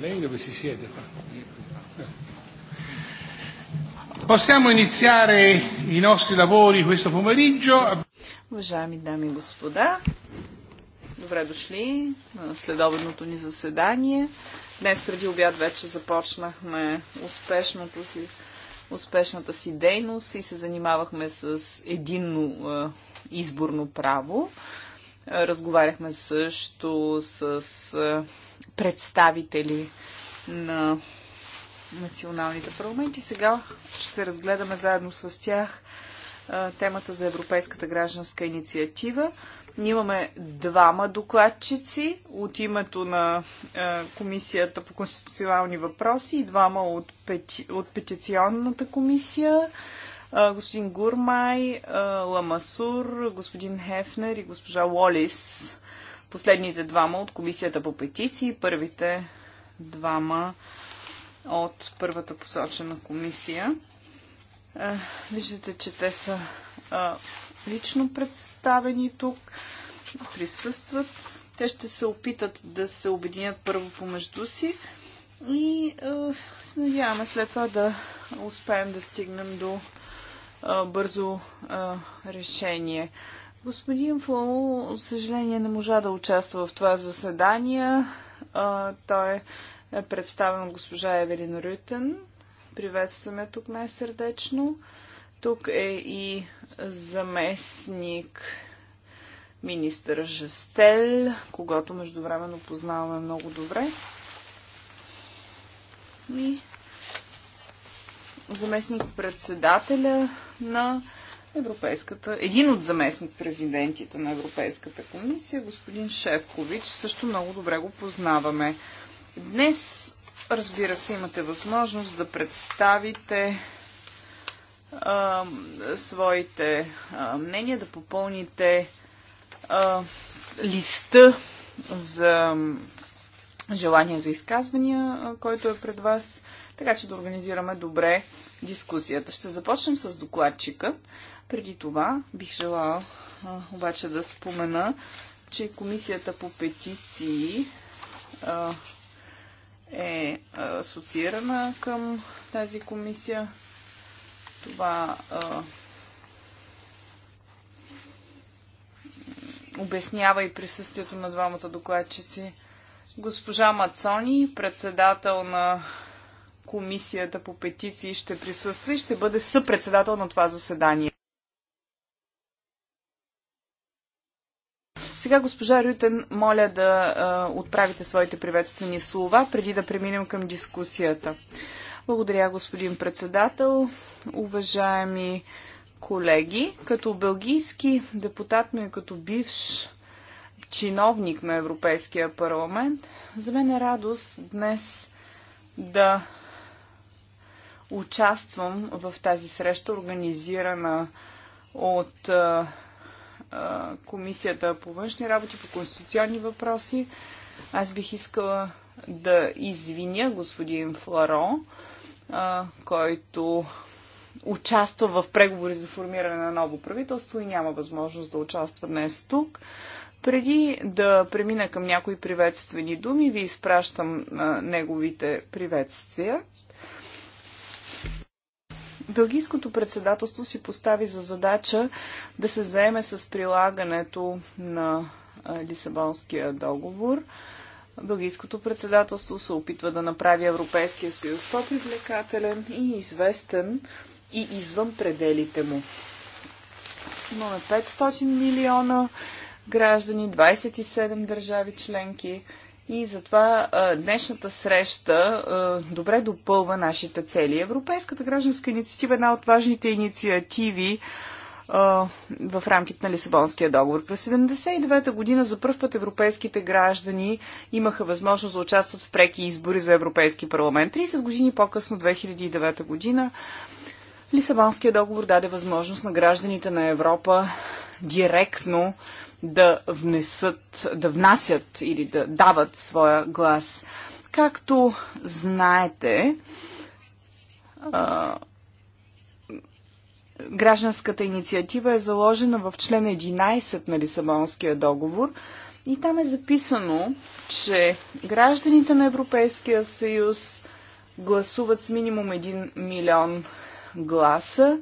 Lei dove si siede qua? Possiamo iniziare i nostri lavori questo pomeriggio. Уважаеми дами и господа, добре дошли на следобедното ни заседание. Днес преди обяд вече започнахме успешното си, успешната си дейност и се занимавахме с единно е, изборно право. Разговаряхме също с представители на националните парламенти. Сега ще разгледаме заедно с тях темата за Европейската гражданска инициатива. Ние имаме двама докладчици от името на Комисията по конституционални въпроси и двама от, пети, от петиционната комисия господин Гурмай, Ламасур, господин Хефнер и госпожа Уолис. Последните двама от Комисията по петиции, първите двама от първата посочена комисия. Виждате, че те са лично представени тук, присъстват. Те ще се опитат да се обединят първо помежду си и се надяваме след това да успеем да стигнем до бързо решение. Господин Фау, за съжаление, не можа да участва в това заседание. Той е представен от госпожа Евелин Рютен. Приветстваме тук най-сърдечно. Тук е и заместник министър Жестел, когато междувременно познаваме много добре. И заместник председателя на Европейската, един от заместник президентите на Европейската комисия, господин Шефкович, също много добре го познаваме. Днес, разбира се, имате възможност да представите а, своите а, мнения, да попълните а, листа за желание за изказвания, който е пред вас така че да организираме добре дискусията. Ще започнем с докладчика. Преди това бих желала обаче да спомена, че Комисията по петиции а, е асоциирана към тази комисия. Това а, обяснява и присъствието на двамата докладчици. Госпожа Мацони, председател на комисията по петиции ще присъства и ще бъде съпредседател на това заседание. Сега, госпожа Рютен, моля да а, отправите своите приветствени слова, преди да преминем към дискусията. Благодаря, господин председател. Уважаеми колеги, като белгийски депутат, но и като бивш чиновник на Европейския парламент, за мен е радост днес да участвам в тази среща, организирана от а, а, Комисията по външни работи, по конституционни въпроси. Аз бих искала да извиня господин Фларо, а, който участва в преговори за формиране на ново правителство и няма възможност да участва днес тук. Преди да премина към някои приветствени думи, ви изпращам а, неговите приветствия. Белгийското председателство си постави за задача да се заеме с прилагането на Лисабонския договор. Белгийското председателство се опитва да направи Европейския съюз по-привлекателен и известен и извън пределите му. Имаме 500 милиона граждани, 27 държави членки. И затова днешната среща добре допълва нашите цели. Европейската гражданска инициатива е една от важните инициативи в рамките на Лисабонския договор. През 1979 година за първ път европейските граждани имаха възможност да участват в преки избори за Европейски парламент. 30 години по-късно, 2009 година, Лисабонския договор даде възможност на гражданите на Европа директно да внесат, да внасят или да дават своя глас. Както знаете, гражданската инициатива е заложена в член 11 на Лисабонския договор и там е записано, че гражданите на Европейския съюз гласуват с минимум 1 милион гласа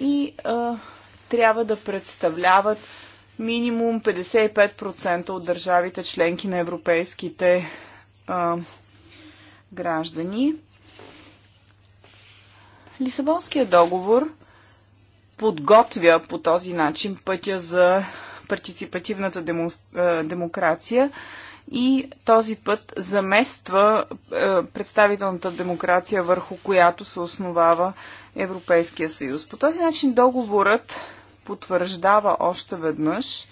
и а, трябва да представляват минимум 55% от държавите членки на европейските а, граждани. Лисабонския договор подготвя по този начин пътя за партиципативната демо, а, демокрация и този път замества а, представителната демокрация, върху която се основава Европейския съюз. По този начин договорът потвърждава още веднъж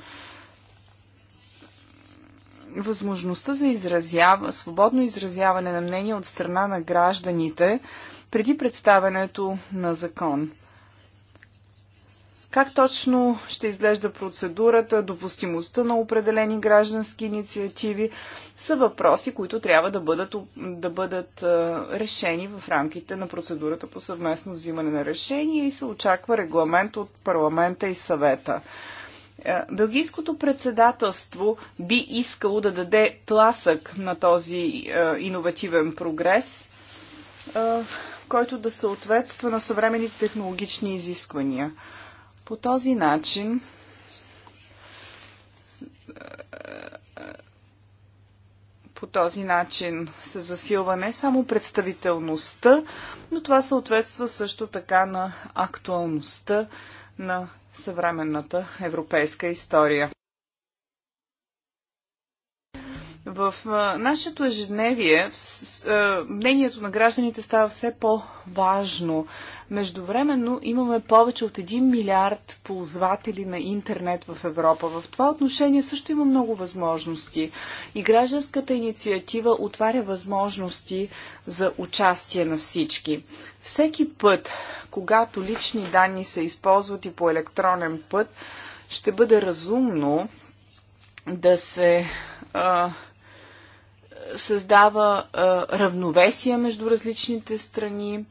възможността за изразява, свободно изразяване на мнение от страна на гражданите преди представянето на закон. Как точно ще изглежда процедурата, допустимостта на определени граждански инициативи са въпроси, които трябва да бъдат, да бъдат решени в рамките на процедурата по съвместно взимане на решение и се очаква регламент от парламента и съвета. Белгийското председателство би искало да даде тласък на този иновативен прогрес, който да съответства на съвременните технологични изисквания. По този начин по този начин се засилва не само представителността, но това съответства също така на актуалността на съвременната европейска история. В нашето ежедневие мнението на гражданите става все по-важно. Междувременно имаме повече от 1 милиард ползватели на интернет в Европа. В това отношение също има много възможности. И гражданската инициатива отваря възможности за участие на всички. Всеки път, когато лични данни се използват и по електронен път, ще бъде разумно да се а, създава равновесие между различните страни,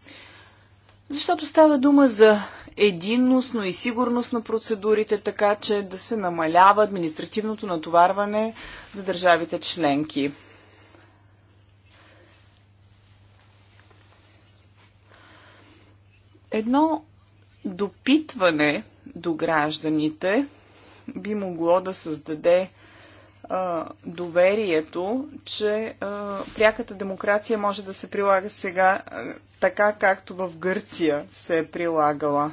защото става дума за единност, но и сигурност на процедурите, така че да се намалява административното натоварване за държавите членки. Едно допитване до гражданите би могло да създаде доверието, че а, пряката демокрация може да се прилага сега а, така, както в Гърция се е прилагала.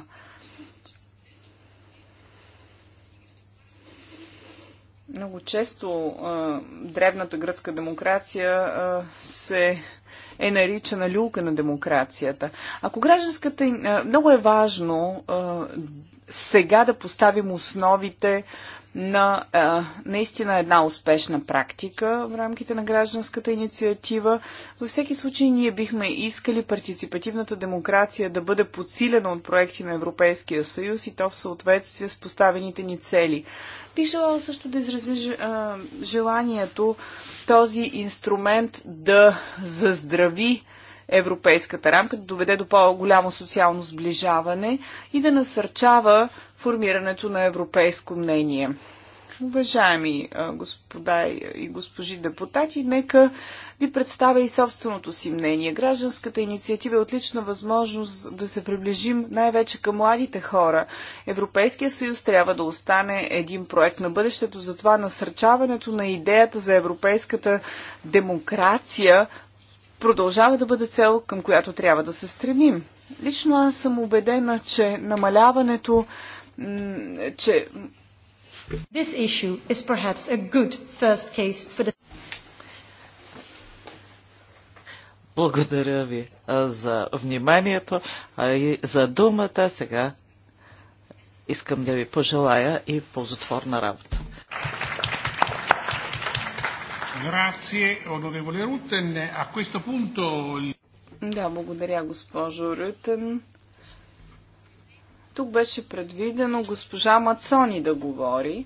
Много често а, древната гръцка демокрация а, се е наричана люлка на демокрацията. Ако гражданската... А, много е важно а, сега да поставим основите на а, наистина една успешна практика в рамките на гражданската инициатива. Във всеки случай ние бихме искали партиципативната демокрация да бъде подсилена от проекти на Европейския съюз и то в съответствие с поставените ни цели. Бих желала също да изразя желанието този инструмент да заздрави европейската рамка, да доведе до по-голямо социално сближаване и да насърчава формирането на европейско мнение. Уважаеми господа и госпожи депутати, нека ви представя и собственото си мнение. Гражданската инициатива е отлична възможност да се приближим най-вече към младите хора. Европейския съюз трябва да остане един проект на бъдещето, затова насърчаването на идеята за европейската демокрация продължава да бъде цел, към която трябва да се стремим. Лично аз съм убедена, че намаляването, че This issue is perhaps a good first case for the... Благодаря ви за вниманието и за думата. Сега искам да ви пожелая и ползотворна работа. Grazie, onorevole Rutten. A questo punto... Да, благодаря, госпожо Рютен. Тук беше предвидено госпожа Мацони да говори,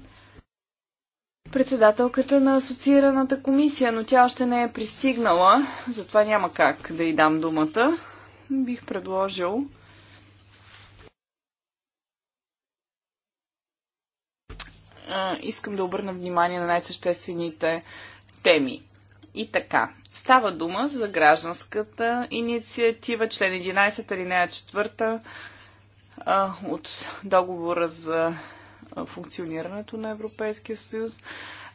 председателката на асоциираната комисия, но тя още не е пристигнала, затова няма как да й дам думата. Бих предложил искам да обърна внимание на най-съществените теми. И така, става дума за гражданската инициатива, член 11, алинея 4 а, от договора за функционирането на Европейския съюз.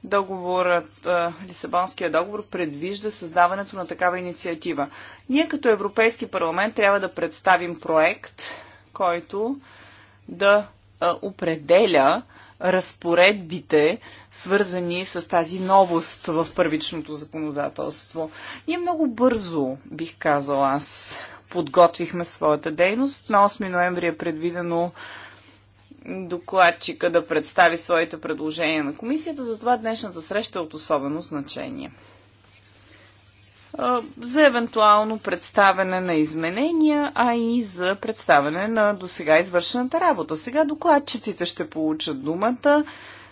Договорът, Лисабонския договор предвижда създаването на такава инициатива. Ние като Европейски парламент трябва да представим проект, който да определя разпоредбите, свързани с тази новост в първичното законодателство. Ние много бързо, бих казал аз, подготвихме своята дейност. На 8 ноември е предвидено докладчика да представи своите предложения на комисията, затова днешната среща е от особено значение за евентуално представяне на изменения, а и за представяне на досега извършената работа. Сега докладчиците ще получат думата,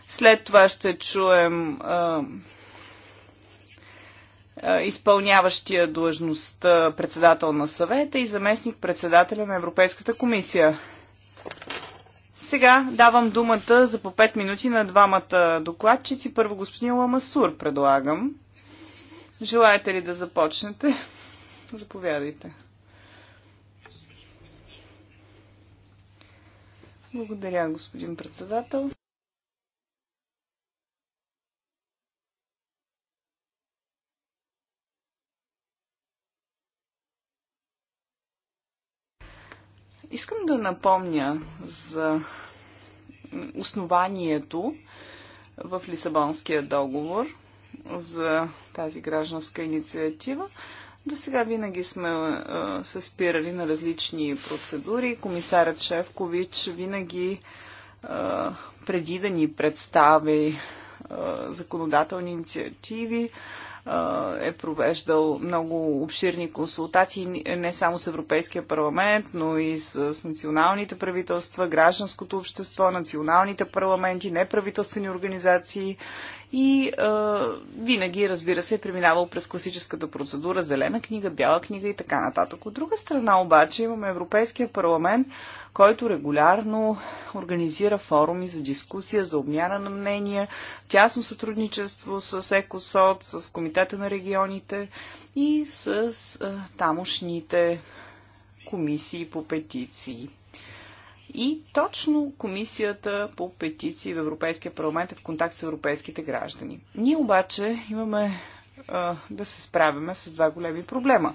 след това ще чуем а, а, изпълняващия длъжност председател на съвета и заместник председателя на Европейската комисия. Сега давам думата за по 5 минути на двамата докладчици. Първо господин Ламасур предлагам. Желаете ли да започнете? Заповядайте. Благодаря, господин председател. Искам да напомня за основанието в Лисабонския договор – за тази гражданска инициатива. До сега винаги сме се спирали на различни процедури. Комисарът Шевкович винаги преди да ни представи законодателни инициативи, е провеждал много обширни консултации не само с Европейския парламент, но и с националните правителства, гражданското общество, националните парламенти, неправителствени организации и е, винаги, разбира се, е преминавал през класическата процедура зелена книга, бяла книга и така нататък. От друга страна обаче имаме Европейския парламент, който регулярно организира форуми за дискусия, за обмяна на мнения, тясно сътрудничество с ЕКОСОД, с Комитета на регионите и с тамошните комисии по петиции. И точно комисията по петиции в Европейския парламент е в контакт с европейските граждани. Ние обаче имаме а, да се справяме с два големи проблема.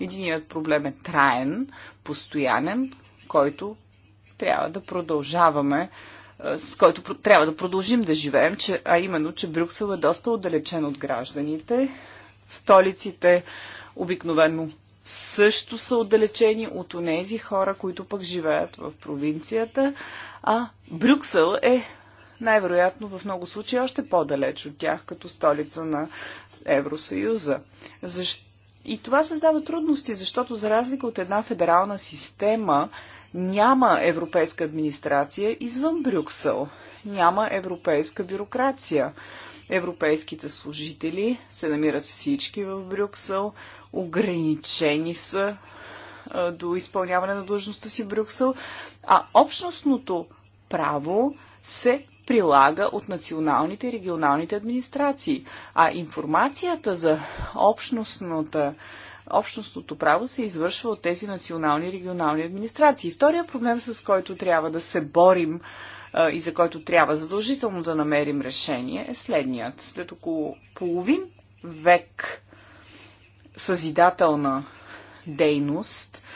Единият проблем е траен, постоянен, който трябва да продължаваме, е, с който трябва да продължим да живеем, че, а именно, че Брюксел е доста отдалечен от гражданите. Столиците обикновено също са отдалечени от онези хора, които пък живеят в провинцията, а Брюксел е най-вероятно в много случаи още по-далеч от тях, като столица на Евросъюза. Защо? И това създава трудности, защото за разлика от една федерална система, няма европейска администрация извън Брюксел. Няма европейска бюрокрация. Европейските служители се намират всички в Брюксел, ограничени са до изпълняване на длъжността си в Брюксел, а общностното право се прилага от националните и регионалните администрации. А информацията за общностната общностното право се извършва от тези национални и регионални администрации. Втория проблем, с който трябва да се борим а, и за който трябва задължително да намерим решение, е следният. След около половин век съзидателна дейност –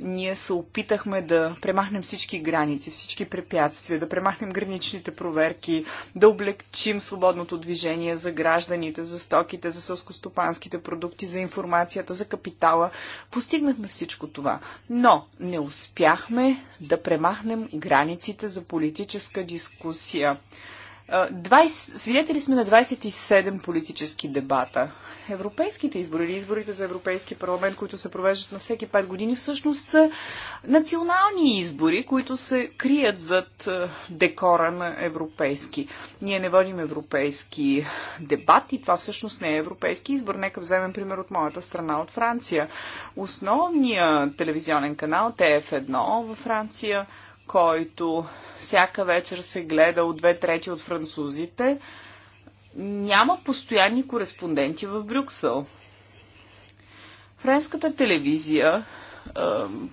ние се опитахме да премахнем всички граници, всички препятствия, да премахнем граничните проверки, да облегчим свободното движение за гражданите, за стоките, за сълскостопанските продукти, за информацията, за капитала. Постигнахме всичко това. Но не успяхме да премахнем границите за политическа дискусия. 20, свидетели сме на 27 политически дебата. Европейските избори или изборите за Европейски парламент, които се провеждат на всеки 5 години, всъщност са национални избори, които се крият зад декора на европейски. Ние не водим европейски дебати, това всъщност не е европейски избор. Нека вземем пример от моята страна, от Франция. Основният телевизионен канал, ТФ1 във Франция, който всяка вечер се гледа от две трети от французите, няма постоянни кореспонденти в Брюксел. Френската телевизия е,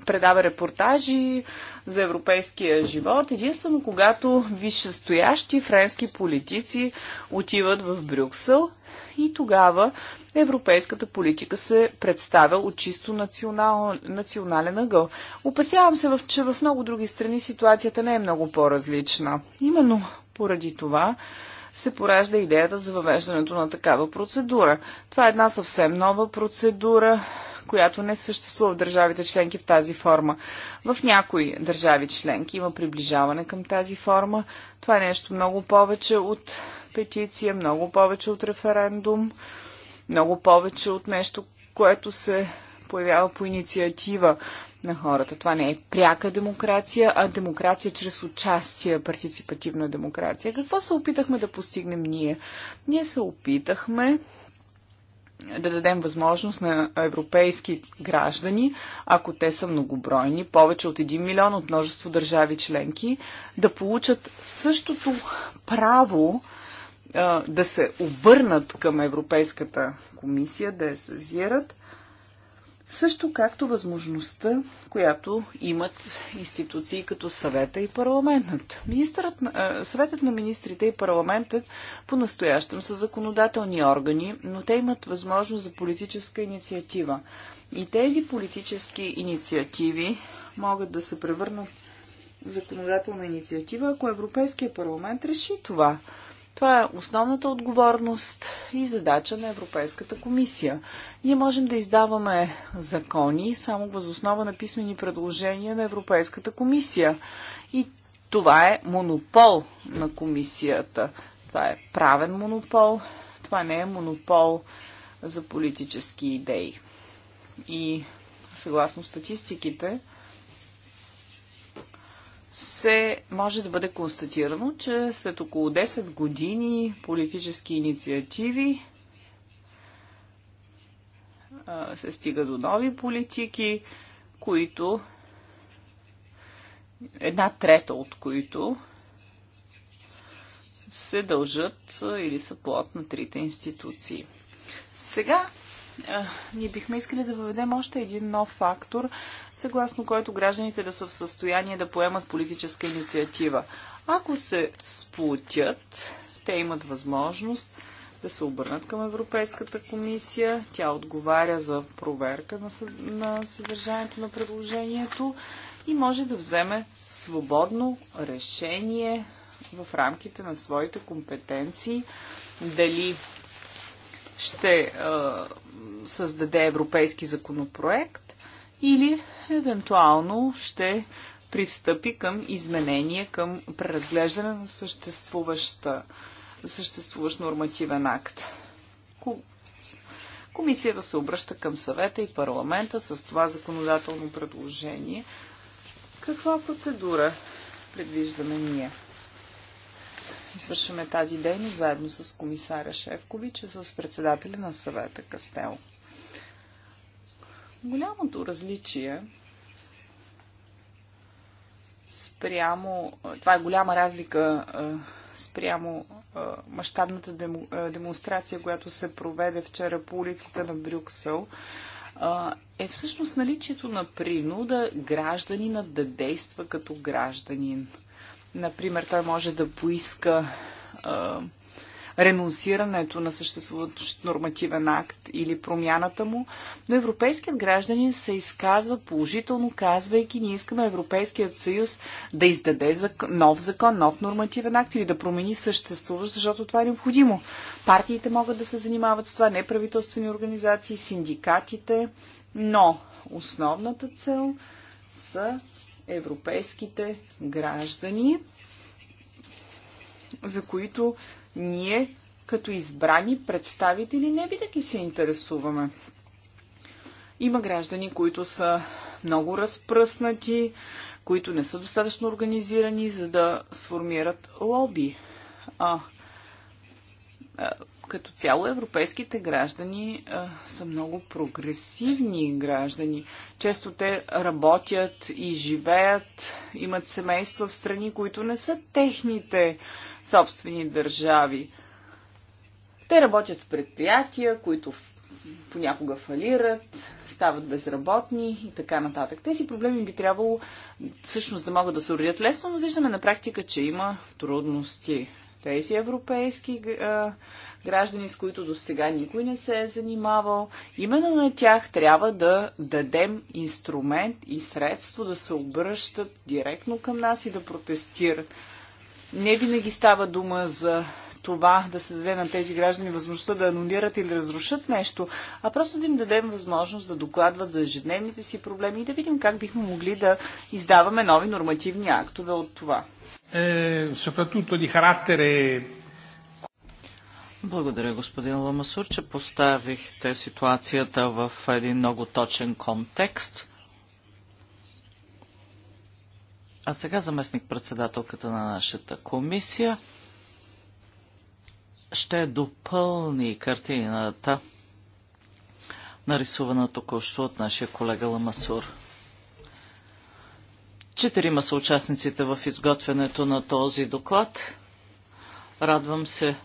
предава репортажи за европейския живот, единствено когато висшестоящи френски политици отиват в Брюксел и тогава европейската политика се представя от чисто национал, национален ъгъл. Опасявам се, че в много други страни ситуацията не е много по-различна. Именно поради това се поражда идеята за въвеждането на такава процедура. Това е една съвсем нова процедура, която не съществува в държавите членки в тази форма. В някои държави членки има приближаване към тази форма. Това е нещо много повече от петиция, много повече от референдум, много повече от нещо, което се появява по инициатива на хората. Това не е пряка демокрация, а демокрация чрез участие, партиципативна демокрация. Какво се опитахме да постигнем ние? Ние се опитахме да дадем възможност на европейски граждани, ако те са многобройни, повече от 1 милион от множество държави членки, да получат същото право да се обърнат към Европейската комисия, да я сезират, също както възможността, която имат институции като съвета и парламентът. Министърът, съветът на министрите и парламентът по-настоящем са законодателни органи, но те имат възможност за политическа инициатива. И тези политически инициативи могат да се превърнат в законодателна инициатива, ако Европейския парламент реши това. Това е основната отговорност и задача на Европейската комисия. Ние можем да издаваме закони само възоснова на писмени предложения на Европейската комисия. И това е монопол на комисията. Това е правен монопол. Това не е монопол за политически идеи. И съгласно статистиките, се може да бъде констатирано, че след около 10 години политически инициативи се стига до нови политики, които една трета от които се дължат или са плод на трите институции. Сега е, ние бихме искали да въведем още един нов фактор, съгласно който гражданите да са в състояние да поемат политическа инициатива. Ако се сплутят, те имат възможност да се обърнат към Европейската комисия. Тя отговаря за проверка на, съдържанието на предложението и може да вземе свободно решение в рамките на своите компетенции дали ще създаде европейски законопроект или евентуално ще пристъпи към изменение, към преразглеждане на съществуваща, съществуващ нормативен акт. Комисията се обръща към съвета и парламента с това законодателно предложение. Каква процедура предвиждаме ние? Извършваме тази дейност заедно с комисаря Шевкович и с председателя на съвета Кастел. Голямото различие спрямо, това е голяма разлика спрямо мащабната демонстрация, която се проведе вчера по улиците на Брюксел, е всъщност наличието на принуда гражданина да действа като гражданин. Например, той може да поиска ренонсирането на съществуващ нормативен акт или промяната му, но европейският гражданин се изказва положително, казвайки ние искаме Европейският съюз да издаде нов закон, нов нормативен акт или да промени съществуващ, защото това е необходимо. Партиите могат да се занимават с това, неправителствени организации, синдикатите, но основната цел са европейските граждани, за които ние, като избрани представители, не винаги се интересуваме. Има граждани, които са много разпръснати, които не са достатъчно организирани, за да сформират лоби. А, като цяло европейските граждани а, са много прогресивни граждани. Често те работят и живеят, имат семейства в страни, които не са техните собствени държави. Те работят в предприятия, които понякога фалират, стават безработни и така нататък. Тези проблеми би трябвало всъщност да могат да се уредят лесно, но виждаме на практика, че има трудности тези европейски граждани, с които до сега никой не се е занимавал. Именно на тях трябва да дадем инструмент и средство да се обръщат директно към нас и да протестират. Не винаги става дума за това да се даде на тези граждани възможността да анулират или разрушат нещо, а просто да им дадем възможност да докладват за ежедневните си проблеми и да видим как бихме могли да издаваме нови нормативни актове от това eh, soprattutto di carattere благодаря, господин Ламасур, че поставихте ситуацията в един много точен контекст. А сега заместник председателката на нашата комисия ще допълни картината, нарисувана току-що от нашия колега Ламасур. Четирима са участниците в изготвянето на този доклад. Радвам се,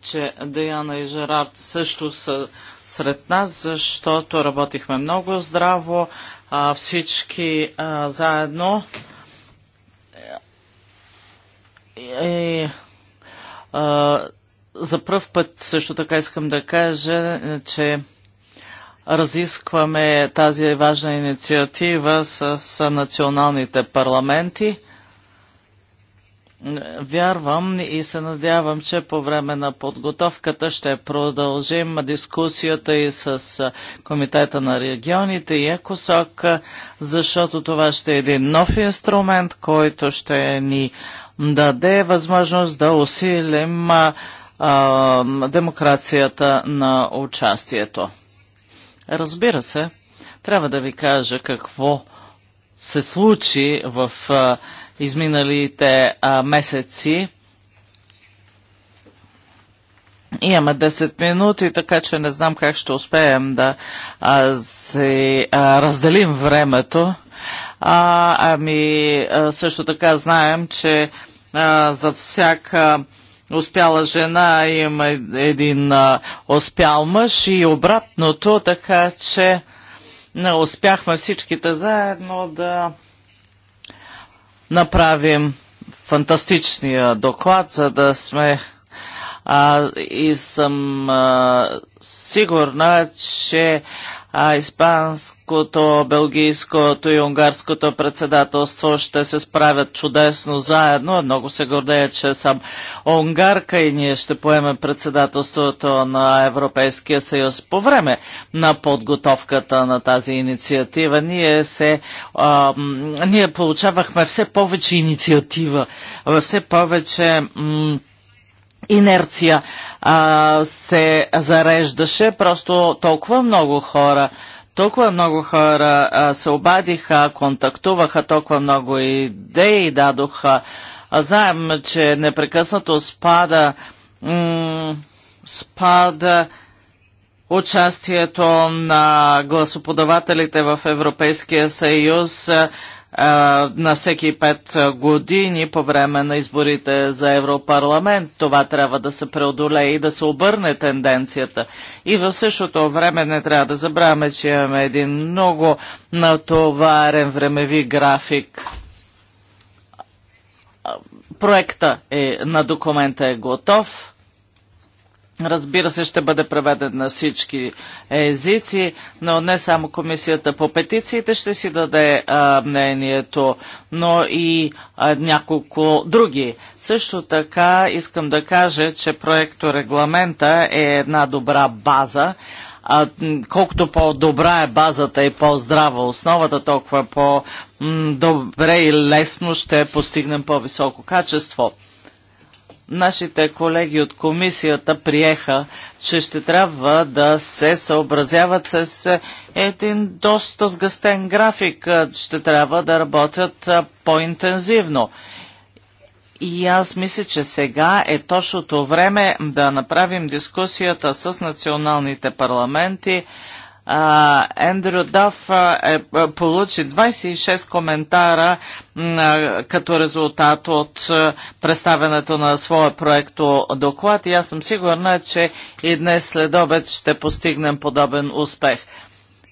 че Деяна и Жерард също са сред нас, защото работихме много здраво, а, всички а, заедно. И, а, за първ път също така искам да кажа, че разискваме тази важна инициатива с националните парламенти. Вярвам и се надявам, че по време на подготовката ще продължим дискусията и с Комитета на регионите и ЕКОСОК, защото това ще е един нов инструмент, който ще ни даде възможност да усилим демокрацията на участието. Разбира се, трябва да ви кажа какво се случи в а, изминалите а, месеци. Имаме 10 минути, така че не знам как ще успеем да а, се а, разделим времето. А, ами а, също така знаем, че а, за всяка успяла жена, има един а, успял мъж и обратното, така че не успяхме всичките заедно да направим фантастичния доклад, за да сме а, и съм а, сигурна, че а испанското, белгийското и унгарското председателство ще се справят чудесно заедно. Много се гордея, че съм унгарка и ние ще поемем председателството на Европейския съюз. По време на подготовката на тази инициатива ние, се, а, ние получавахме все повече инициатива, все повече м- инерция а, се зареждаше. Просто толкова много хора толкова много хора а, се обадиха, контактуваха, толкова много идеи дадоха. А, знаем, че непрекъснато спада, спада участието на гласоподавателите в Европейския съюз на всеки пет години по време на изборите за Европарламент. Това трябва да се преодолее и да се обърне тенденцията. И в същото време не трябва да забравяме, че имаме един много натоварен времеви график. Проекта е, на документа е готов Разбира се, ще бъде преведен на всички езици, но не само комисията по петициите ще си даде а, мнението, но и а, няколко други. Също така искам да кажа, че проекто регламента е една добра база. А, колкото по-добра е базата и по-здрава основата, толкова по-добре и лесно ще постигнем по-високо качество нашите колеги от комисията приеха, че ще трябва да се съобразяват с един доста сгъстен график. Ще трябва да работят по-интензивно. И аз мисля, че сега е точното време да направим дискусията с националните парламенти, Ендрю Даф е, получи 26 коментара като резултат от представенето на своя проекто доклад и аз съм сигурна, че и днес след обед ще постигнем подобен успех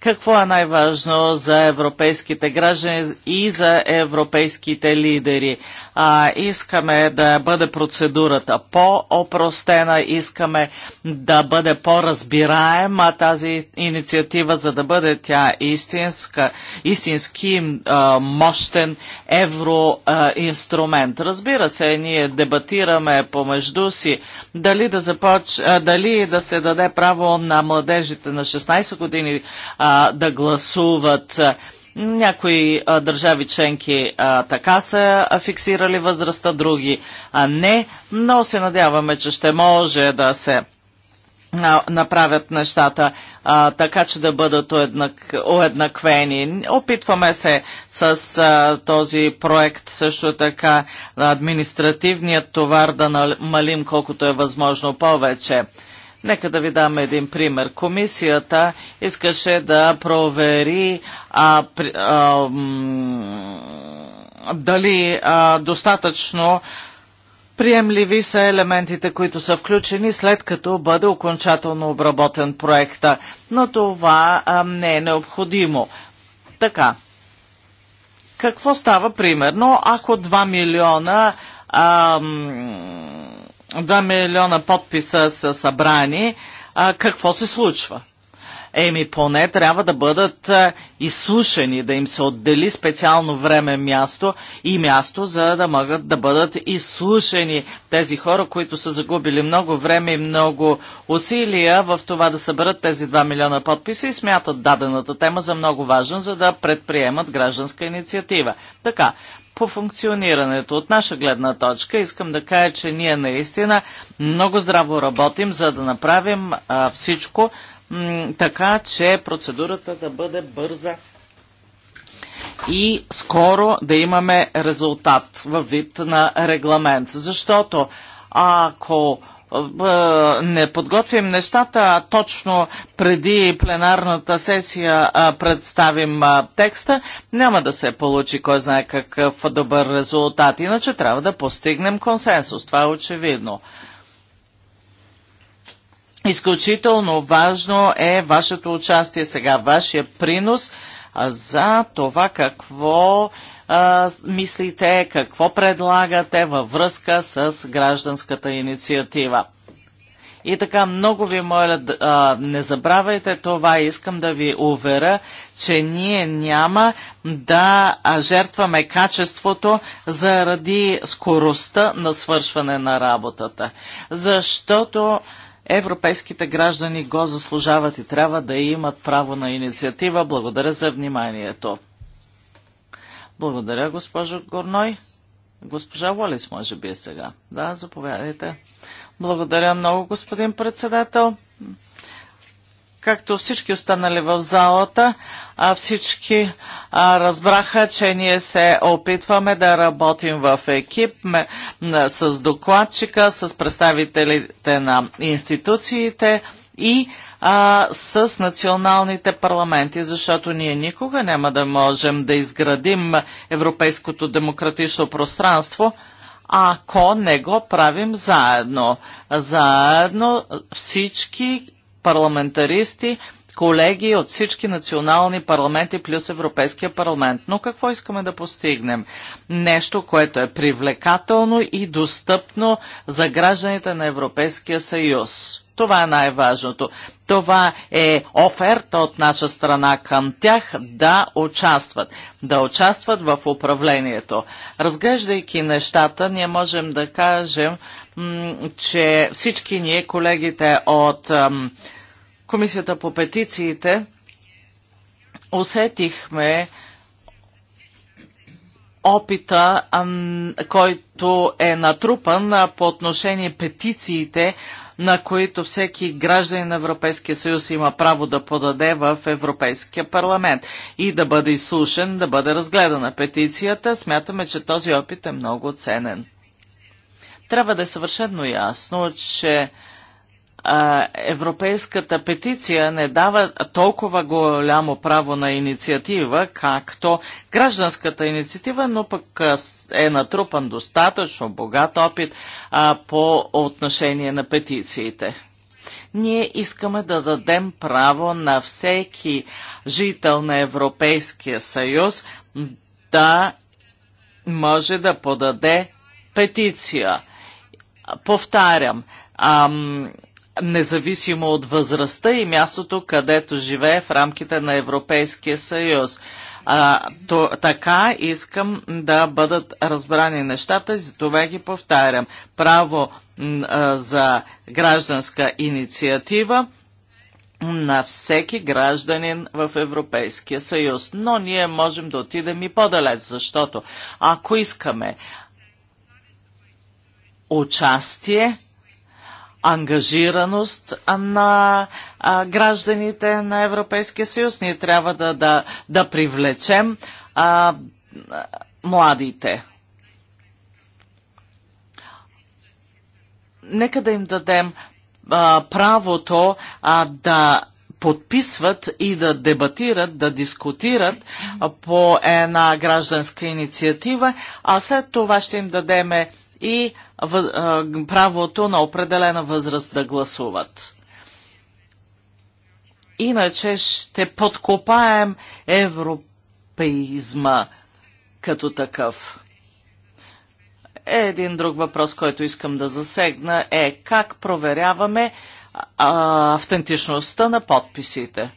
какво е най-важно за европейските граждани и за европейските лидери. А, искаме да бъде процедурата по-опростена, искаме да бъде по-разбираема тази инициатива, за да бъде тя истинска, истински а, мощен евроинструмент. Разбира се, ние дебатираме помежду си дали да, започ... дали да се даде право на младежите на 16 години а, а, да гласуват. Някои а, държави членки а, така са а, фиксирали възрастта, други а не, но се надяваме, че ще може да се направят нещата а, така, че да бъдат уеднак, уеднаквени. Опитваме се с а, този проект също така административният товар да намалим колкото е възможно повече. Нека да ви дам един пример. Комисията искаше да провери а, при, а, дали а, достатъчно приемливи са елементите, които са включени след като бъде окончателно обработен проекта. Но това а, не е необходимо. Така. Какво става примерно, ако 2 милиона а, 2 милиона подписа са събрани, а какво се случва? Еми, поне трябва да бъдат а, изслушани, да им се отдели специално време място и място, за да могат да бъдат изслушани тези хора, които са загубили много време и много усилия в това да съберат тези 2 милиона подписа и смятат дадената тема за много важна, за да предприемат гражданска инициатива. Така, по функционирането. От наша гледна точка искам да кажа, че ние наистина много здраво работим, за да направим а, всичко така, че процедурата да бъде бърза и скоро да имаме резултат във вид на регламент. Защото ако е, не подготвим нещата, а точно преди пленарната сесия представим текста, няма да се получи кой знае какъв добър резултат. Иначе трябва да постигнем консенсус. Това е очевидно. Изключително важно е вашето участие сега, вашия принос за това какво а, мислите, какво предлагате във връзка с гражданската инициатива. И така, много ви моля, а, не забравяйте това. Искам да ви уверя, че ние няма да жертваме качеството заради скоростта на свършване на работата. Защото европейските граждани го заслужават и трябва да имат право на инициатива. Благодаря за вниманието. Благодаря, госпожо Горной. Госпожа Уолис, може би е сега. Да, заповядайте. Благодаря много, господин председател. Както всички останали в залата, а всички а, разбраха, че ние се опитваме да работим в екип ме, с докладчика, с представителите на институциите и а, с националните парламенти, защото ние никога няма да можем да изградим европейското демократично пространство, ако не го правим заедно. Заедно всички парламентаристи, колеги от всички национални парламенти плюс Европейския парламент. Но какво искаме да постигнем? Нещо, което е привлекателно и достъпно за гражданите на Европейския съюз. Това е най-важното. Това е оферта от наша страна към тях да участват. Да участват в управлението. Разглеждайки нещата, ние можем да кажем, че всички ние, колегите от Комисията по петициите, усетихме опита, който е натрупан по отношение петициите на които всеки гражданин на Европейския съюз има право да подаде в Европейския парламент и да бъде изслушен, да бъде разгледана петицията. Смятаме, че този опит е много ценен. Трябва да е съвършено ясно, че европейската петиция не дава толкова голямо право на инициатива, както гражданската инициатива, но пък е натрупан достатъчно богат опит а, по отношение на петициите. Ние искаме да дадем право на всеки жител на Европейския съюз да може да подаде петиция. Повтарям, ам, независимо от възрастта и мястото, където живее в рамките на Европейския съюз. А, то, така искам да бъдат разбрани нещата за това ги повтарям. Право а, за гражданска инициатива на всеки гражданин в Европейския съюз. Но ние можем да отидем и по-далеч, защото ако искаме участие, ангажираност на а, гражданите на Европейския съюз. Ние трябва да, да, да привлечем а, младите. Нека да им дадем а, правото а, да подписват и да дебатират, да дискутират по една гражданска инициатива, а след това ще им дадеме и правото на определена възраст да гласуват. Иначе ще подкопаем европеизма като такъв. Един друг въпрос, който искам да засегна е как проверяваме а, автентичността на подписите.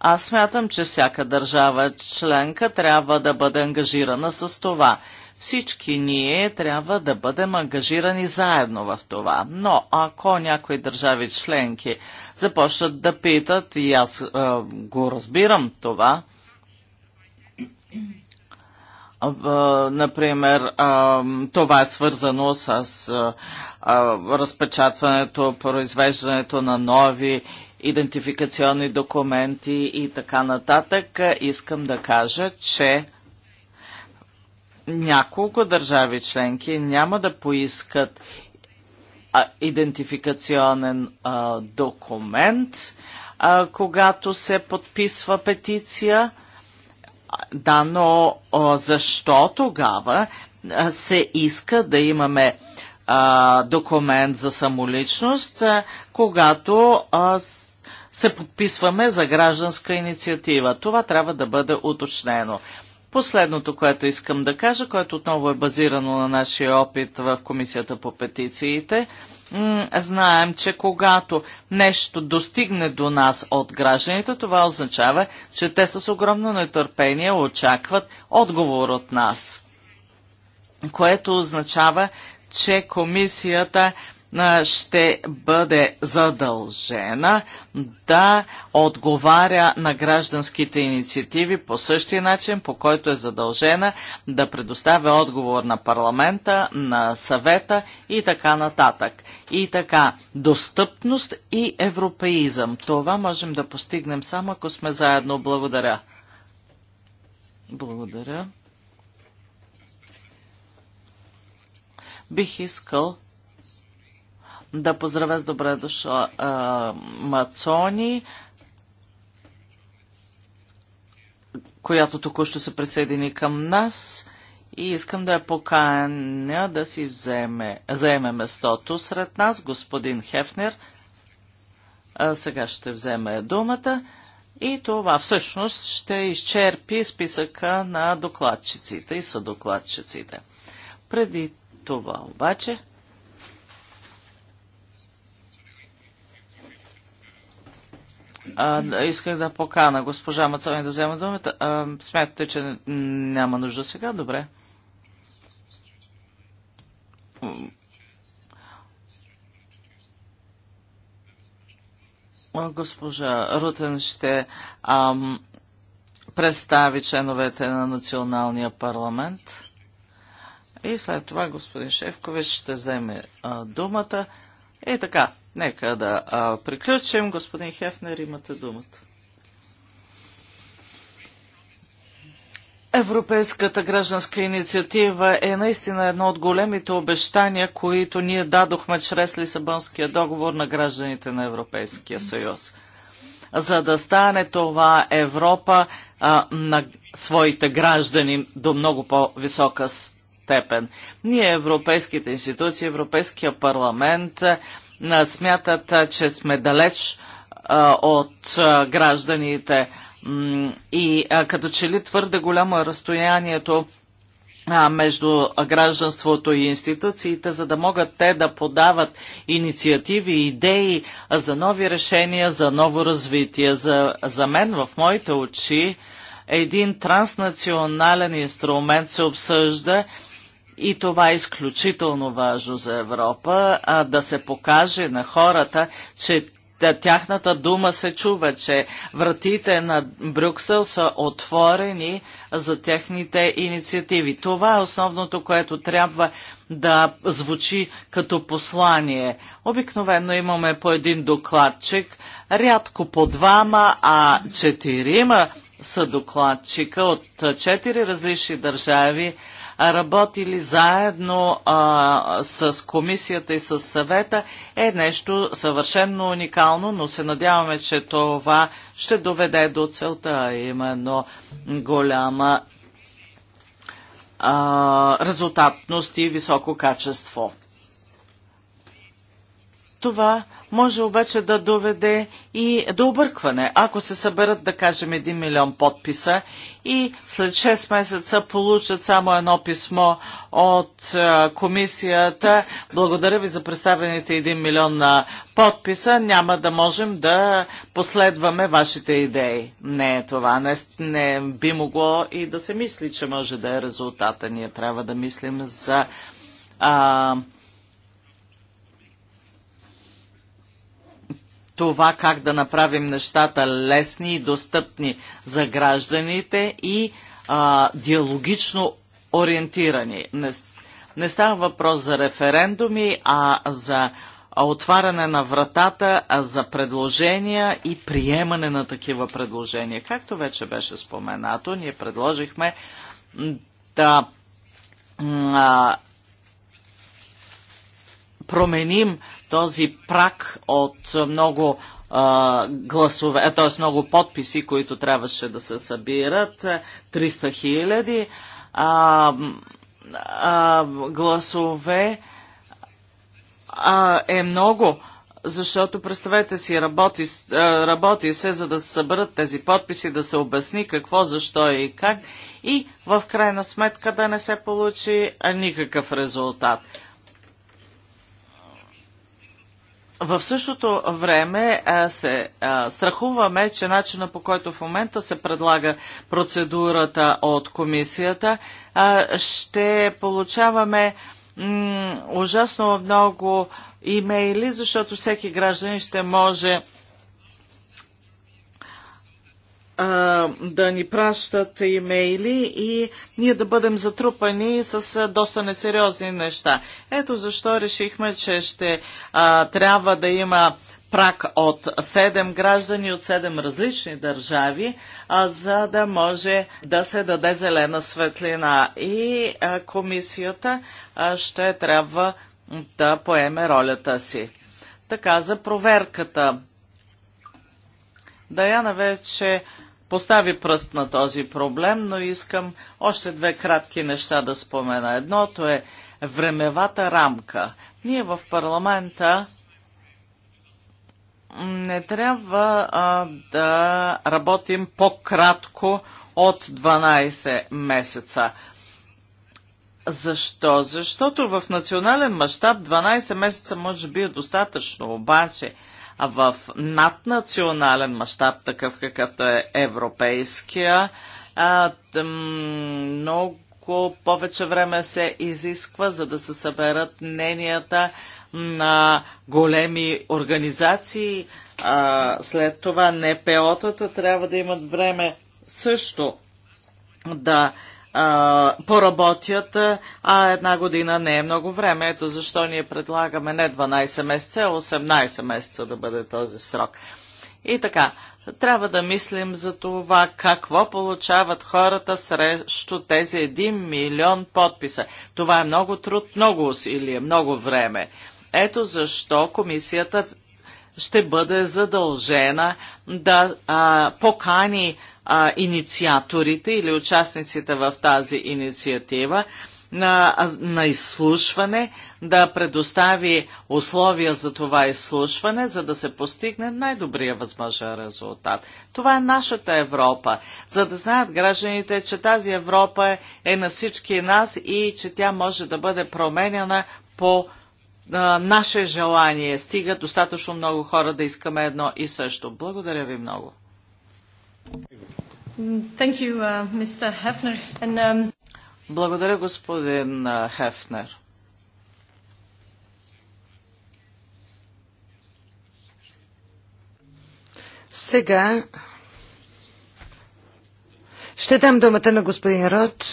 Аз смятам, че всяка държава членка трябва да бъде ангажирана с това – всички ние трябва да бъдем ангажирани заедно в това. Но ако някои държави членки започнат да питат, и аз е, го разбирам това, например, е, това е свързано с е, е, разпечатването, произвеждането на нови идентификационни документи и така нататък, искам да кажа, че няколко държави членки няма да поискат а, идентификационен а, документ, а, когато се подписва петиция. Да, но а, защо тогава а, се иска да имаме а, документ за самоличност, а, когато а, се подписваме за гражданска инициатива? Това трябва да бъде уточнено. Последното, което искам да кажа, което отново е базирано на нашия опит в Комисията по петициите, знаем, че когато нещо достигне до нас от гражданите, това означава, че те с огромно нетърпение очакват отговор от нас, което означава, че комисията ще бъде задължена да отговаря на гражданските инициативи по същия начин, по който е задължена да предоставя отговор на парламента, на съвета и така нататък. И така, достъпност и европеизъм. Това можем да постигнем само ако сме заедно. Благодаря. Благодаря. Бих искал да поздравя с добре дошла Мацони, която току-що се присъедини към нас и искам да я поканя да си вземе, заеме местото сред нас, господин Хефнер. А, сега ще вземе думата. И това всъщност ще изчерпи списъка на докладчиците и съдокладчиците. Преди това обаче исках да покана госпожа Мацони да взема думата. смятате, че няма нужда сега? Добре. Госпожа Рутен ще ам, представи членовете на националния парламент. И след това господин Шевкович ще вземе а, думата. И така, Нека да а, приключим. Господин Хефнер, имате думата. Европейската гражданска инициатива е наистина едно от големите обещания, които ние дадохме чрез Лисабонския договор на гражданите на Европейския съюз. За да стане това Европа а, на своите граждани до много по-висока степен. Ние, европейските институции, Европейския парламент, смятат, че сме далеч от гражданите и като че ли твърде голямо е разстоянието между гражданството и институциите, за да могат те да подават инициативи идеи за нови решения, за ново развитие. За, за мен в моите очи един транснационален инструмент се обсъжда и това е изключително важно за Европа, а да се покаже на хората, че тяхната дума се чува, че вратите на Брюксел са отворени за техните инициативи. Това е основното, което трябва да звучи като послание. Обикновено имаме по един докладчик, рядко по двама, а четирима са докладчика от четири различни държави работили заедно а, с комисията и с съвета е нещо съвършенно уникално, но се надяваме, че това ще доведе до целта, именно голяма а, резултатност и високо качество. Това може обаче да доведе и до объркване. Ако се съберат, да кажем, 1 милион подписа и след 6 месеца получат само едно писмо от комисията, благодаря ви за представените 1 милион на подписа, няма да можем да последваме вашите идеи. Не, е това не, не би могло и да се мисли, че може да е резултата. Ние трябва да мислим за а, това как да направим нещата лесни и достъпни за гражданите и а, диалогично ориентирани. Не, не става въпрос за референдуми, а за отваряне на вратата за предложения и приемане на такива предложения. Както вече беше споменато, ние предложихме да а, променим този прак от много гласове, т.е. много подписи, които трябваше да се събират, 300 е, хиляди гласове а, е много, защото представете си, работи, работи се, за да се съберат тези подписи, да се обясни какво, защо и как и в крайна сметка да не се получи никакъв резултат. в същото време се страхуваме, че начина по който в момента се предлага процедурата от комисията, ще получаваме ужасно много имейли, защото всеки гражданин ще може а, да ни пращат имейли и ние да бъдем затрупани с доста несериозни неща. Ето защо решихме, че ще а, трябва да има прак от 7 граждани от 7 различни държави, а, за да може да се даде зелена светлина. И а, комисията а, ще трябва да поеме ролята си. Така, за проверката. Даяна вече постави пръст на този проблем, но искам още две кратки неща да спомена. Едното е времевата рамка. Ние в парламента не трябва а, да работим по-кратко от 12 месеца. Защо? Защото в национален мащаб 12 месеца може би е достатъчно, обаче а в наднационален мащаб, такъв какъвто е европейския, а, тъм, много повече време се изисква, за да се съберат мненията на големи организации. А, след това НПО-тата трябва да имат време също да а, поработят, а една година не е много време. Ето защо ние предлагаме не 12 месеца, а 18 месеца да бъде този срок. И така, трябва да мислим за това какво получават хората срещу тези 1 милион подписа. Това е много труд, много усилие, много време. Ето защо комисията ще бъде задължена да а, покани а, инициаторите или участниците в тази инициатива на, на изслушване, да предостави условия за това изслушване, за да се постигне най-добрия възможен резултат. Това е нашата Европа, за да знаят гражданите, че тази Европа е, е на всички нас и че тя може да бъде променена по а, наше желание. Стига достатъчно много хора да искаме едно и също. Благодаря ви много. Thank you, uh, Mr. And, um... Благодаря, господин Хефнер. Сега ще дам думата на господин Рот,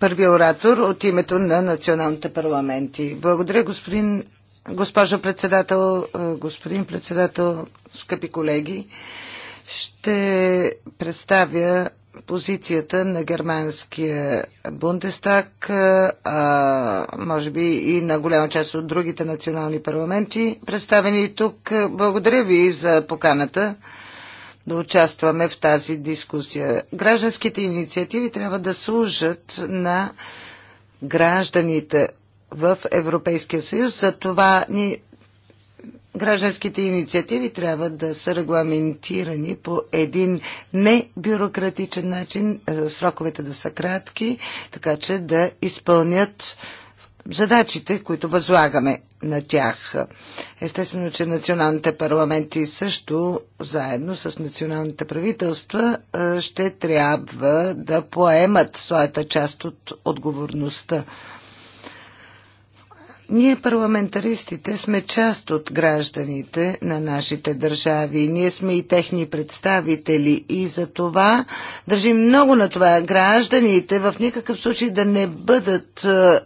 първи оратор от името на националните парламенти. Благодаря, господин, госпожо председател, господин председател, скъпи колеги ще представя позицията на германския Бундестаг, а може би и на голяма част от другите национални парламенти, представени тук. Благодаря ви за поканата да участваме в тази дискусия. Гражданските инициативи трябва да служат на гражданите в Европейския съюз. За това ни гражданските инициативи трябва да са регламентирани по един небюрократичен начин, е, сроковете да са кратки, така че да изпълнят задачите, които възлагаме на тях. Естествено, че националните парламенти също, заедно с националните правителства, е, ще трябва да поемат своята част от отговорността ние парламентаристите сме част от гражданите на нашите държави. Ние сме и техни представители и за това държим много на това гражданите в никакъв случай да не бъдат е, е,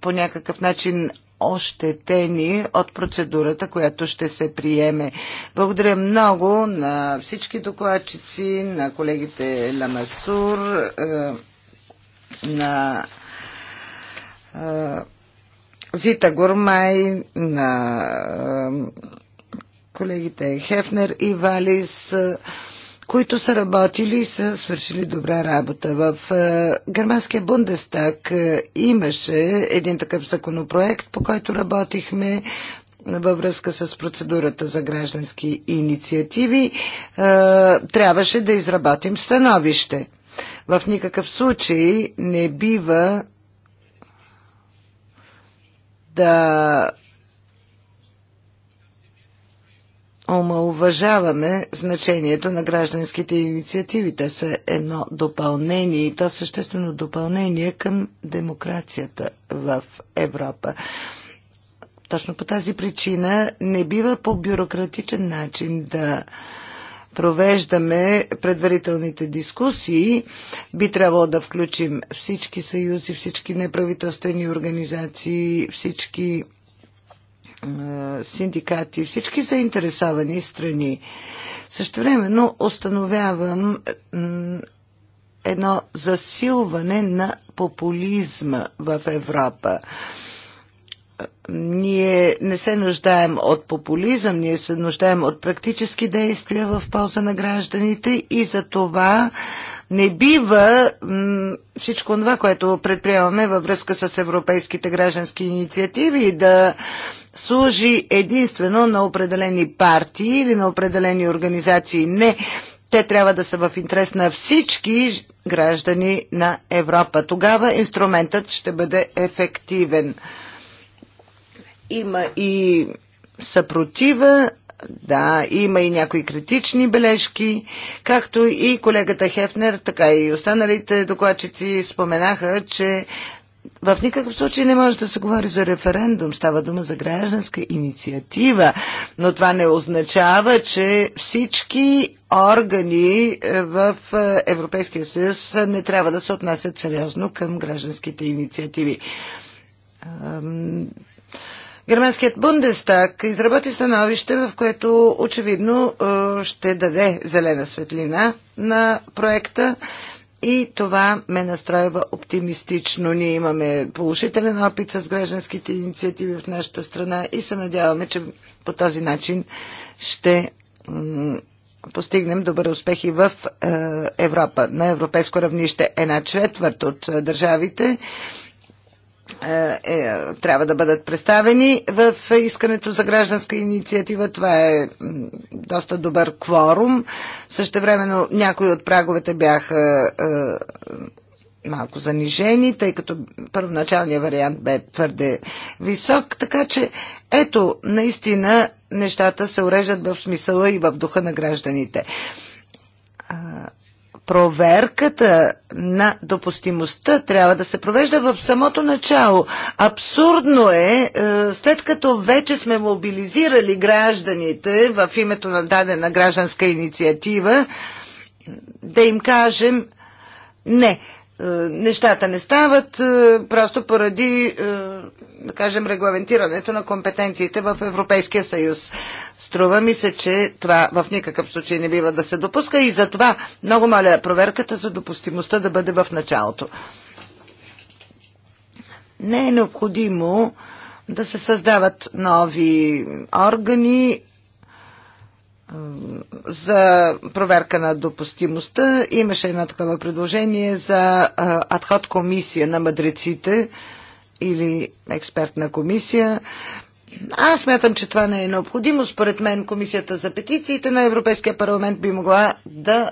по някакъв начин ощетени от процедурата, която ще се приеме. Благодаря много на всички докладчици, на колегите Ламасур, е, на Зита Гормай, на е, колегите Хефнер и Валис, е, които са работили и са свършили добра работа. В е, германския Бундестаг имаше един такъв законопроект, по който работихме във връзка с процедурата за граждански инициативи. Трябваше да изработим становище. В никакъв случай не бива да омалуважаваме значението на гражданските инициативи. Те са едно допълнение и то съществено допълнение към демокрацията в Европа. Точно по тази причина не бива по бюрократичен начин да провеждаме предварителните дискусии, би трябвало да включим всички съюзи, всички неправителствени организации, всички е, синдикати, всички заинтересовани страни. Също но установявам едно засилване на популизма в Европа ние не се нуждаем от популизъм, ние се нуждаем от практически действия в полза на гражданите и за това не бива всичко това, което предприемаме във връзка с европейските граждански инициативи да служи единствено на определени партии или на определени организации. Не, те трябва да са в интерес на всички граждани на Европа. Тогава инструментът ще бъде ефективен. Има и съпротива, да, има и някои критични бележки, както и колегата Хефнер, така и останалите докладчици споменаха, че в никакъв случай не може да се говори за референдум, става дума за гражданска инициатива, но това не означава, че всички органи е, в е, Европейския съюз не трябва да се отнасят сериозно към гражданските инициативи. Германският Бундестаг изработи становище, в което очевидно е, ще даде зелена светлина на проекта и това ме настройва оптимистично. Ние имаме положителен опит с гражданските инициативи в нашата страна и се надяваме, че по този начин ще постигнем добър успех и в е, Европа. На европейско равнище една четвърт от е, държавите е, е, трябва да бъдат представени в искането за гражданска инициатива. Това е доста добър кворум. времено някои от праговете бяха е, малко занижени, тъй като първоначалният вариант бе твърде висок. Така че, ето, наистина нещата се уреждат в смисъла и в духа на гражданите проверката на допустимостта трябва да се провежда в самото начало. Абсурдно е, е, след като вече сме мобилизирали гражданите в името на дадена гражданска инициатива, да им кажем не, е, нещата не стават е, просто поради, е, да кажем, регламентирането на компетенциите в Европейския съюз. Струва ми се, че това в никакъв случай не бива да се допуска и за това много моля проверката за допустимостта да бъде в началото. Не е необходимо да се създават нови органи за проверка на допустимостта. Имаше едно такова предложение за адход комисия на мъдреците или експертна комисия. Аз смятам, че това не е необходимо. Според мен Комисията за петициите на Европейския парламент би могла да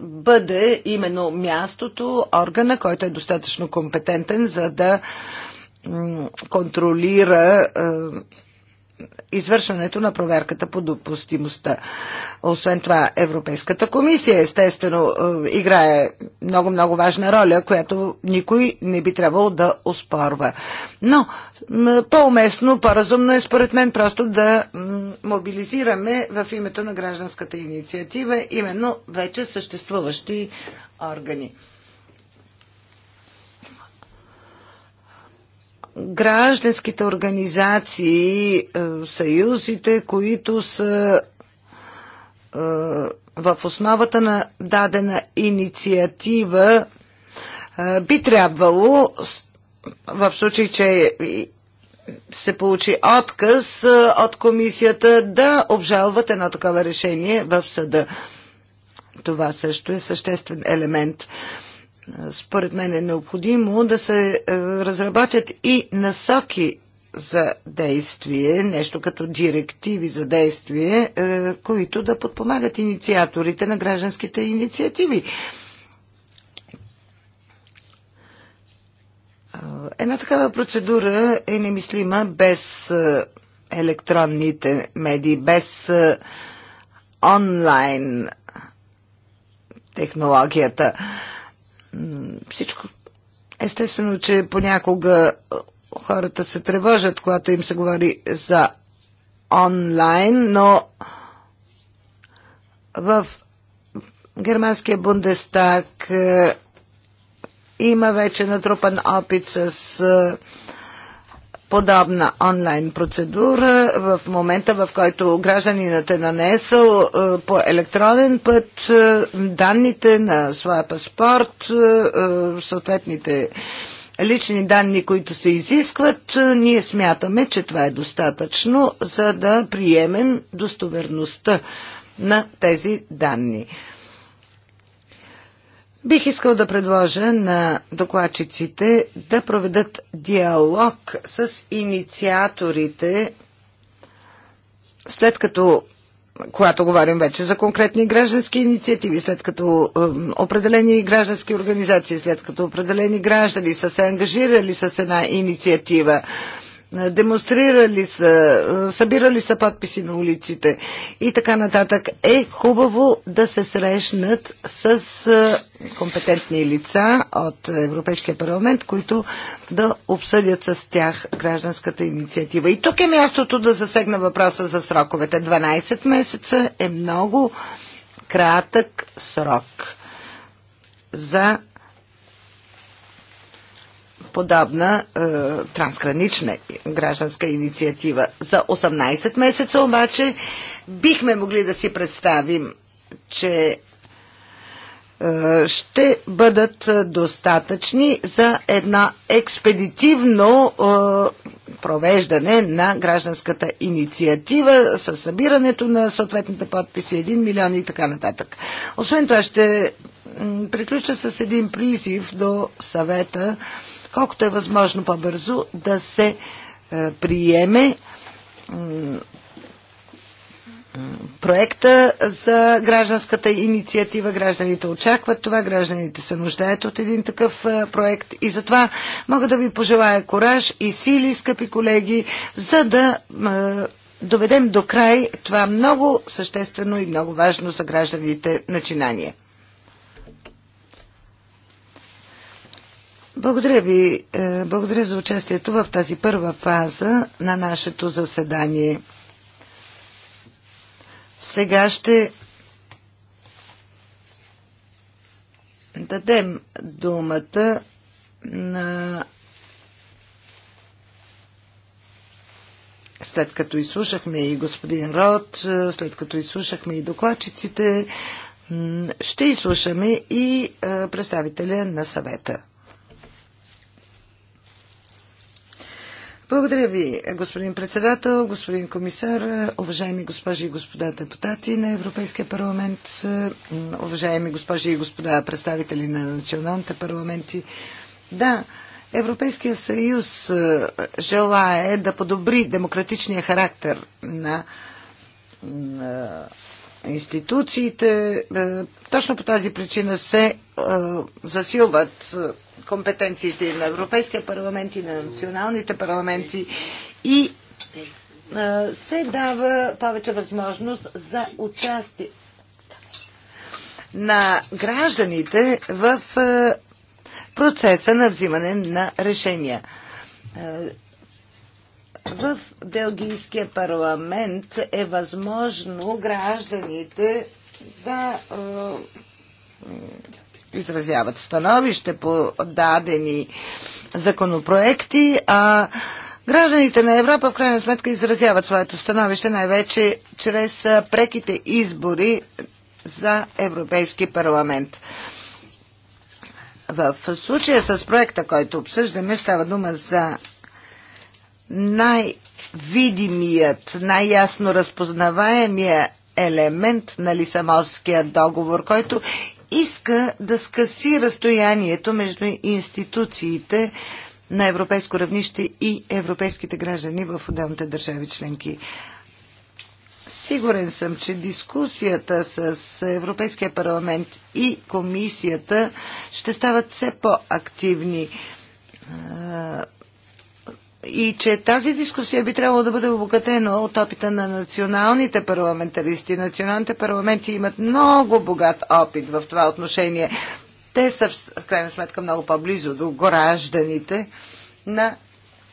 бъде именно мястото, органа, който е достатъчно компетентен, за да контролира извършването на проверката по допустимостта. Освен това, Европейската комисия естествено е, играе много-много важна роля, която никой не би трябвало да оспорва. Но по-уместно, по-разумно е според мен просто да мобилизираме в името на гражданската инициатива именно вече съществуващи органи. гражданските организации, е, съюзите, които са е, в основата на дадена инициатива, е, би трябвало в случай, че се получи отказ от комисията да обжалват едно такова решение в съда. Това също е съществен елемент. Според мен е необходимо да се е, разработят и насоки за действие, нещо като директиви за действие, е, които да подпомагат инициаторите на гражданските инициативи. Е, една такава процедура е немислима без електронните медии, без онлайн технологията. Всичко. Естествено, че понякога е, хората се тревожат, когато им се говори за онлайн, но в германския Бундестаг е, има вече натрупан опит с е, подобна онлайн процедура в момента, в който гражданинът е нанесъл по електронен път е, данните на своя паспорт, е, е, съответните лични данни, които се изискват, ние смятаме, че това е достатъчно, за да приемем достоверността на тези данни. Бих искал да предложа на докладчиците да проведат диалог с инициаторите, след като когато говорим вече за конкретни граждански инициативи, след като определени граждански организации, след като определени граждани са се ангажирали с една инициатива, демонстрирали са, събирали са подписи на улиците и така нататък. Е хубаво да се срещнат с компетентни лица от Европейския парламент, които да обсъдят с тях гражданската инициатива. И тук е мястото да засегна въпроса за сроковете. 12 месеца е много кратък срок за подобна е, трансгранична гражданска инициатива. За 18 месеца обаче бихме могли да си представим, че е, ще бъдат достатъчни за една експедитивно е, провеждане на гражданската инициатива с събирането на съответните подписи 1 милион и така нататък. Освен това ще приключа с един призив до съвета колкото е възможно по-бързо да се е, приеме проекта за гражданската инициатива. Гражданите очакват това, гражданите се нуждаят от един такъв е, проект и затова мога да ви пожелая кораж и сили, скъпи колеги, за да е, доведем до край това много съществено и много важно за гражданите начинание. Благодаря ви. Е, благодаря за участието в тази първа фаза на нашето заседание. Сега ще дадем думата на след като изслушахме и господин Род, е, след като изслушахме и докладчиците, ще изслушаме и е, представителя на съвета. Благодаря ви, господин председател, господин комисар, уважаеми госпожи и господа депутати на Европейския парламент, уважаеми госпожи и господа представители на националните парламенти. Да, Европейския съюз е, желае да подобри демократичния характер на, на институциите. Е, точно по тази причина се е, засилват компетенциите и на Европейския парламент и на националните парламенти и се дава повече възможност за участие на гражданите в процеса на взимане на решения. В Белгийския парламент е възможно гражданите да изразяват становище по дадени законопроекти, а гражданите на Европа в крайна сметка изразяват своето становище най-вече чрез преките избори за Европейски парламент. В случая с проекта, който обсъждаме, става дума за най-видимият, най-ясно разпознаваемия елемент на Лисамонския договор, който иска да скъси разстоянието между институциите на европейско равнище и европейските граждани в отделните държави членки. Сигурен съм, че дискусията с Европейския парламент и комисията ще стават все по-активни и че тази дискусия би трябвало да бъде обогатена от опита на националните парламентаристи. Националните парламенти имат много богат опит в това отношение. Те са в крайна сметка много по-близо до гражданите на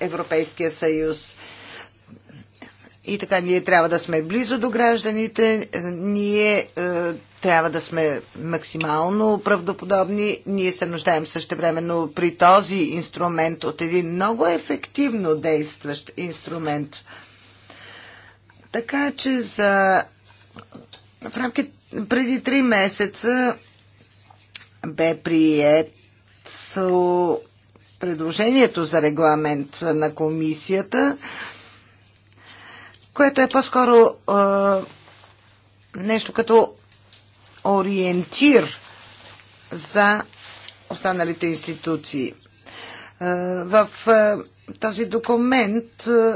Европейския съюз. И така, ние трябва да сме близо до гражданите, е, ние е, трябва да сме максимално правдоподобни, ние се нуждаем същевременно при този инструмент от един много ефективно действащ инструмент. Така че за в рамките преди три месеца бе прието предложението за регламент на комисията което е по-скоро нещо като ориентир за останалите институции. В този документ,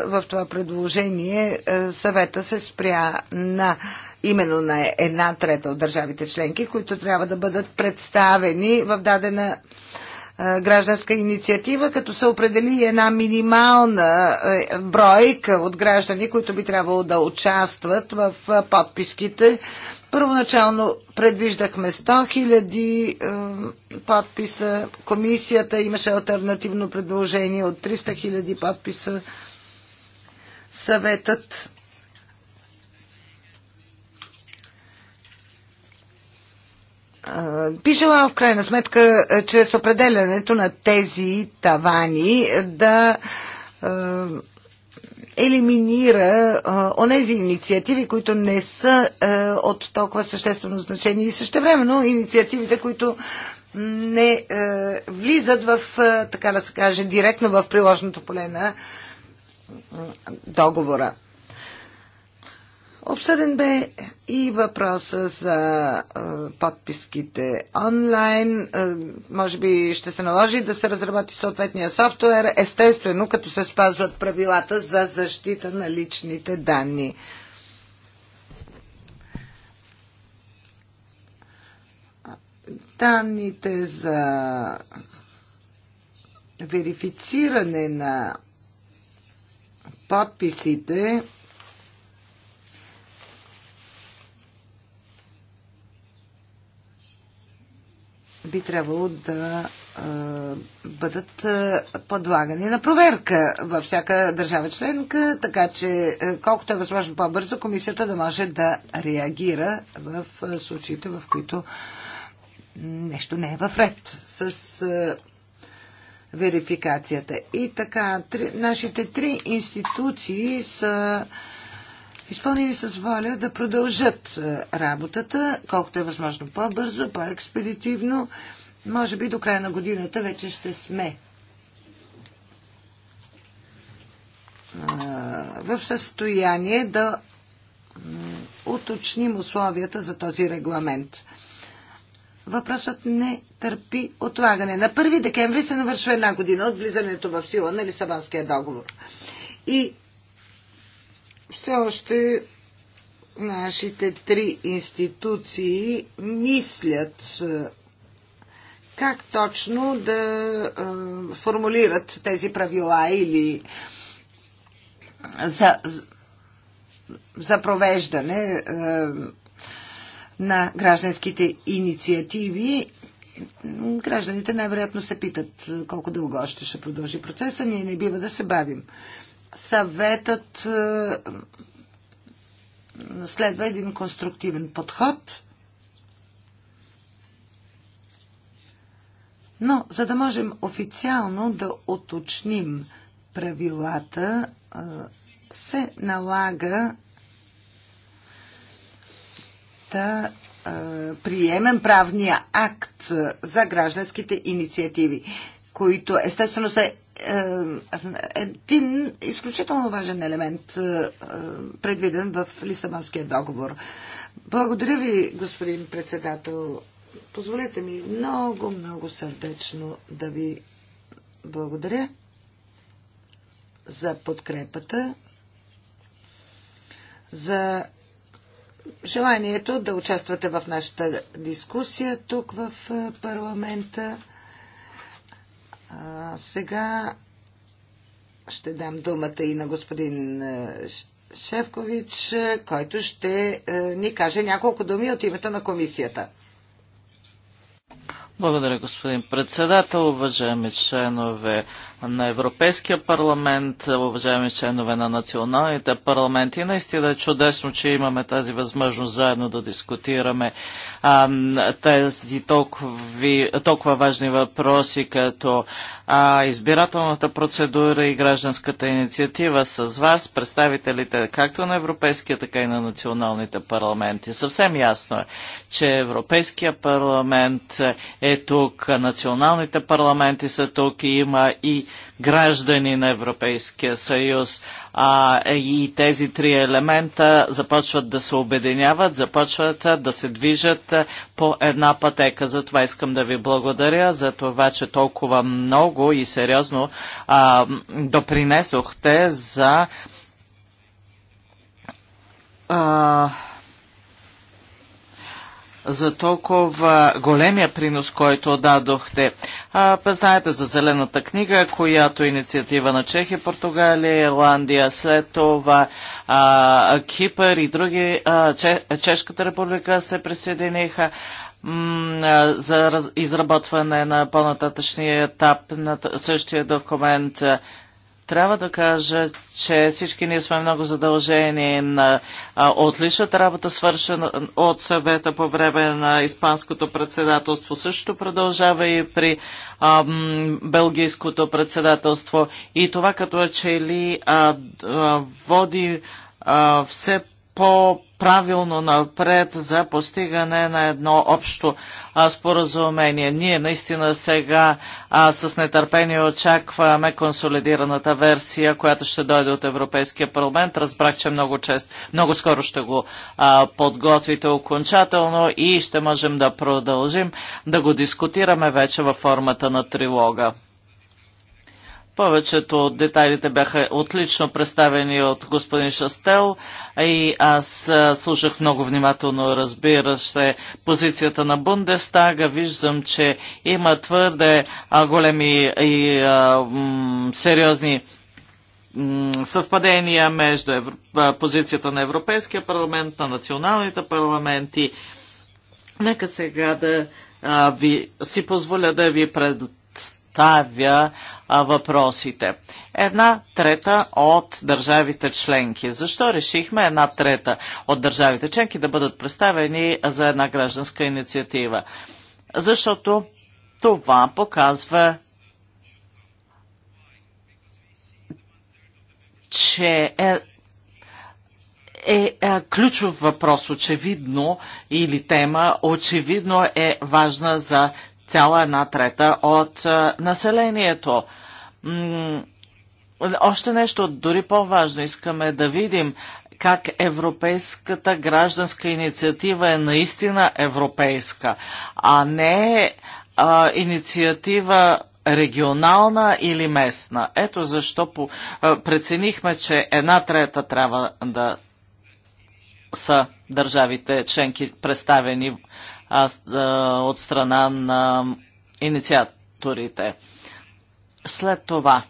в това предложение, съвета се спря на именно на една трета от държавите членки, които трябва да бъдат представени в дадена гражданска инициатива, като се определи една минимална бройка от граждани, които би трябвало да участват в подписките. Първоначално предвиждахме 100 000 подписа. Комисията имаше альтернативно предложение от 300 000 подписа. Съветът Би желал в крайна сметка, чрез определянето на тези тавани да елиминира онези инициативи, които не са от толкова съществено значение и същевременно инициативите, които не влизат в, така да се каже, директно в приложното поле на договора. Обсъден бе и въпроса за подписките онлайн. Може би ще се наложи да се разработи съответния софтуер, естествено, като се спазват правилата за защита на личните данни. Данните за верифициране на подписите би трябвало да бъдат подлагани на проверка във всяка държава членка, така че колкото е възможно по-бързо, комисията да може да реагира в случаите, в които нещо не е в ред с верификацията. И така, три, нашите три институции са изпълнени с воля да продължат е, работата, колкото е възможно по-бързо, по-експедитивно. Може би до края на годината вече ще сме е, в състояние да уточним условията за този регламент. Въпросът не търпи отлагане. На 1 декември се навършва една година от влизането в сила на Лисабонския договор. И все още нашите три институции мислят е, как точно да е, формулират тези правила или за, за провеждане е, на гражданските инициативи. Гражданите най-вероятно се питат колко дълго още ще продължи процеса. Ние не бива да се бавим съветът е, следва един конструктивен подход. Но, за да можем официално да уточним правилата, е, се налага да е, приемем правния акт за гражданските инициативи, които естествено са е, един изключително важен елемент, е, е, предвиден в Лисабонския договор. Благодаря ви, господин председател. Позволете ми много, много сърдечно да ви благодаря за подкрепата, за желанието да участвате в нашата дискусия тук в парламента. А, сега ще дам думата и на господин е, Шевкович, е, който ще е, ни каже няколко думи от името на комисията. Благодаря, господин председател, уважаеми членове на Европейския парламент, е, уважаеми членове на националните парламенти. Наистина е чудесно, че имаме тази възможност заедно да дискутираме а, тези толкова, толкова важни въпроси, като а, избирателната процедура и гражданската инициатива с вас, представителите както на Европейския, така и на националните парламенти. Съвсем ясно е, че Европейския парламент е тук, националните парламенти са тук и има и граждани на Европейския съюз. А, е, и тези три елемента започват да се обединяват, започват да се движат по една пътека. Затова искам да ви благодаря за това, че толкова много и сериозно а, допринесохте за а, за толкова големия принос, който дадохте. А, знаете за Зелената книга, която инициатива на Чехия, Португалия, Ирландия, след това а, Кипър и други, а, Чешката република се присъединиха за изработване на по-нататъчния етап на същия документ трябва да кажа, че всички ние сме много задължени на отличната работа, свършена от съвета по време на Испанското председателство. Също продължава и при ам, Белгийското председателство. И това като че ли а, а, води а, все по-правилно напред за постигане на едно общо споразумение. Ние наистина сега с нетърпение очакваме консолидираната версия, която ще дойде от Европейския парламент. Разбрах, че много, чест, много скоро ще го подготвите окончателно и ще можем да продължим да го дискутираме вече във формата на трилога. Повечето от детайлите бяха отлично представени от господин Шастел и аз слушах много внимателно, разбира се, позицията на Бундестага. Виждам, че има твърде големи и а, сериозни съвпадения между евро... позицията на Европейския парламент, на националните парламенти. Нека сега да а, ви, си позволя да ви пред, поставя а, въпросите. Една трета от държавите членки. Защо решихме една трета от държавите членки да бъдат представени за една гражданска инициатива? Защото това показва че е, е, е ключов въпрос, очевидно, или тема, очевидно е важна за цяла една трета от населението. Още нещо, дори по-важно, искаме да видим как европейската гражданска инициатива е наистина европейска, а не а, инициатива регионална или местна. Ето защо по, а, преценихме, че една трета трябва да са държавите членки представени а, от страна на инициаторите. След това,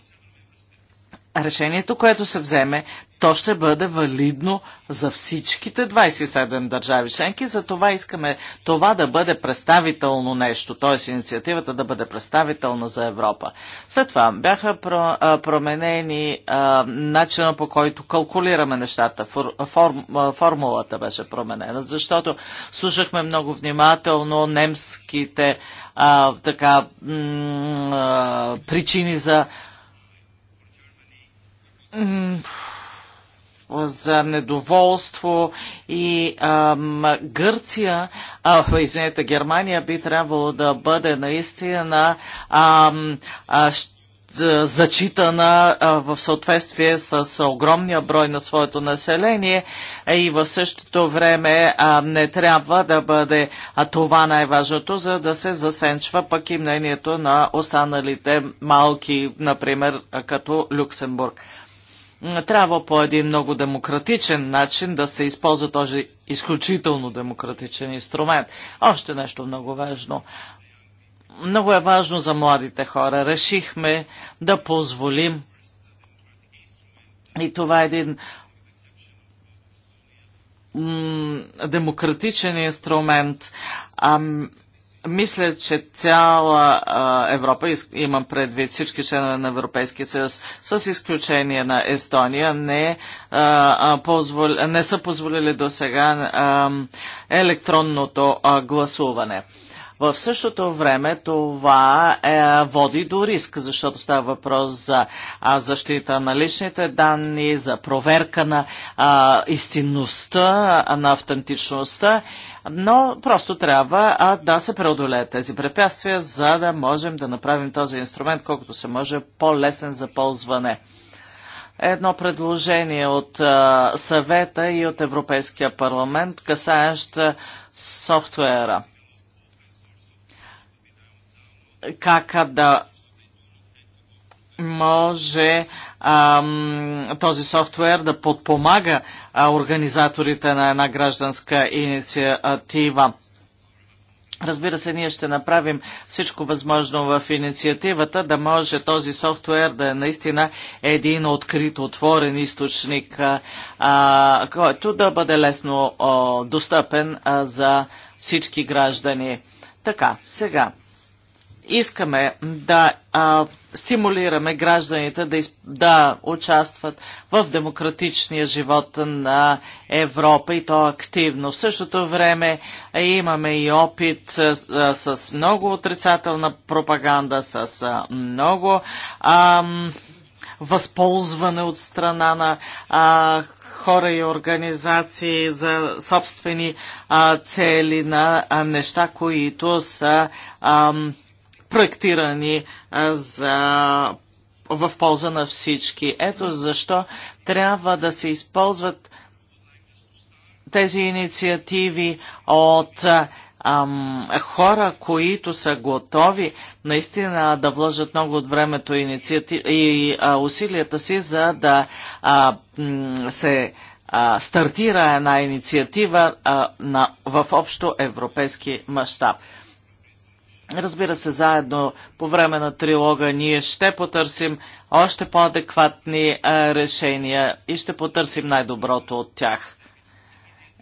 решението, което се вземе, то ще бъде валидно за всичките 27 държави членки. За това искаме това да бъде представително нещо, т.е. инициативата да бъде представителна за Европа. След това бяха променени начина по който калкулираме нещата. Формулата беше променена, защото слушахме много внимателно немските а, така, причини за за недоволство и ам, Гърция, а, извинете, Германия би трябвало да бъде наистина ам, а, зачитана в съответствие с огромния брой на своето население и в същото време не трябва да бъде това най-важното, за да се засенчва пък и мнението на останалите малки, например като Люксембург трябва по един много демократичен начин да се използва този изключително демократичен инструмент. Още нещо много важно. Много е важно за младите хора. Решихме да позволим и това е един демократичен инструмент мисля, че цяла а, Европа, имам предвид всички членове на Европейския съюз, с изключение на Естония, не, а, позвол, не са позволили до сега електронното а, гласуване. В същото време това е, води до риск, защото става въпрос за а, защита на личните данни, за проверка на а, истинността, а, на автентичността, но просто трябва а, да се преодолеят тези препятствия, за да можем да направим този инструмент колкото се може по-лесен за ползване едно предложение от а, съвета и от Европейския парламент, касаещ софтуера как да може ам, този софтуер да подпомага а, организаторите на една гражданска инициатива. Разбира се, ние ще направим всичко възможно в инициативата, да може този софтуер да е наистина един открит, отворен източник, а, който да бъде лесно а, достъпен а, за всички граждани. Така, сега искаме да а, стимулираме гражданите да, из, да участват в демократичния живот на Европа и то активно. В същото време имаме и опит а, с, с много отрицателна пропаганда, с а, много а, възползване от страна на а, хора и организации за собствени а, цели на а, неща, които са. А, проектирани за в полза на всички. Ето защо трябва да се използват тези инициативи от ам, хора, които са готови наистина да вложат много от времето и а, усилията си, за да а, се а, стартира една инициатива а, на, в общо европейски мащаб. Разбира се, заедно по време на трилога ние ще потърсим още по-адекватни решения и ще потърсим най-доброто от тях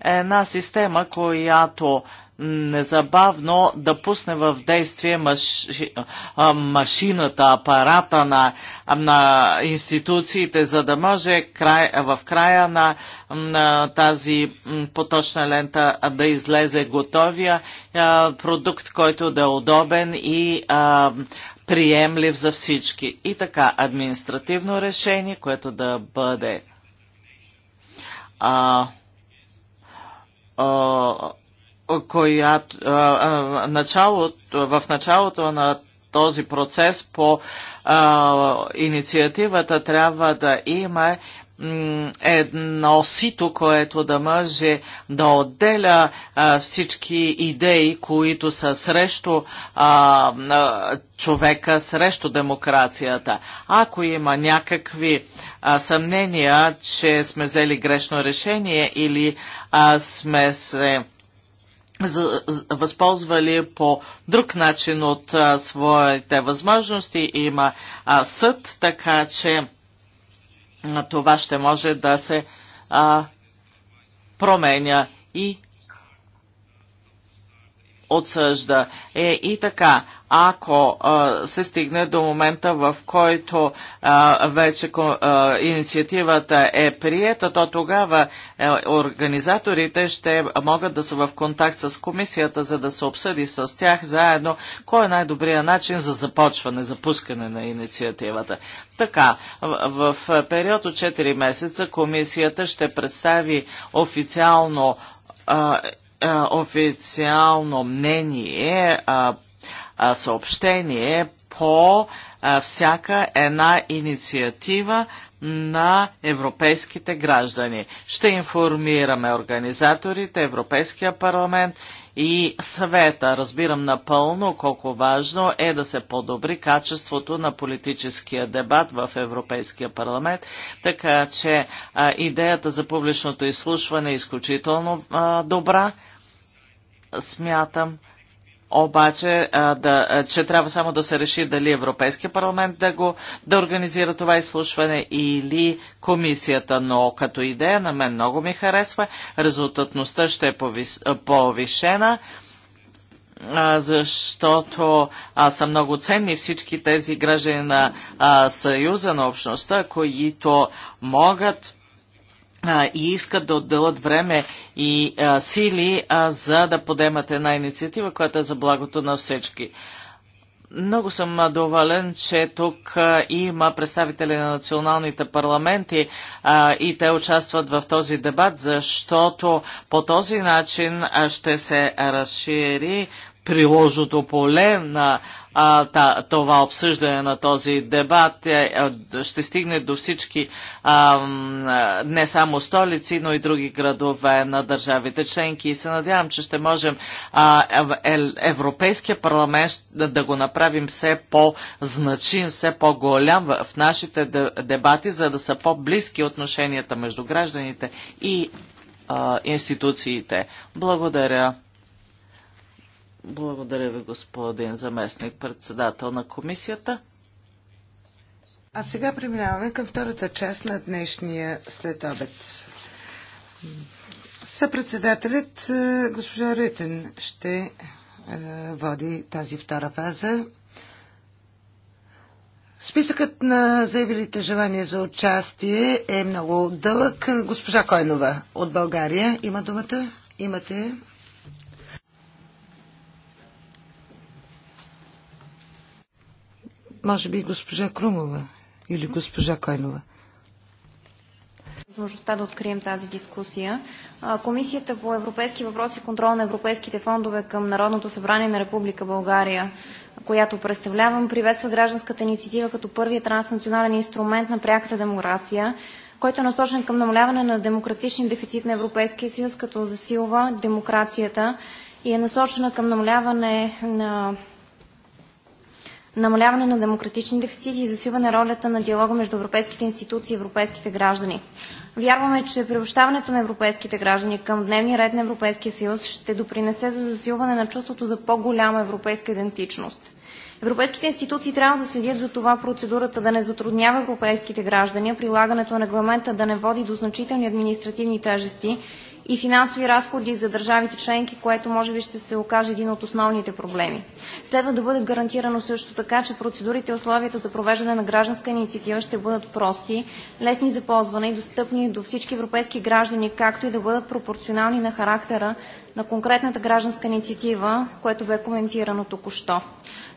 една система, която незабавно да пусне в действие маши, машината, апарата на, на институциите, за да може край, в края на, на тази поточна лента да излезе готовия а, продукт, който да е удобен и а, приемлив за всички. И така, административно решение, което да бъде а, която началото, в началото на този процес по а, инициативата трябва да има едно сито, което да може да отделя а, всички идеи, които са срещу а, а, човека, срещу демокрацията. Ако има някакви а, съмнения, че сме взели грешно решение или а, сме се възползвали по друг начин от а, своите възможности, има а, съд, така че това ще може да се а, променя и отсъжда. Е, и така, ако а, се стигне до момента, в който а, вече а, инициативата е приета, то тогава а, е, организаторите ще могат да са в контакт с комисията, за да се обсъди с тях заедно кой е най-добрият начин за започване, запускане на инициативата. Така, в, в период от 4 месеца комисията ще представи официално а, официално мнение а, съобщение по всяка една инициатива на европейските граждани. Ще информираме организаторите, Европейския парламент и съвета. Разбирам напълно колко важно е да се подобри качеството на политическия дебат в Европейския парламент, така че а, идеята за публичното изслушване е изключително а, добра. Смятам, обаче, а, да, че трябва само да се реши дали Европейския парламент да, го, да организира това изслушване или комисията. Но като идея на мен много ми харесва, резултатността ще е повис, повишена защото а, са много ценни всички тези граждани на а, Съюза, на общността, които могат и искат да отделят време и а, сили, а, за да подемат една инициатива, която е за благото на всички. Много съм доволен, че тук а, има представители на националните парламенти а, и те участват в този дебат, защото по този начин ще се разшири приложното поле на а, та, това обсъждане на този дебат е, е, ще стигне до всички а, не само столици, но и други градове на държавите членки и се надявам, че ще можем а, е, Европейския парламент да, да го направим все по-значим, все по-голям в, в нашите дебати, за да са по-близки отношенията между гражданите и а, институциите. Благодаря. Благодаря ви, господин заместник председател на комисията. А сега преминаваме към втората част на днешния следобед. Съпредседателят е, госпожа Рютен ще е, води тази втора фаза. Списъкът на заявилите желания за участие е много дълъг. Госпожа Койнова от България има думата. Имате Може би госпожа Крумова или госпожа Койнова възможността да открием тази дискусия. Комисията по европейски въпроси и контрол на европейските фондове към Народното събрание на Република България, която представлявам, приветства гражданската инициатива като първият транснационален инструмент на пряката демокрация, който е насочен към намаляване на демократичен дефицит на Европейския съюз, като засилва демокрацията и е насочена към намаляване на намаляване на демократични дефицити и засилване ролята на диалога между европейските институции и европейските граждани. Вярваме, че приобщаването на европейските граждани към дневния ред на Европейския съюз ще допринесе за засилване на чувството за по-голяма европейска идентичност. Европейските институции трябва да следят за това процедурата да не затруднява европейските граждани, а прилагането на регламента да не води до значителни административни тежести и финансови разходи за държавите членки, което може би ще се окаже един от основните проблеми. Следва да бъде гарантирано също така, че процедурите и условията за провеждане на гражданска инициатива ще бъдат прости, лесни за ползване и достъпни до всички европейски граждани, както и да бъдат пропорционални на характера на конкретната гражданска инициатива, което бе коментирано току-що.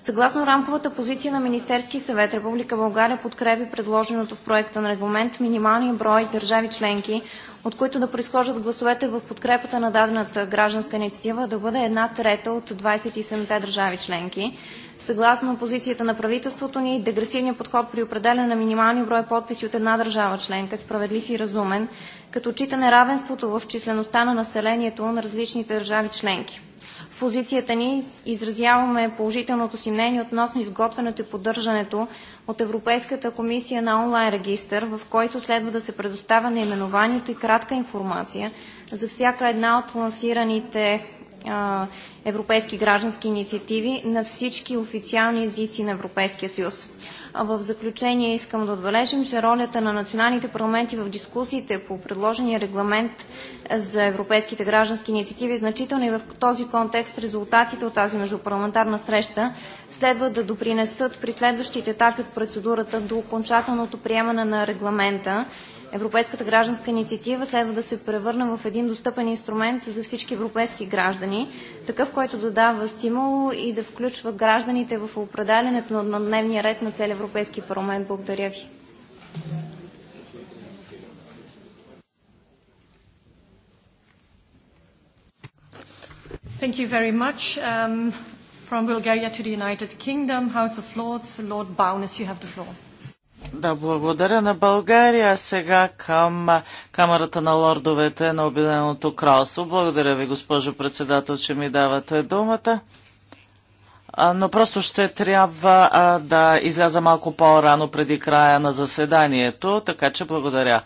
Съгласно рамковата позиция на Министерския съвет, Република България подкрепи предложеното в проекта на регламент минималния брой държави членки, от които да произхождат гласовете в подкрепата на дадената гражданска инициатива, да бъде една трета от 27-те държави членки. Съгласно позицията на правителството ни, дегресивният подход при определяне на минимални брой подписи от една държава членка е справедлив и разумен, като отчита неравенството в числеността на населението на различните държави членки позицията ни изразяваме положителното си мнение относно изготвянето и поддържането от Европейската комисия на онлайн регистър, в който следва да се предоставя наименованието и кратка информация за всяка една от лансираните европейски граждански инициативи на всички официални езици на Европейския съюз. В заключение искам да отбележим, че ролята на националните парламенти в дискусиите по предложения регламент за европейските граждански инициативи е значителна и в този контекст резултатите от тази междупарламентарна среща следва да допринесат при следващите етапи от процедурата до окончателното приемане на регламента Европейската гражданска инициатива следва да се превърне в един достъпен инструмент за всички европейски граждани, такъв, който да дава стимул и да включва гражданите в определенето на дневния ред на цели Европейски парламент. Благодаря ви. Thank you very much. Um, from Bulgaria to the United Kingdom, House of Lords, Lord Bowness, you have the floor. Да, благодаря на България. Сега към Камерата на лордовете на Обединеното кралство. Благодаря ви, госпожо председател, че ми давате думата. но просто ще трябва да изляза малко по-рано преди края на заседанието, така че благодаря.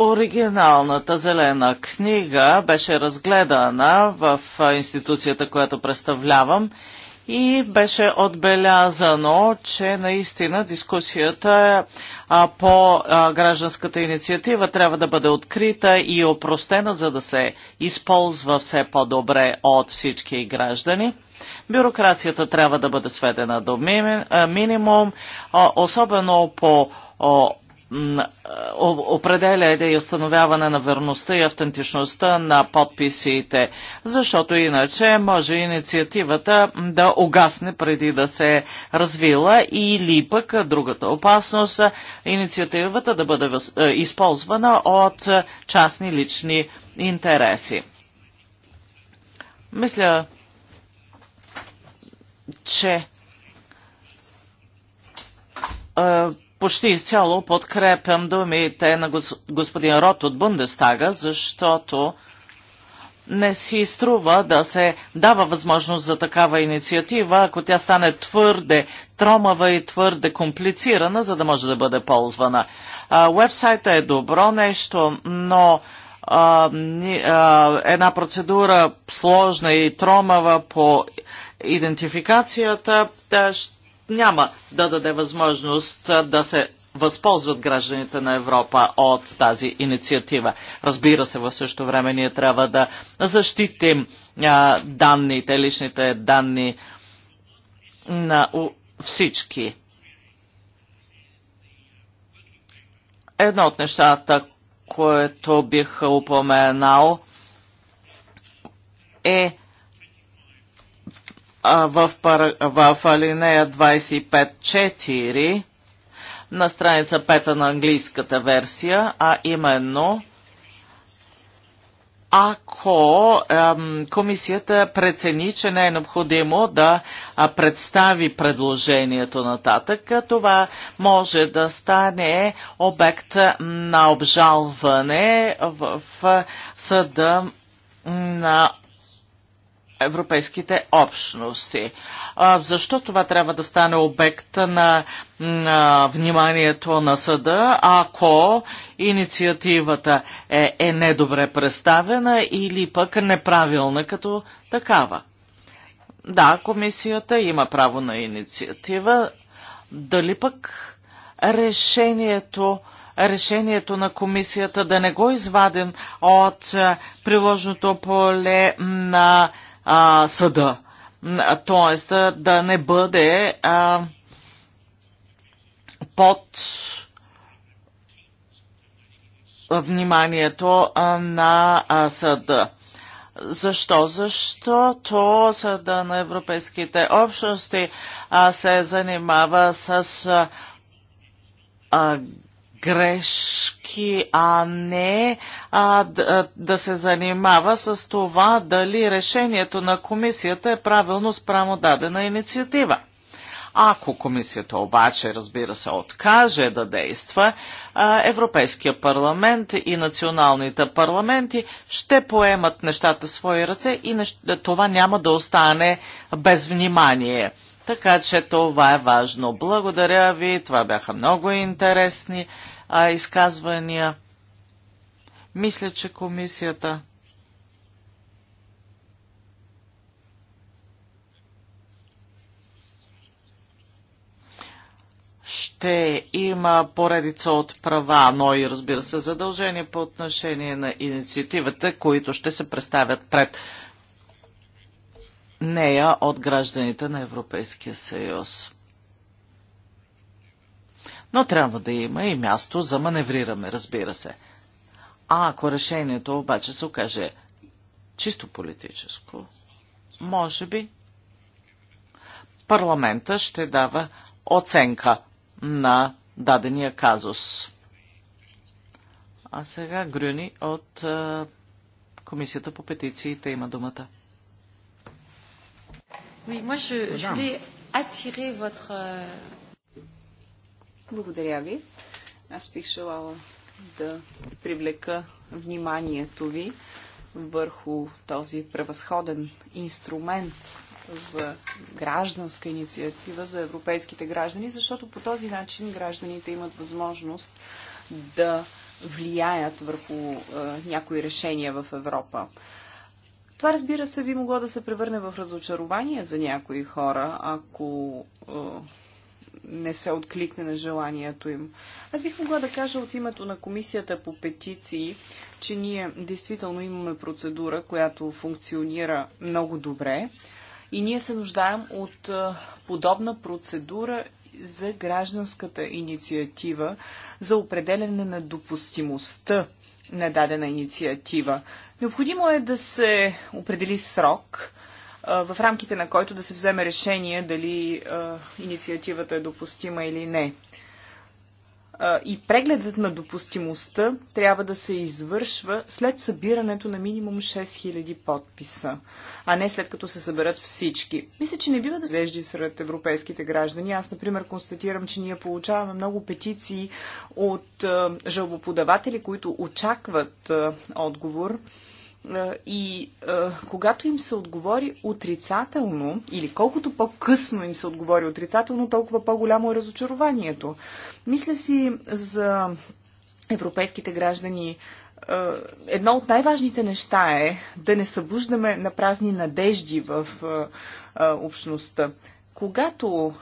Оригиналната зелена книга беше разгледана в институцията, която представлявам и беше отбелязано, че наистина дискусията по гражданската инициатива трябва да бъде открита и опростена, за да се използва все по-добре от всички граждани. Бюрокрацията трябва да бъде сведена до минимум, особено по определя и установяване на верността и автентичността на подписите, защото иначе може инициативата да огасне преди да се развила или пък другата опасност инициативата да бъде е, използвана от частни лични интереси. Мисля, че е, почти изцяло подкрепям думите на господин Рот от Бундестага, защото не си струва да се дава възможност за такава инициатива, ако тя стане твърде тромава и твърде комплицирана, за да може да бъде ползвана. уебсайта е добро нещо, но а, а, една процедура сложна и тромава по идентификацията да, ще няма да даде възможност да се възползват гражданите на Европа от тази инициатива. Разбира се, в същото време ние трябва да защитим данните, личните данни на всички. Едно от нещата, което бих упоменал е в, пара, в алинея 25.4 на страница 5 на английската версия, а именно ако ем, комисията прецени, че не е необходимо да а, представи предложението нататък, това може да стане обект на обжалване в, в съда на европейските общности. А, защо това трябва да стане обект на, на вниманието на съда, ако инициативата е, е недобре представена или пък неправилна като такава? Да, комисията има право на инициатива. Дали пък решението решението на комисията да не го извадим от приложното поле на а, съда. Тоест да не бъде а, под вниманието а, на а, съда. Защо? Защото Съда на Европейските общности а, се занимава с а, грешки, а не а, да, да се занимава с това дали решението на комисията е правилно спрямо дадена инициатива. Ако комисията обаче, разбира се, откаже да действа, Европейския парламент и националните парламенти ще поемат нещата в свои ръце и нещ... това няма да остане без внимание. Така че това е важно. Благодаря ви, това бяха много интересни а, изказвания. Мисля, че комисията ще има поредица от права, но и разбира се задължения по отношение на инициативата, които ще се представят пред нея от гражданите на Европейския съюз но трябва да има и място за маневриране, разбира се. А ако решението обаче се окаже чисто политическо, може би парламента ще дава оценка на дадения казус. А сега Грюни от а, Комисията по петициите има думата. Oui, moi je, je voulais attirer votre, благодаря ви. Аз бих желала да привлека вниманието ви върху този превъзходен инструмент за гражданска инициатива за европейските граждани, защото по този начин гражданите имат възможност да влияят върху е, някои решения в Европа. Това, разбира се, би могло да се превърне в разочарование за някои хора, ако е, не се откликне на желанието им. Аз бих могла да кажа от името на комисията по петиции, че ние действително имаме процедура, която функционира много добре и ние се нуждаем от подобна процедура за гражданската инициатива за определене на допустимостта на дадена инициатива. Необходимо е да се определи срок, в рамките на който да се вземе решение дали инициативата е допустима или не. И прегледът на допустимостта трябва да се извършва след събирането на минимум 6000 подписа, а не след като се съберат всички. Мисля, че не бива да вежди сред европейските граждани. Аз, например, констатирам, че ние получаваме много петиции от жалбоподаватели, които очакват отговор и когато им се отговори отрицателно, или колкото по-късно им се отговори отрицателно, толкова по-голямо е разочарованието. Мисля си за европейските граждани. едно от най-важните неща е да не събуждаме на празни надежди в общността. Когато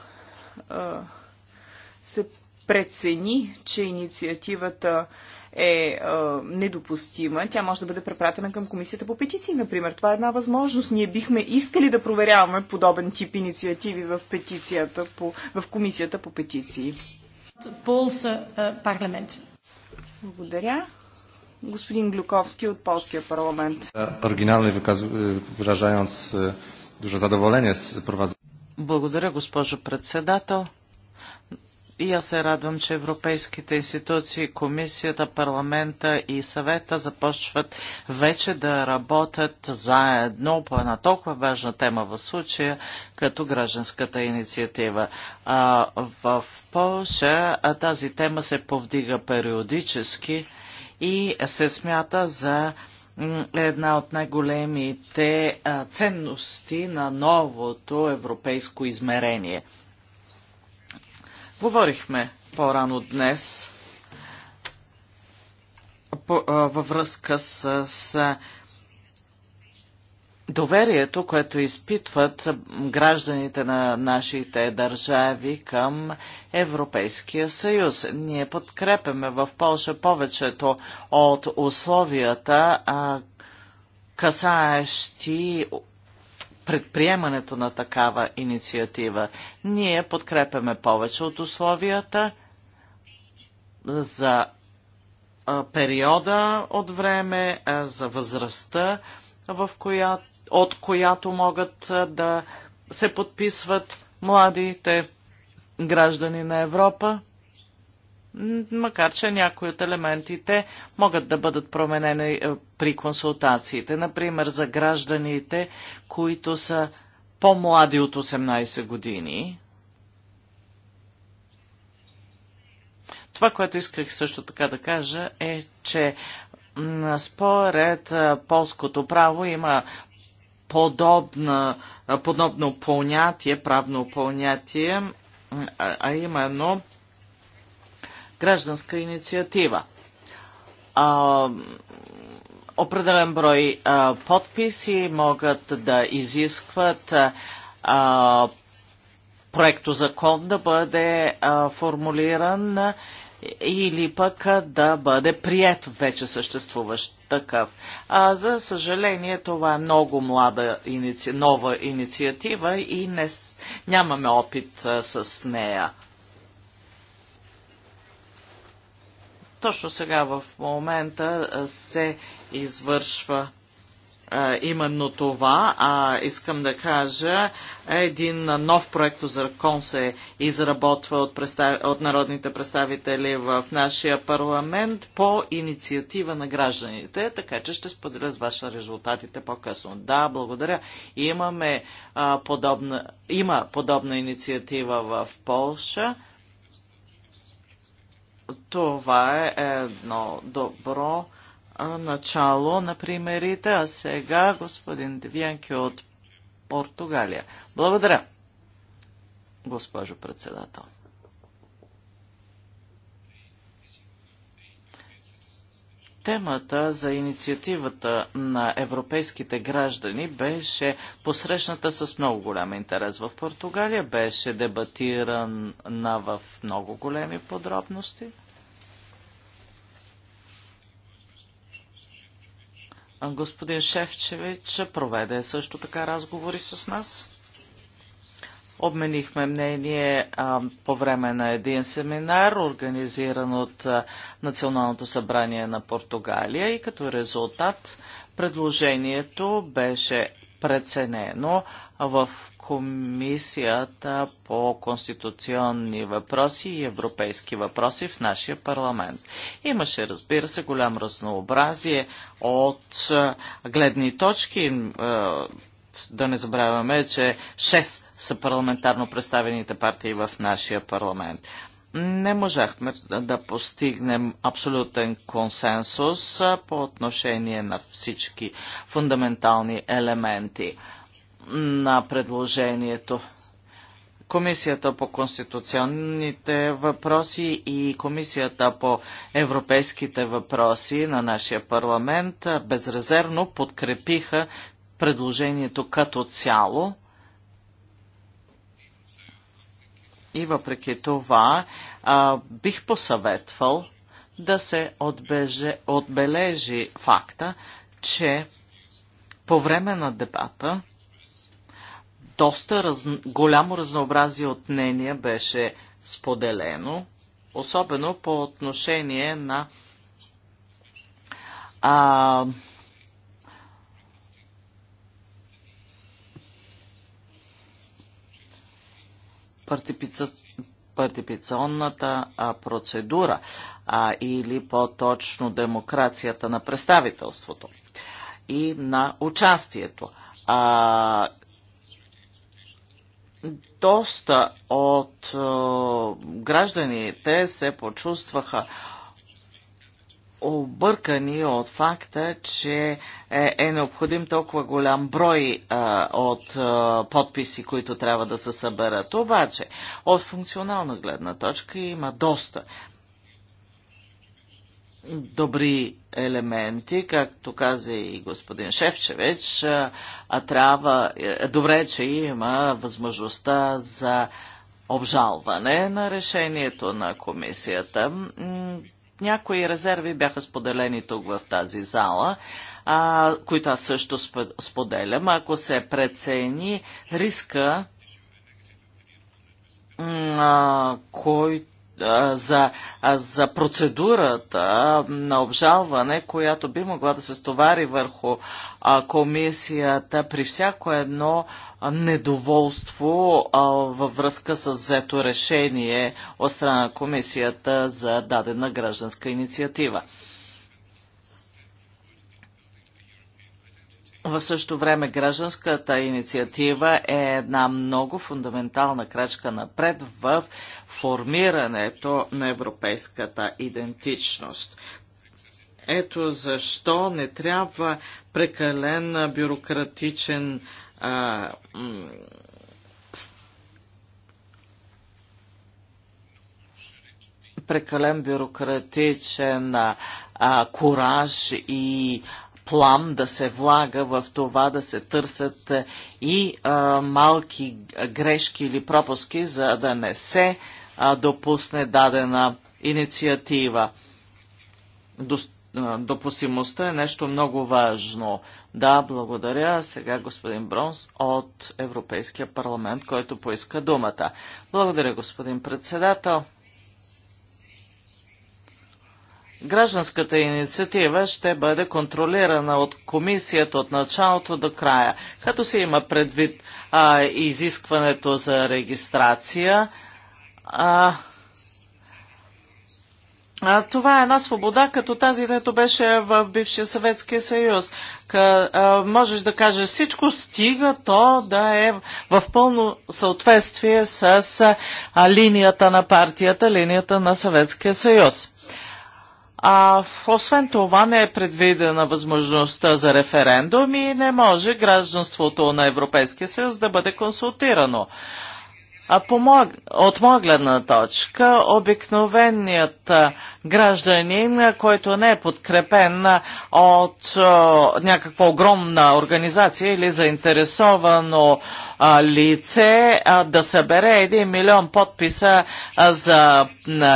се прецени, че инициативата е а, недопустима, тя може да бъде препратена към комисията по петиции, например. Това е една възможност. Ние бихме искали да проверяваме подобен тип инициативи в, петицията по, в комисията по петиции. Полса парламент. Благодаря. Господин Глюковски от Полския парламент. Оригинално е, выражając е, duże задоволение с prowadzenia. Благодаря, госпожо председател. И аз се радвам, че европейските институции, комисията, парламента и съвета започват вече да работят заедно по една толкова важна тема в случая, като гражданската инициатива. А, в Польша тази тема се повдига периодически и се смята за една от най-големите ценности на новото европейско измерение – Говорихме по-рано днес по, а, във връзка с, с доверието, което изпитват гражданите на нашите държави към Европейския съюз. Ние подкрепяме в Польша повечето от условията, а, касаещи предприемането на такава инициатива. Ние подкрепяме повече от условията за периода от време, за възрастта, в коя, от която могат да се подписват младите граждани на Европа макар че някои от елементите могат да бъдат променени е, при консултациите. Например, за гражданите, които са по-млади от 18 години. Това, което исках също така да кажа е, че според е, полското право има подобна, е, подобно понятие, правно понятие, а именно гражданска инициатива. А, определен брой а, подписи могат да изискват а, проекто закон да бъде а, формулиран или пък да бъде прият вече съществуващ такъв. А, за съжаление, това е много млада иници... нова инициатива и не... нямаме опит а, с нея. Точно сега в момента се извършва именно това. А, искам да кажа, един нов проект закон се изработва от, представ... от народните представители в нашия парламент по инициатива на гражданите, така че ще споделя с ваша резултатите по-късно. Да, благодаря. Имаме, а, подобна... Има подобна инициатива в Полша това е едно добро начало на примерите, а сега господин Девянки от Португалия. Благодаря, госпожо председател. Темата за инициативата на европейските граждани беше посрещната с много голям интерес в Португалия, беше дебатирана в много големи подробности. Господин Шефчевич проведе също така разговори с нас. Обменихме мнение а, по време на един семинар, организиран от а, Националното събрание на Португалия и като резултат предложението беше преценено в Комисията по конституционни въпроси и европейски въпроси в нашия парламент. Имаше, разбира се, голям разнообразие от гледни точки да не забравяме, че 6 са парламентарно представените партии в нашия парламент. Не можахме да постигнем абсолютен консенсус по отношение на всички фундаментални елементи на предложението. Комисията по конституционните въпроси и Комисията по европейските въпроси на нашия парламент безрезервно подкрепиха предложението като цяло. И въпреки това, а, бих посъветвал да се отбеже, отбележи факта, че по време на дебата доста раз, голямо разнообразие от мнения беше споделено, особено по отношение на а, партипационната процедура а, или по-точно демокрацията на представителството и на участието. А, доста от е, гражданите се почувстваха объркани от факта, че е, е необходим толкова голям брой а, е, от а, е, подписи, които трябва да се съберат. Обаче, от функционална гледна точка има доста добри елементи, както каза и господин Шевчевич, а, трябва, е, добре, че има възможността за обжалване на решението на комисията. Някои резерви бяха споделени тук в тази зала, а, които аз също споделям. Ако се прецени риска, а, който за, за процедурата на обжалване, която би могла да се стовари върху комисията при всяко едно недоволство във връзка с взето решение от страна на комисията за дадена гражданска инициатива. В същото време гражданската инициатива е една много фундаментална крачка напред в формирането на европейската идентичност. Ето защо не трябва прекален бюрократичен а, прекален бюрократичен а, кураж и плам да се влага в това да се търсят е, и а, малки грешки или пропуски, за да не се а, допусне дадена инициатива. До, а, допустимостта е нещо много важно. Да, благодаря. Сега господин Бронс от Европейския парламент, който поиска думата. Благодаря, господин председател. Гражданската инициатива ще бъде контролирана от комисията от началото до края, като се има предвид а, изискването за регистрация. А, а, това е една свобода, като тази, дето беше в бившия Съветския съюз. Къ, а, можеш да кажеш всичко, стига то да е в пълно съответствие с а, линията на партията, линията на Съветския съюз. А, освен това не е предвидена възможността за референдум и не може гражданството на Европейския съюз да бъде консултирано помог... от моя гледна точка, обикновеният гражданин, който не е подкрепен от някаква огромна организация или заинтересовано лице, а да събере 1 милион подписа за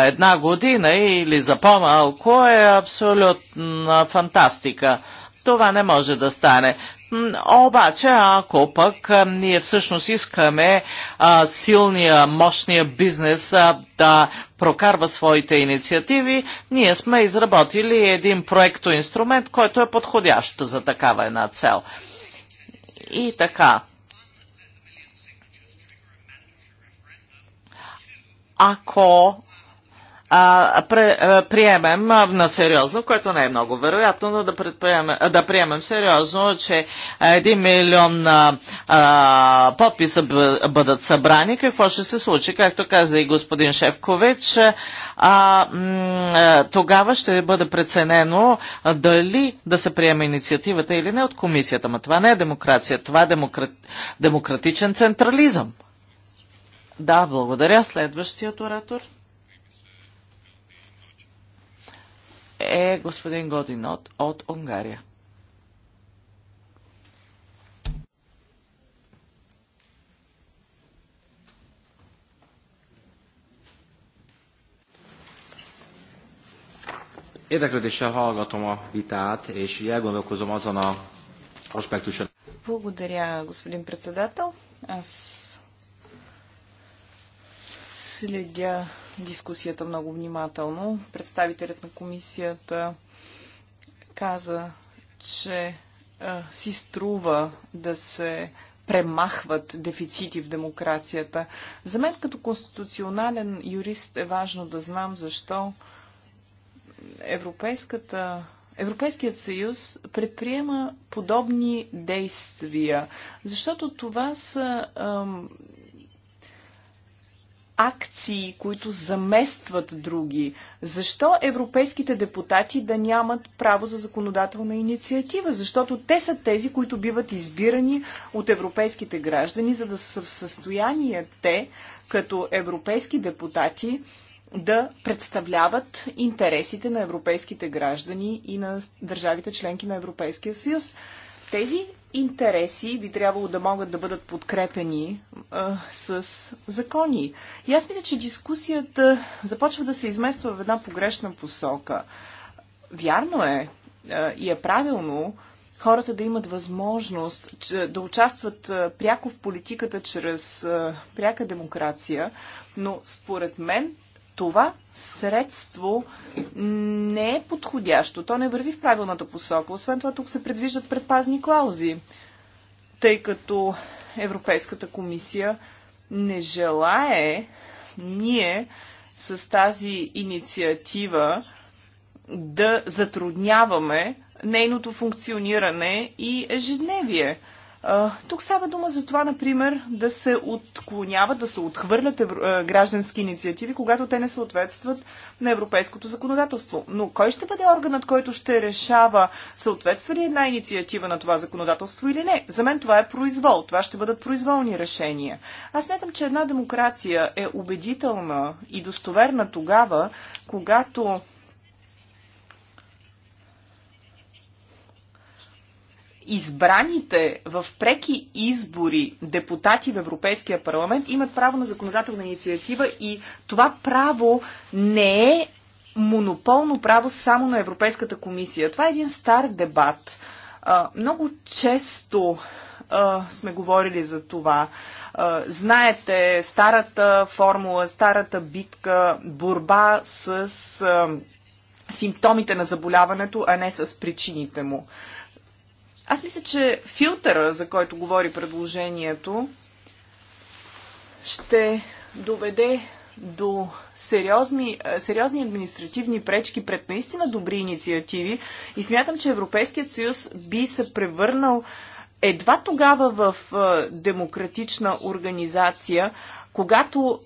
една година или за по-малко е абсолютна фантастика. Това не може да стане. Обаче, ако пък ние всъщност искаме а, силния, мощния бизнес а, да прокарва своите инициативи, ние сме изработили един проекто-инструмент, който е подходящ за такава една цел. И така. Ако а, пре, а, приемем а, на сериозно, което не е много вероятно, но да, а, да приемем сериозно, че 1 милион а, а, подписа бъдат събрани, какво ще се случи? Както каза и господин Шевкович, а, а, тогава ще бъде преценено дали да се приеме инициативата или не от комисията. Ма това не е демокрация, това е демократ, демократичен централизъм. Да, благодаря. Следващият оратор. е господин Годинот от Унгария. Érdeklődéssel hallgatom a vitát, és elgondolkozom azon a aspektuson. Благодаря, господин председател. Аз следя дискусията много внимателно. Представителят на комисията каза, че а, си струва да се премахват дефицити в демокрацията. За мен като конституционален юрист е важно да знам защо Европейската Европейският съюз предприема подобни действия, защото това са акции, които заместват други. Защо европейските депутати да нямат право за законодателна инициатива? Защото те са тези, които биват избирани от европейските граждани, за да са в състояние те, като европейски депутати, да представляват интересите на европейските граждани и на държавите членки на Европейския съюз. Тези интереси би трябвало да могат да бъдат подкрепени а, с закони. И аз мисля, че дискусията започва да се измества в една погрешна посока. Вярно е а, и е правилно хората да имат възможност че, да участват а, пряко в политиката чрез а, пряка демокрация, но според мен това средство не е подходящо. То не върви в правилната посока. Освен това, тук се предвиждат предпазни клаузи, тъй като Европейската комисия не желае ние с тази инициатива да затрудняваме нейното функциониране и ежедневие. Тук става дума за това, например, да се отклоняват, да се отхвърлят граждански инициативи, когато те не съответстват на европейското законодателство. Но кой ще бъде органът, който ще решава съответства ли една инициатива на това законодателство или не? За мен това е произвол. Това ще бъдат произволни решения. Аз мятам, че една демокрация е убедителна и достоверна тогава, когато избраните в преки избори депутати в Европейския парламент имат право на законодателна инициатива и това право не е монополно право само на Европейската комисия. Това е един стар дебат. Много често сме говорили за това. Знаете старата формула, старата битка, борба с симптомите на заболяването, а не с причините му. Аз мисля, че филтъра, за който говори предложението, ще доведе до сериозни, сериозни административни пречки пред наистина добри инициативи и смятам, че Европейският съюз би се превърнал едва тогава в демократична организация, когато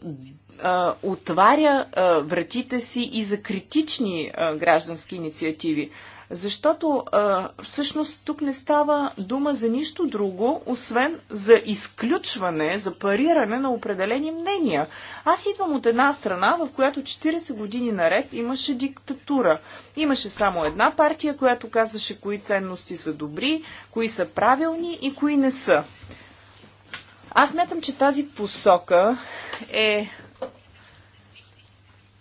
отваря вратите си и за критични граждански инициативи. Защото а, всъщност тук не става дума за нищо друго, освен за изключване, за париране на определени мнения. Аз идвам от една страна, в която 40 години наред имаше диктатура. Имаше само една партия, която казваше кои ценности са добри, кои са правилни и кои не са. Аз мятам, че тази посока е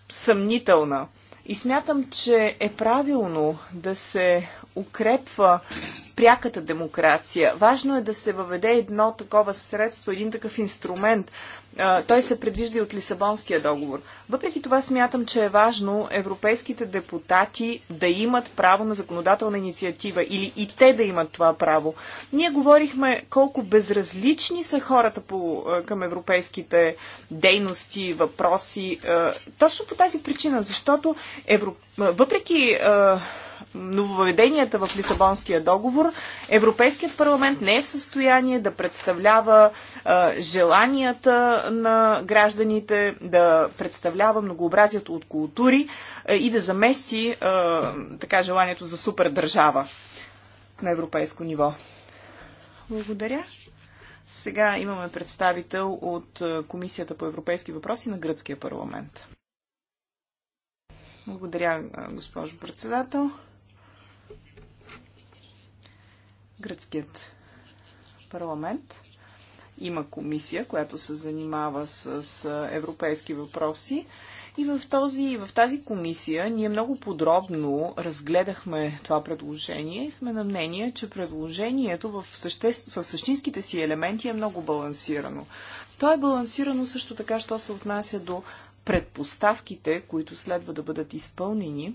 съмнителна. И смятам, че е правилно да се укрепва пряката демокрация. Важно е да се въведе едно такова средство, един такъв инструмент, той се предвижда и от Лисабонския договор. Въпреки това смятам, че е важно европейските депутати да имат право на законодателна инициатива или и те да имат това право. Ние говорихме колко безразлични са хората по, към европейските дейности, въпроси. Точно по тази причина, защото евро... въпреки нововведенията в Лисабонския договор, Европейският парламент не е в състояние да представлява а, желанията на гражданите, да представлява многообразието от култури а, и да замести а, така желанието за супердържава на европейско ниво. Благодаря. Сега имаме представител от Комисията по европейски въпроси на Гръцкия парламент. Благодаря, госпожо председател. Гръцкият парламент има комисия, която се занимава с европейски въпроси. И в, този, в тази комисия ние много подробно разгледахме това предложение и сме на мнение, че предложението в, съществ, в същинските си елементи е много балансирано. То е балансирано също така, що се отнася до предпоставките, които следва да бъдат изпълнени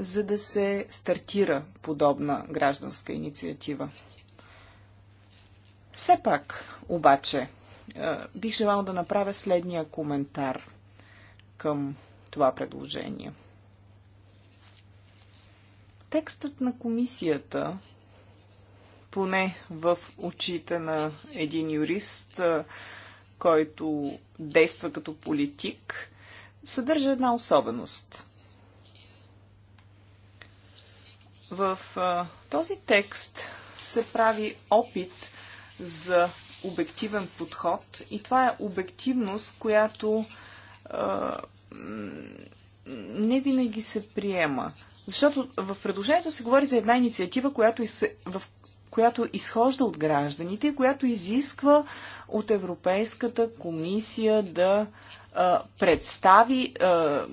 за да се стартира подобна гражданска инициатива. Все пак, обаче, е, бих желала да направя следния коментар към това предложение. Текстът на комисията, поне в очите на един юрист, е, който действа като политик, съдържа една особеност. В а, този текст се прави опит за обективен подход и това е обективност, която а, не винаги се приема. Защото в предложението се говори за една инициатива, която, из, в, която изхожда от гражданите, която изисква от Европейската комисия да представи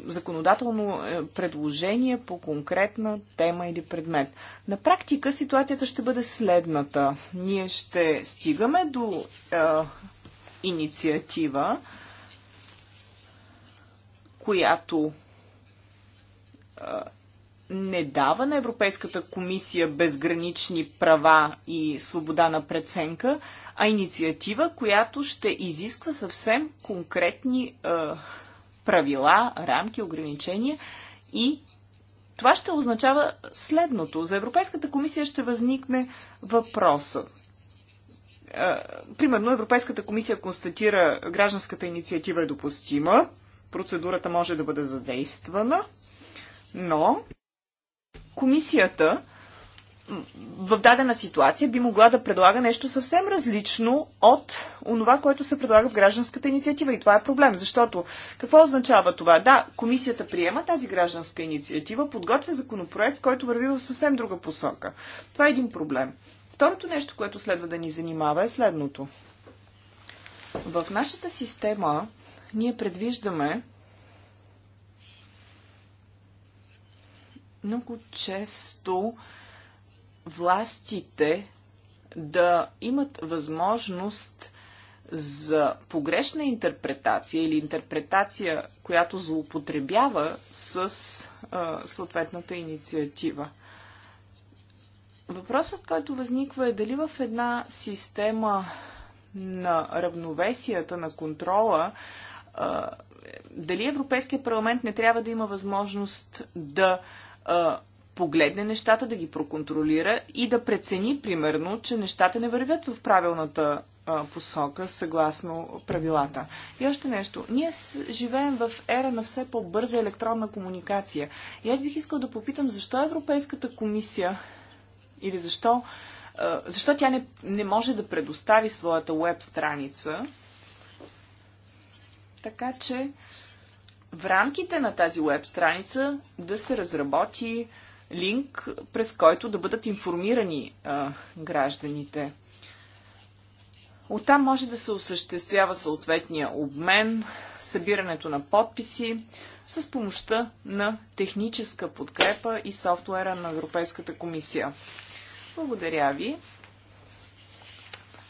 законодателно е, предложение по конкретна тема или предмет. На практика ситуацията ще бъде следната. Ние ще стигаме до инициатива, която не дава на Европейската комисия безгранични права и свобода на преценка, а инициатива, която ще изисква съвсем конкретни е, правила, рамки, ограничения и това ще означава следното. За Европейската комисия ще възникне въпроса. Е, примерно Европейската комисия констатира гражданската инициатива е допустима, процедурата може да бъде задействана, но комисията в дадена ситуация би могла да предлага нещо съвсем различно от онова, което се предлага в гражданската инициатива. И това е проблем, защото какво означава това? Да, комисията приема тази гражданска инициатива, подготвя законопроект, който върви в съвсем друга посока. Това е един проблем. Второто нещо, което следва да ни занимава е следното. В нашата система ние предвиждаме много често властите да имат възможност за погрешна интерпретация или интерпретация, която злоупотребява с а, съответната инициатива. Въпросът, който възниква е дали в една система на равновесията, на контрола, а, дали Европейския парламент не трябва да има възможност да а, а, погледне нещата, да ги проконтролира и да прецени, примерно, че нещата не вървят в правилната а, посока, съгласно правилата. И още нещо. Ние живеем в ера на все по-бърза електронна комуникация. И аз бих искал да попитам, защо Европейската комисия или защо, а, защо тя не, не може да предостави своята веб страница, така че в рамките на тази веб страница да се разработи линк, през който да бъдат информирани а, гражданите. Оттам може да се осъществява съответния обмен, събирането на подписи с помощта на техническа подкрепа и софтуера на Европейската комисия. Благодаря ви.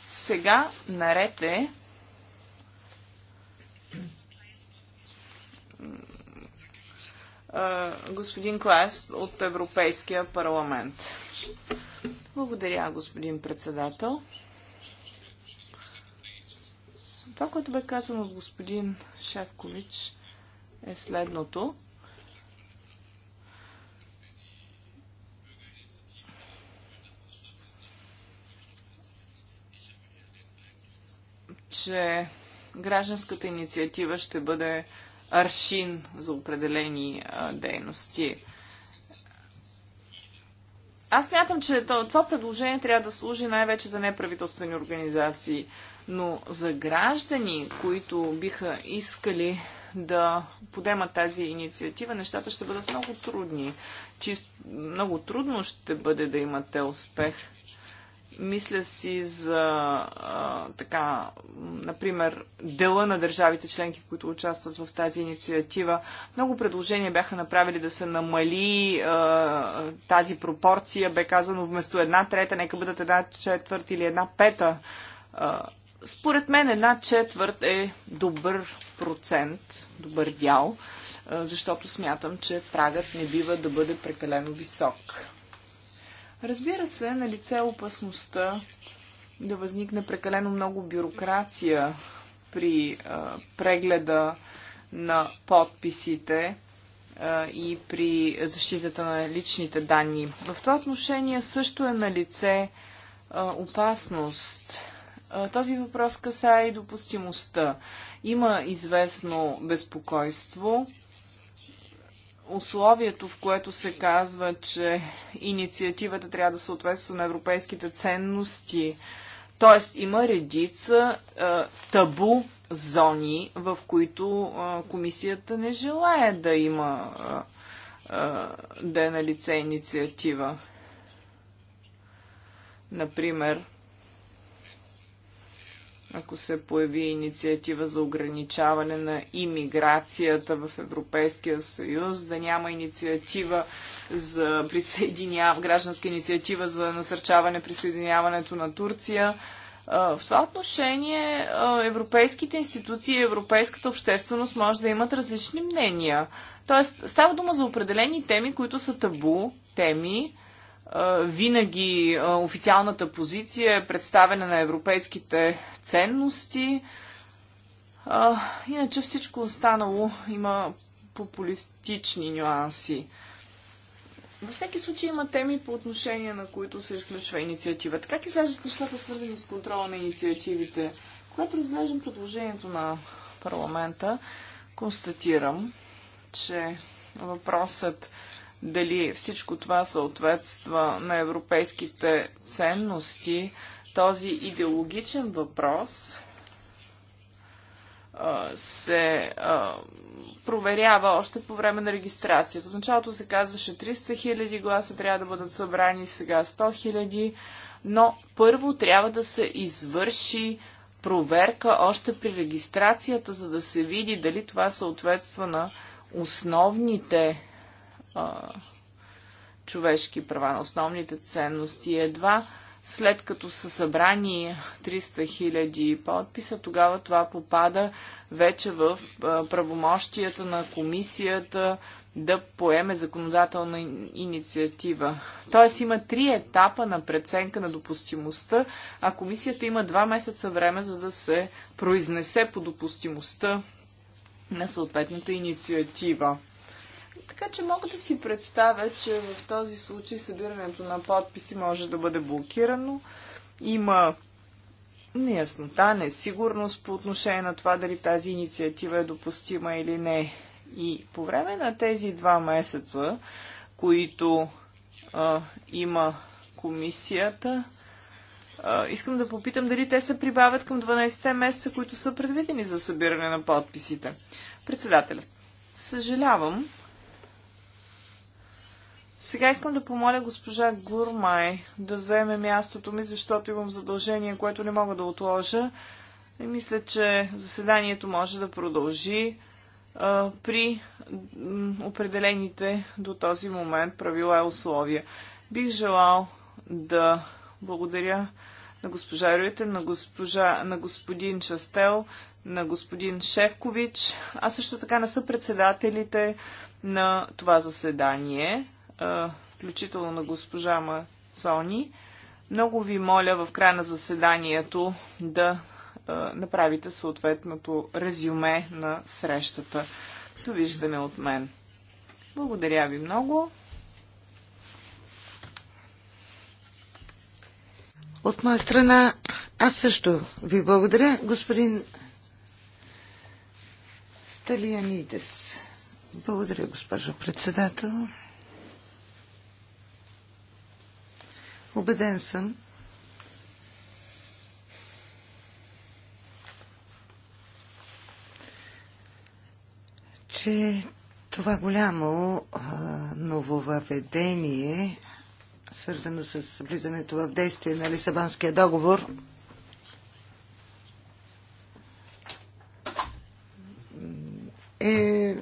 Сега наред е господин Клас от Европейския парламент. Благодаря, господин председател. Това, което бе казано от господин Шевкович, е следното. че гражданската инициатива ще бъде аршин за определени а, дейности. Аз мятам, че това предложение трябва да служи най-вече за неправителствени организации, но за граждани, които биха искали да подемат тази инициатива, нещата ще бъдат много трудни. Чисто, много трудно ще бъде да имате успех – мисля си за, а, така, например, дела на държавите членки, които участват в тази инициатива. Много предложения бяха направили да се намали а, тази пропорция. Бе казано вместо една трета, нека бъдат една четвърт или една пета. А, според мен една четвърт е добър процент, добър дял, защото смятам, че прагът не бива да бъде прекалено висок. Разбира се, на лице е опасността да възникне прекалено много бюрокрация при а, прегледа на подписите а, и при защитата на личните данни. В това отношение също е на лице а, опасност. А, този въпрос касае и допустимостта. Има известно безпокойство условието, в което се казва, че инициативата трябва да съответства на европейските ценности. Тоест има редица е, табу зони, в които е, комисията не желая да има е, е, да е на лице инициатива. Например, ако се появи инициатива за ограничаване на имиграцията в Европейския съюз, да няма инициатива за присъединя... гражданска инициатива за насърчаване присъединяването на Турция. В това отношение европейските институции и европейската общественост може да имат различни мнения. Тоест, става дума за определени теми, които са табу, теми, винаги официалната позиция е представена на европейските ценности. Иначе всичко останало има популистични нюанси. Във всеки случай има теми по отношение на които се изключва инициативата. Как изглеждат нещата, свързани с контрола на инициативите? Когато разглеждам предложението на парламента, констатирам, че въпросът дали всичко това съответства на европейските ценности, този идеологичен въпрос се а, проверява още по време на регистрацията. началото се казваше 300 хиляди гласа трябва да бъдат събрани, сега 100 хиляди, но първо трябва да се извърши проверка още при регистрацията, за да се види дали това съответства на основните а, човешки права, на основните ценности. Едва след като са събрани 300 000 подписа, тогава това попада вече в правомощията на комисията да поеме законодателна инициатива. Тоест има три етапа на преценка на допустимостта, а комисията има два месеца време за да се произнесе по допустимостта на съответната инициатива. Така че мога да си представя, че в този случай събирането на подписи може да бъде блокирано. Има неяснота, несигурност по отношение на това дали тази инициатива е допустима или не. И по време на тези два месеца, които а, има комисията, а, искам да попитам дали те се прибавят към 12-те месеца, които са предвидени за събиране на подписите. Председателят, съжалявам, сега искам да помоля госпожа Гурмай да вземе мястото ми, защото имам задължение, което не мога да отложа. И мисля, че заседанието може да продължи а, при определените до този момент правила и условия. Бих желал да благодаря на госпожа Рюете, на, госпожа, на господин Частел, на господин Шевкович, а също така на съпредседателите на това заседание включително на госпожа Мацони. Много ви моля в края на заседанието да направите съответното резюме на срещата. Довиждане от мен. Благодаря ви много. От моя страна, аз също ви благодаря, господин Сталианидес. Благодаря, госпожо председател. Обеден съм, че това голямо а, нововъведение, свързано с влизането в действие на Лисабанския договор, е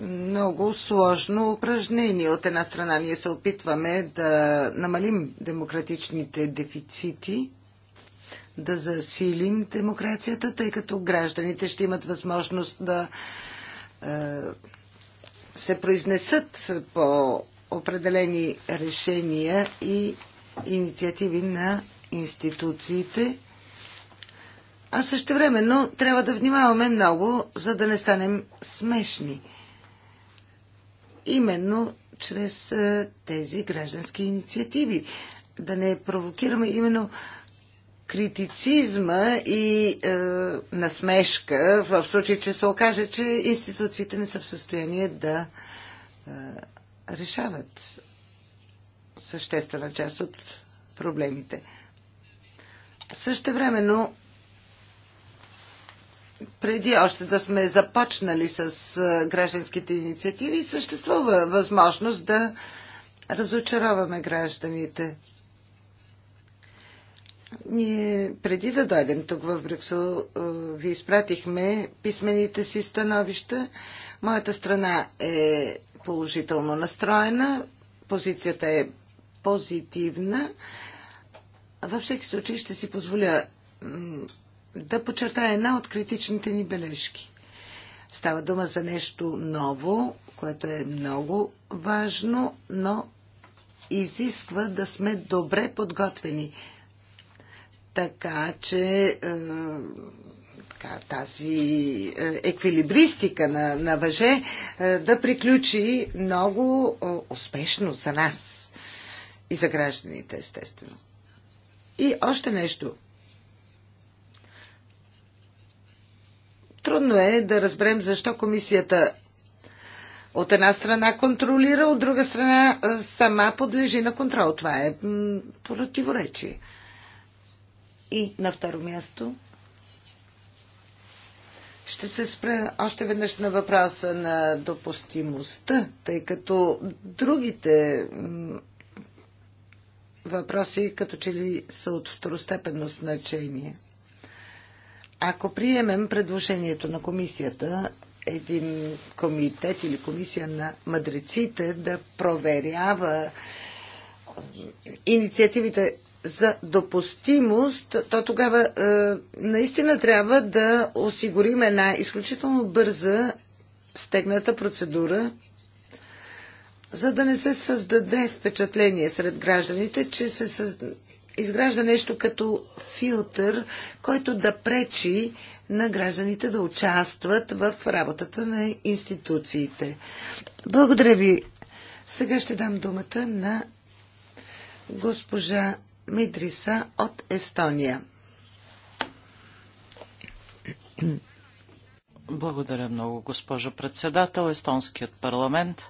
много сложно упражнение. От една страна ние се опитваме да намалим демократичните дефицити, да засилим демокрацията, тъй като гражданите ще имат възможност да е, се произнесат по определени решения и инициативи на институциите. А също времено трябва да внимаваме много, за да не станем смешни именно чрез е, тези граждански инициативи. Да не провокираме именно критицизма и е, насмешка в случай, че се окаже, че институциите не са в състояние да е, решават съществена част от проблемите. Също времено преди още да сме започнали с гражданските инициативи, съществува възможност да разочароваме гражданите. Ние преди да дойдем тук в Брюксел ви изпратихме писмените си становища. Моята страна е положително настроена, позицията е позитивна. Във всеки случай ще си позволя да подчертая една от критичните ни бележки. Става дума за нещо ново, което е много важно, но изисква да сме добре подготвени. Така че е, тази е, еквилибристика на, на въже е, да приключи много успешно за нас и за гражданите, естествено. И още нещо. Трудно е да разберем защо комисията от една страна контролира, от друга страна сама подлежи на контрол. Това е противоречие. И на второ място ще се спра още веднъж на въпроса на допустимостта, тъй като другите въпроси като че ли са от второстепенно значение. Ако приемем предложението на комисията, един комитет или комисия на мъдреците да проверява инициативите за допустимост, то тогава е, наистина трябва да осигурим една изключително бърза стегната процедура, за да не се създаде впечатление сред гражданите, че се създ изгражда нещо като филтър, който да пречи на гражданите да участват в работата на институциите. Благодаря ви. Сега ще дам думата на госпожа Мидриса от Естония. Благодаря много, госпожо председател. Естонският парламент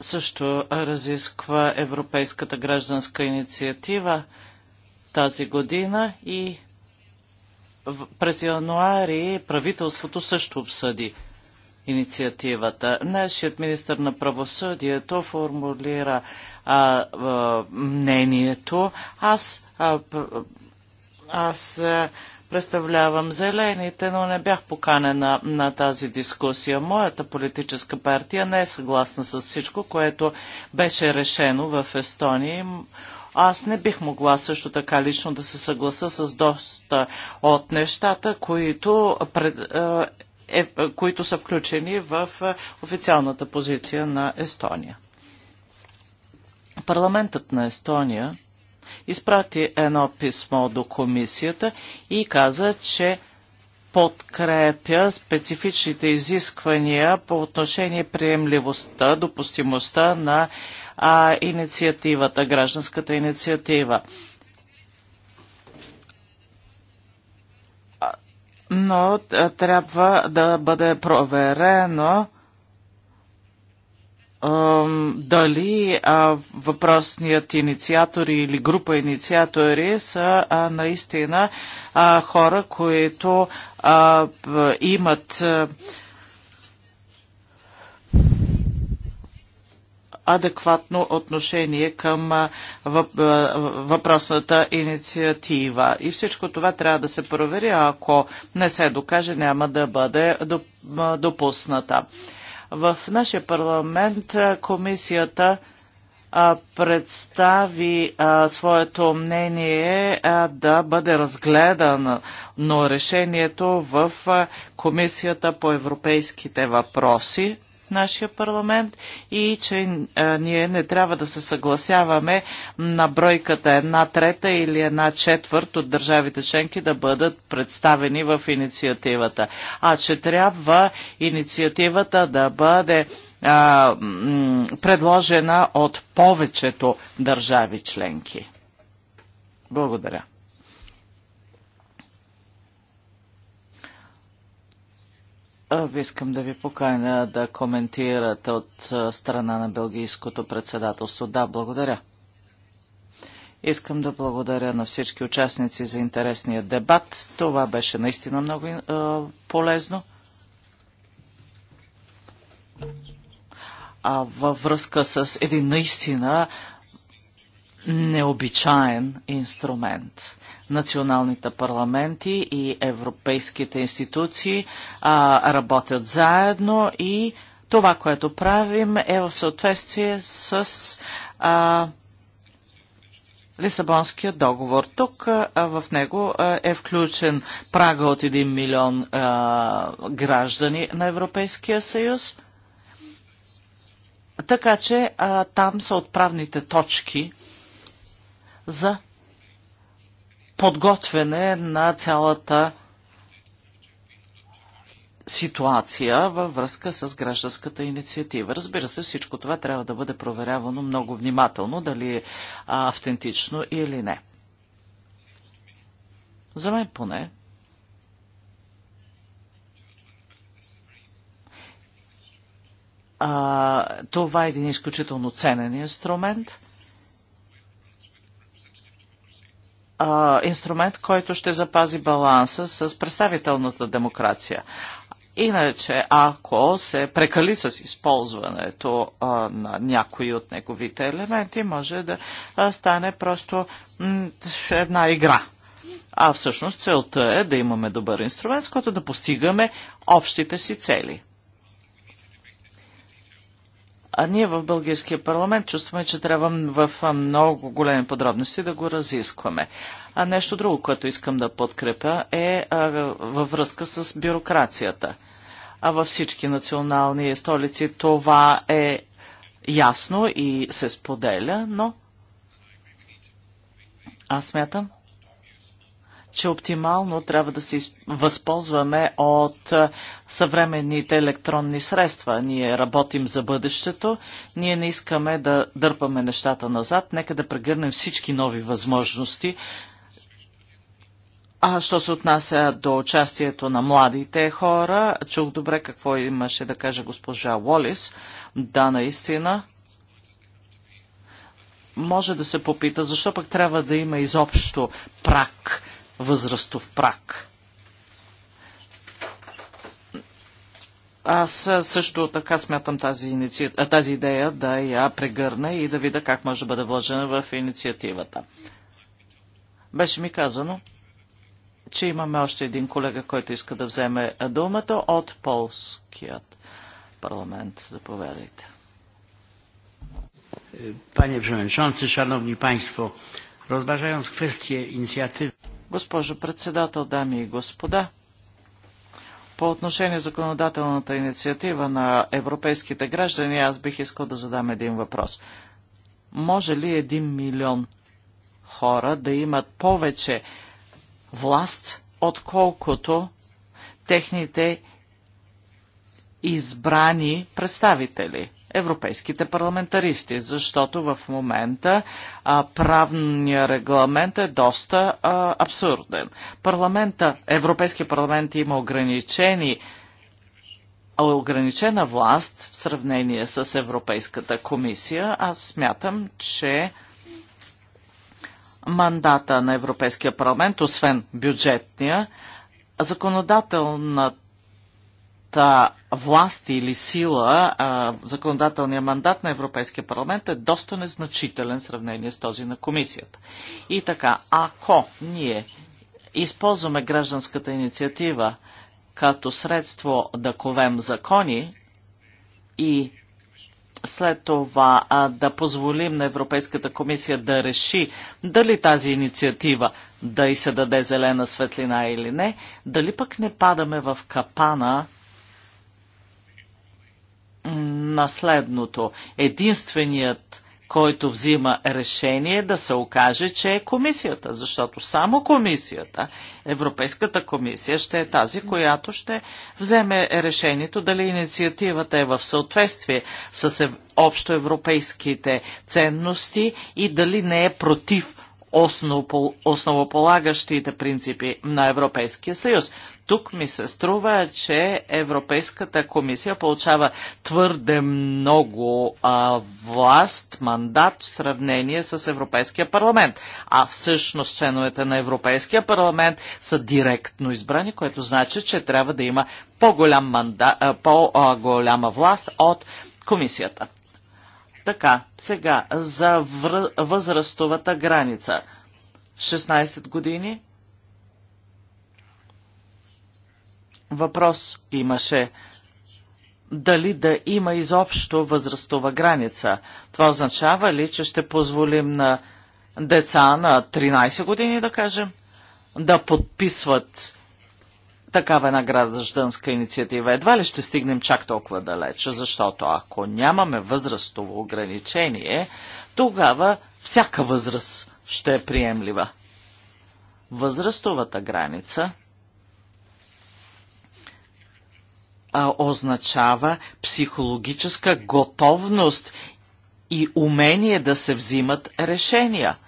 също разисква Европейската гражданска инициатива тази година и през януари правителството също обсъди инициативата. Нашият министр на правосъдието формулира а, а, мнението. Аз, а, аз а, представлявам зелените, но не бях поканена на тази дискусия. Моята политическа партия не е съгласна с всичко, което беше решено в Естония. Аз не бих могла също така лично да се съгласа с доста от нещата, които, пред, е, е, които са включени в е, официалната позиция на Естония. Парламентът на Естония изпрати едно писмо до комисията и каза, че подкрепя специфичните изисквания по отношение приемливостта, допустимостта на а, инициативата, гражданската инициатива. Но трябва да бъде проверено дали а, въпросният инициатор или група инициатори са а, наистина а, хора, които а, имат адекватно отношение към въпросната инициатива. И всичко това трябва да се провери, ако не се докаже, няма да бъде допусната. В нашия парламент комисията представи а, своето мнение а, да бъде разгледано но решението в а, Комисията по европейските въпроси нашия парламент и че а, ние не трябва да се съгласяваме на бройката една трета или една четвърт от държавите членки да бъдат представени в инициативата, а че трябва инициативата да бъде а, предложена от повечето държави членки. Благодаря. Искам да ви поканя да коментирате от страна на Белгийското председателство. Да, благодаря. Искам да благодаря на всички участници за интересния дебат. Това беше наистина много е, полезно. А във връзка с един наистина необичаен инструмент. Националните парламенти и европейските институции а, работят заедно и това, което правим е в съответствие с а, Лисабонския договор. Тук а, в него а, е включен прага от 1 милион а, граждани на Европейския съюз. Така че а, там са отправните точки за подготвяне на цялата ситуация във връзка с гражданската инициатива. Разбира се, всичко това трябва да бъде проверявано много внимателно, дали е автентично или не. За мен поне. А, това е един изключително ценен инструмент – а, инструмент, който ще запази баланса с представителната демокрация. Иначе, ако се прекали с използването а, на някои от неговите елементи, може да а, стане просто една игра. А всъщност целта е да имаме добър инструмент, с който да постигаме общите си цели. А ние в българския парламент чувстваме, че трябва в много големи подробности да го разискваме. А нещо друго, което искам да подкрепя е а, във връзка с бюрокрацията. А във всички национални столици това е ясно и се споделя, но аз смятам, че оптимално трябва да се възползваме от съвременните електронни средства. Ние работим за бъдещето, ние не искаме да дърпаме нещата назад, нека да прегърнем всички нови възможности. А що се отнася до участието на младите хора, чух добре какво имаше да каже госпожа Уолис. Да, наистина може да се попита, защо пък трябва да има изобщо прак възрастов прак. Аз също така смятам тази, иници... тази идея да я прегърна и да видя как може да бъде вложена в инициативата. Беше ми казано, че имаме още един колега, който иска да вземе думата от полският парламент. Заповядайте. Panie Przewodniczący, Szanowni Państwo, rozważając kwestię inicjatywy... Госпожо председател, дами и господа, по отношение законодателната инициатива на европейските граждани, аз бих искал да задам един въпрос. Може ли един милион хора да имат повече власт, отколкото техните избрани представители? европейските парламентаристи, защото в момента а, правния регламент е доста а, абсурден. Парламента, Европейския парламент има ограничени ограничена власт в сравнение с Европейската комисия, аз смятам, че мандата на Европейския парламент, освен бюджетния, законодателната а, власт или сила, а, законодателния мандат на Европейския парламент е доста незначителен в сравнение с този на комисията. И така, ако ние използваме гражданската инициатива като средство да ковем закони и след това а, да позволим на Европейската комисия да реши дали тази инициатива да и се даде зелена светлина или не, дали пък не падаме в капана на следното. Единственият, който взима решение да се окаже, че е комисията, защото само комисията, Европейската комисия ще е тази, която ще вземе решението дали инициативата е в съответствие с общоевропейските ценности и дали не е против основополагащите принципи на Европейския съюз. Тук ми се струва, че Европейската комисия получава твърде много а, власт, мандат в сравнение с Европейския парламент. А всъщност членовете на Европейския парламент са директно избрани, което значи, че трябва да има по-голям манда, по-голяма власт от комисията. Така, сега за вър... възрастовата граница. 16 години. Въпрос имаше дали да има изобщо възрастова граница. Това означава ли, че ще позволим на деца на 13 години, да кажем, да подписват такава една гражданска инициатива. Едва ли ще стигнем чак толкова далеч, защото ако нямаме възрастово ограничение, тогава всяка възраст ще е приемлива. Възрастовата граница а, означава психологическа готовност и умение да се взимат решения –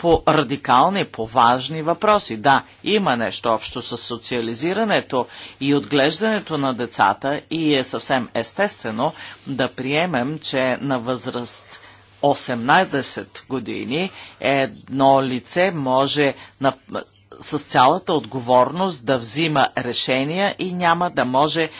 по радикални, по важни въпроси. Да, има нещо общо с социализирането и отглеждането на децата и е съвсем естествено да приемем, че на възраст 18 години едно лице може на, с цялата отговорност да взима решения и няма да може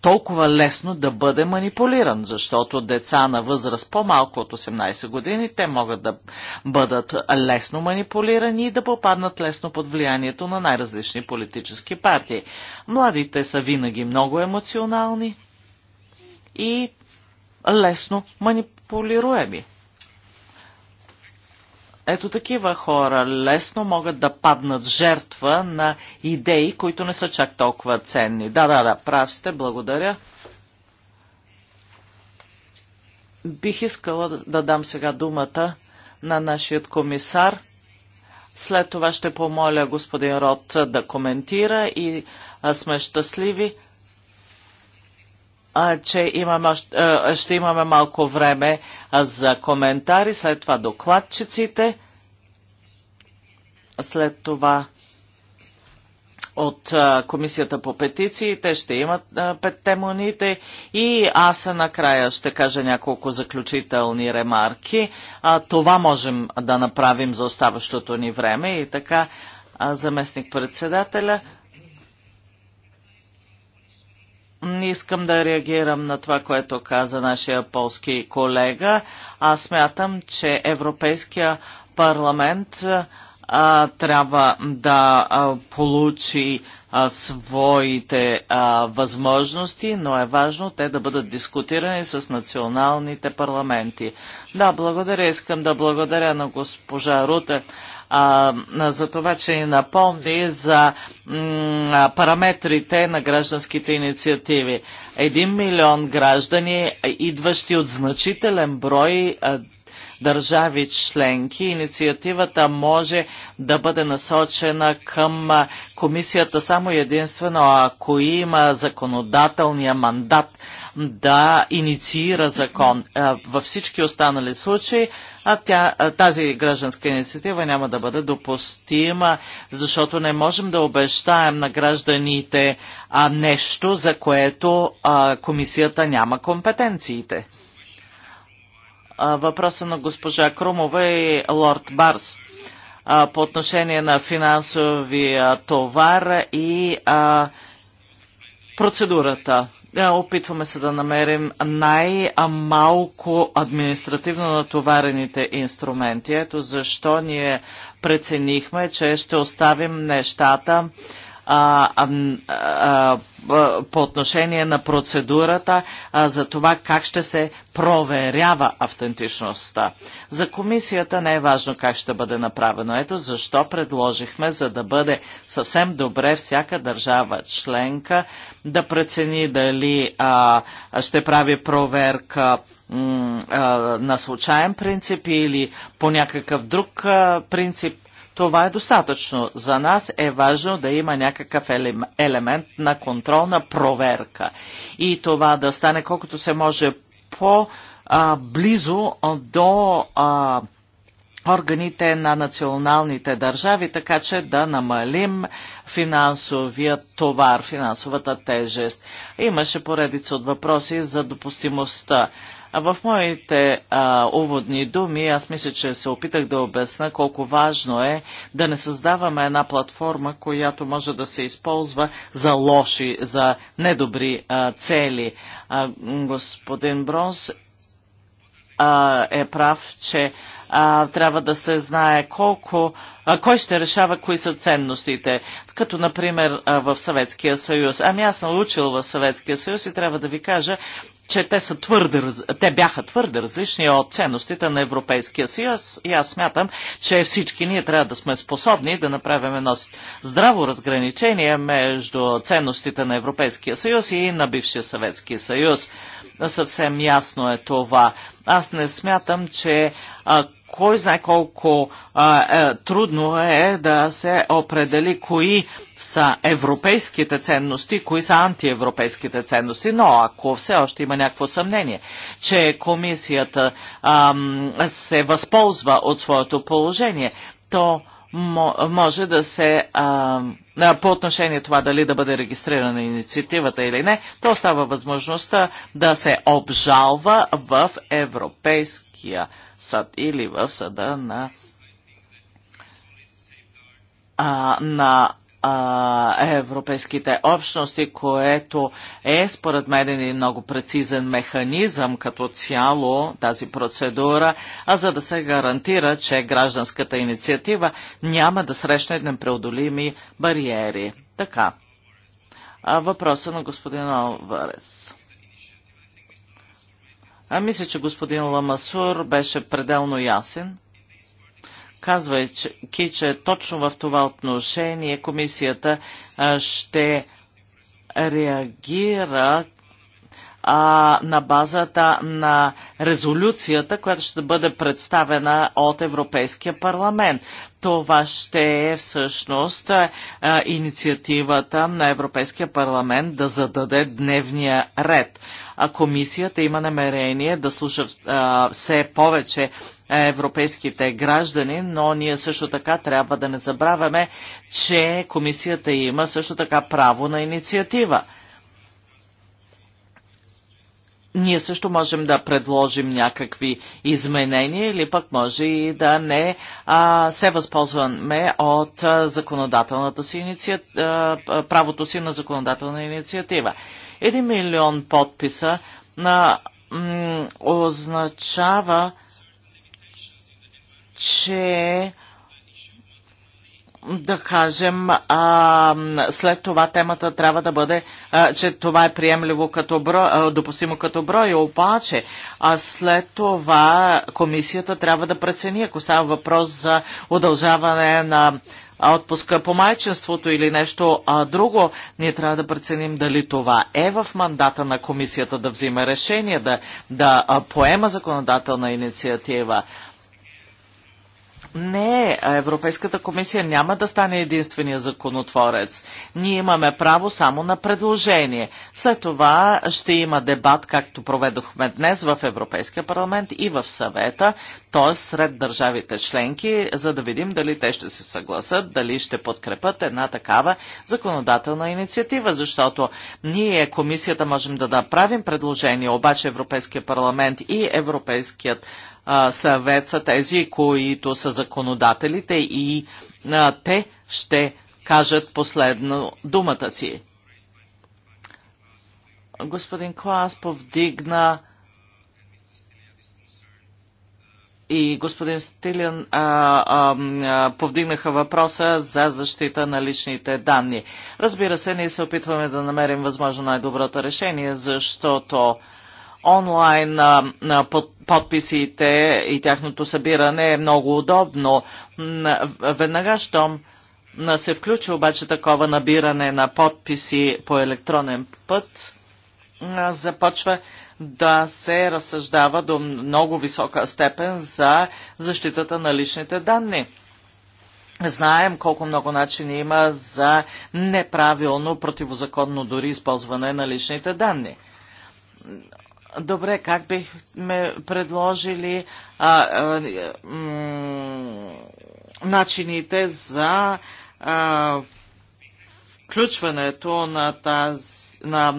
толкова лесно да бъде манипулиран, защото деца на възраст по-малко от 18 години, те могат да бъдат лесно манипулирани и да попаднат лесно под влиянието на най-различни политически партии. Младите са винаги много емоционални и лесно манипулируеми. Ето такива хора лесно могат да паднат жертва на идеи, които не са чак толкова ценни. Да, да, да, прав сте, благодаря. Бих искала да дам сега думата на нашият комисар. След това ще помоля господин Рот да коментира и сме щастливи че имаме, ще имаме малко време за коментари, след това докладчиците, след това от Комисията по петиции, те ще имат петте моните и аз накрая ще кажа няколко заключителни ремарки. А, това можем да направим за оставащото ни време и така заместник-председателя не искам да реагирам на това, което каза нашия полски колега. Аз смятам, че Европейския парламент а, трябва да а, получи а, своите а, възможности, но е важно те да бъдат дискутирани с националните парламенти. Да, благодаря. Искам да благодаря на госпожа Рутен а, за това, че ни напомни за параметрите на гражданските инициативи. Един милион граждани, идващи от значителен брой държави членки. Инициативата може да бъде насочена към комисията само единствено, ако има законодателния мандат да инициира закон. Във всички останали случаи а тя, тази гражданска инициатива няма да бъде допустима, защото не можем да обещаем на гражданите нещо, за което комисията няма компетенциите въпроса на госпожа Крумова и лорд Барс по отношение на финансовия товар и процедурата. Е, опитваме се да намерим най-малко административно натоварените инструменти. Ето защо ние преценихме, че ще оставим нещата а, а, а, по отношение на процедурата а, за това как ще се проверява автентичността. За комисията не е важно как ще бъде направено. Ето защо предложихме, за да бъде съвсем добре всяка държава членка да прецени дали а, ще прави проверка на случайен принцип или по някакъв друг принцип това е достатъчно. За нас е важно да има някакъв елемент на контролна проверка и това да стане колкото се може по-близо до а, органите на националните държави, така че да намалим финансовия товар, финансовата тежест. Имаше поредица от въпроси за допустимостта в моите а, уводни думи аз мисля, че се опитах да обясна колко важно е да не създаваме една платформа, която може да се използва за лоши, за недобри а, цели. А, господин Бронс а, е прав, че а, трябва да се знае колко, а, кой ще решава кои са ценностите, като например а, в Съветския съюз. Ами аз съм учил в Съветския съюз и трябва да ви кажа, че те, са твърде, те бяха твърде различни от ценностите на Европейския съюз и аз смятам, че всички ние трябва да сме способни да направим едно здраво разграничение между ценностите на Европейския съюз и на бившия Съветския съюз. Съвсем ясно е това. Аз не смятам, че а, кой знае колко а, е, трудно е да се определи кои са европейските ценности, кои са антиевропейските ценности, но ако все още има някакво съмнение, че комисията а, се възползва от своето положение, то може да се а, по отношение това дали да бъде регистрирана инициативата или не, то остава възможността да се обжалва в Европейския съд или в съда на, а, на а, европейските общности, което е според мен един много прецизен механизъм като цяло тази процедура, а за да се гарантира, че гражданската инициатива няма да срещне непреодолими бариери. Така. Въпроса на господин Алварес. А мисля, че господин Ламасур беше пределно ясен. Казвайки, че е точно в това отношение комисията ще реагира а, на базата на резолюцията, която ще бъде представена от Европейския парламент. Това ще е всъщност а, инициативата на Европейския парламент да зададе дневния ред. А комисията има намерение да слуша а, все повече европейските граждани, но ние също така трябва да не забравяме, че комисията има също така право на инициатива ние също можем да предложим някакви изменения или пък може и да не а, се възползваме от а, законодателната си инициат... а, правото си на законодателна инициатива. Един милион подписа на, м- означава, че да кажем, а, след това темата трябва да бъде, а, че това е приемливо като бро, а, допустимо като брой, обаче, а след това комисията трябва да прецени, ако става въпрос за удължаване на отпуска по майчинството или нещо а, друго, ние трябва да преценим дали това е в мандата на комисията да взима решение, да, да а, поема законодателна инициатива. Не, Европейската комисия няма да стане единствения законотворец. Ние имаме право само на предложение. След това ще има дебат, както проведохме днес в Европейския парламент и в съвета, т.е. сред държавите членки, за да видим дали те ще се съгласат, дали ще подкрепат една такава законодателна инициатива, защото ние, комисията, можем да направим предложение, обаче Европейския парламент и Европейският съвет са тези, които са законодателите и а, те ще кажат последно думата си. Господин Клас повдигна и господин Стилин а, а, а, повдигнаха въпроса за защита на личните данни. Разбира се, ние се опитваме да намерим възможно най-доброто решение, защото онлайн подписите и тяхното събиране е много удобно. Веднага, щом се включи обаче такова набиране на подписи по електронен път, започва да се разсъждава до много висока степен за защитата на личните данни. Знаем колко много начини има за неправилно, противозаконно дори използване на личните данни. Добре, как бихме предложили а, а, начините за а, включването на, таз, на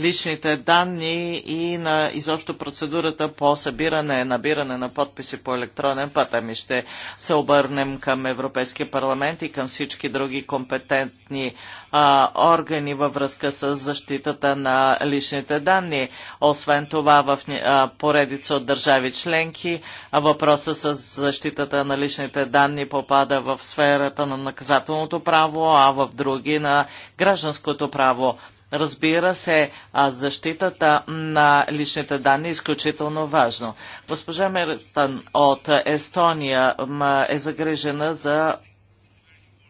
личните данни и на изобщо процедурата по събиране, набиране на подписи по електронен път. Ами ще се обърнем към Европейския парламент и към всички други компетентни а, органи във връзка с защитата на личните данни. Освен това, в а, поредица от държави членки въпроса с защитата на личните данни попада в сферата на наказателното право, а в други на гражданското право. Разбира се, а защитата на личните данни е изключително важно. Госпожа Мерстън от Естония е загрижена за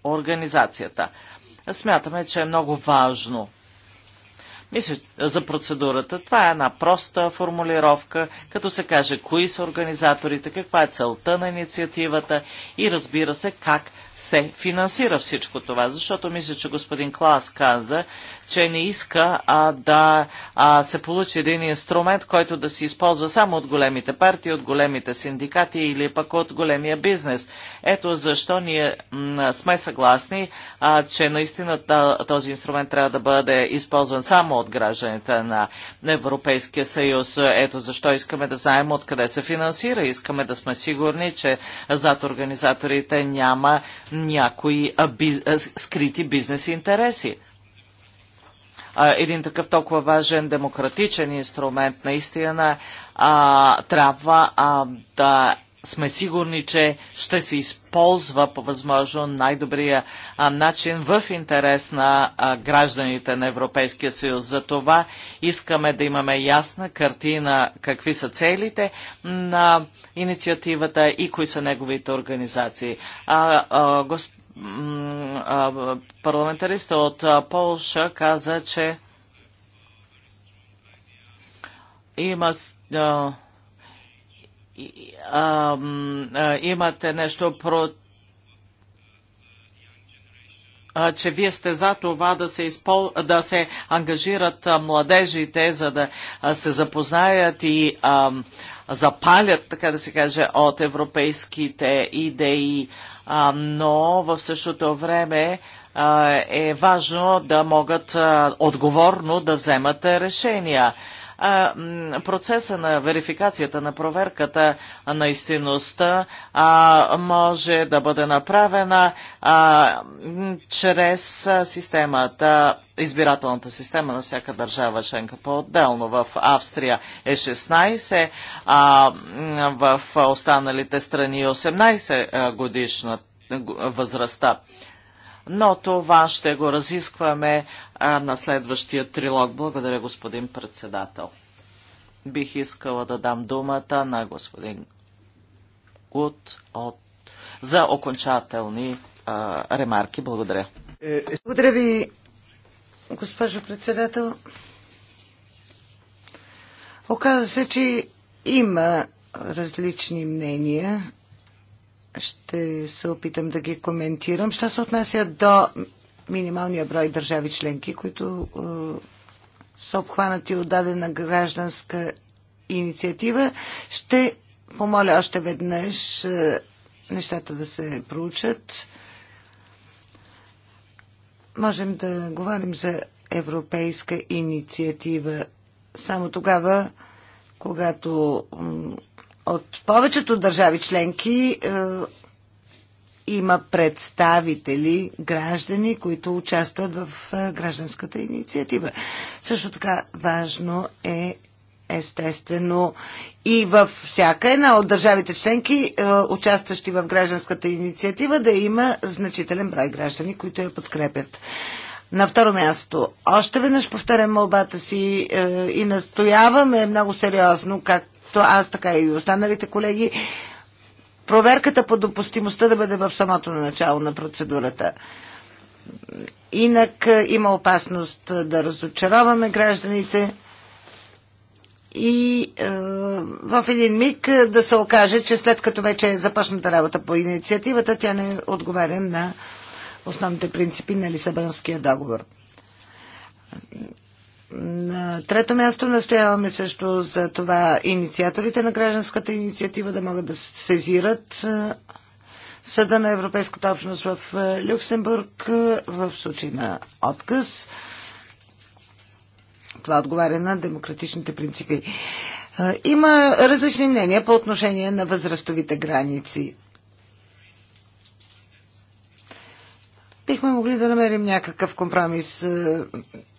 организацията. Смятаме, че е много важно мисля за процедурата. Това е една проста формулировка, като се каже кои са организаторите, каква е целта на инициативата и разбира се как се финансира всичко това, защото мисля, че господин Клас каза, че не иска а, да а, се получи един инструмент, който да се използва само от големите партии, от големите синдикати или пък от големия бизнес. Ето защо ние сме съгласни, а, че наистина този инструмент трябва да бъде използван само от гражданите на Европейския съюз. Ето защо искаме да знаем откъде се финансира. Искаме да сме сигурни, че зад организаторите няма някои биз... скрити бизнес интереси един такъв толкова важен демократичен инструмент наистина а, трябва а, да сме сигурни, че ще се използва по възможно най-добрия начин в интерес на а, гражданите на Европейския съюз. За това искаме да имаме ясна картина какви са целите на инициативата и кои са неговите организации. А, а, госп... Парламентариста от Полша каза, че има имате нещо про че вие сте за това да се, изпол... да се ангажират младежите, за да се запознаят и а, запалят, така да се каже, от европейските идеи, а, но в същото време а, е важно да могат а, отговорно да вземат решения а, процеса на верификацията, на проверката на истинността а, може да бъде направена а, чрез системата избирателната система на всяка държава членка по-отделно. В Австрия е 16, а в останалите страни 18 е годишна възрастта но това ще го разискваме а, на следващия трилог. Благодаря, господин председател. Бих искала да дам думата на господин Гуд от... за окончателни а, ремарки. Благодаря. Благодаря ви, госпожо председател. Оказва се, че има различни мнения ще се опитам да ги коментирам. Що се отнася до минималния брой държави членки, които е, са обхванати от дадена гражданска инициатива, ще помоля още веднъж е, нещата да се проучат. Можем да говорим за европейска инициатива само тогава, когато от повечето държави членки е, има представители, граждани, които участват в е, гражданската инициатива. Също така важно е естествено и във всяка една от държавите членки, е, участващи в гражданската инициатива, да има значителен брой граждани, които я подкрепят. На второ място, още веднъж повтарям молбата си е, и настояваме много сериозно, как аз, така и останалите колеги, проверката по допустимостта да бъде в самото начало на процедурата. Инак е, има опасност е, да разочароваме гражданите и е, в един миг е, да се окаже, че след като вече е започната работа по инициативата, тя не е отговаря на основните принципи на Лисабонския договор. На трето място настояваме също за това инициаторите на гражданската инициатива да могат да сезират е, Съда на Европейската общност в е, Люксембург е, в случай на отказ. Това отговаря на демократичните принципи. Има различни мнения по отношение на възрастовите граници. Бихме могли да намерим някакъв компромис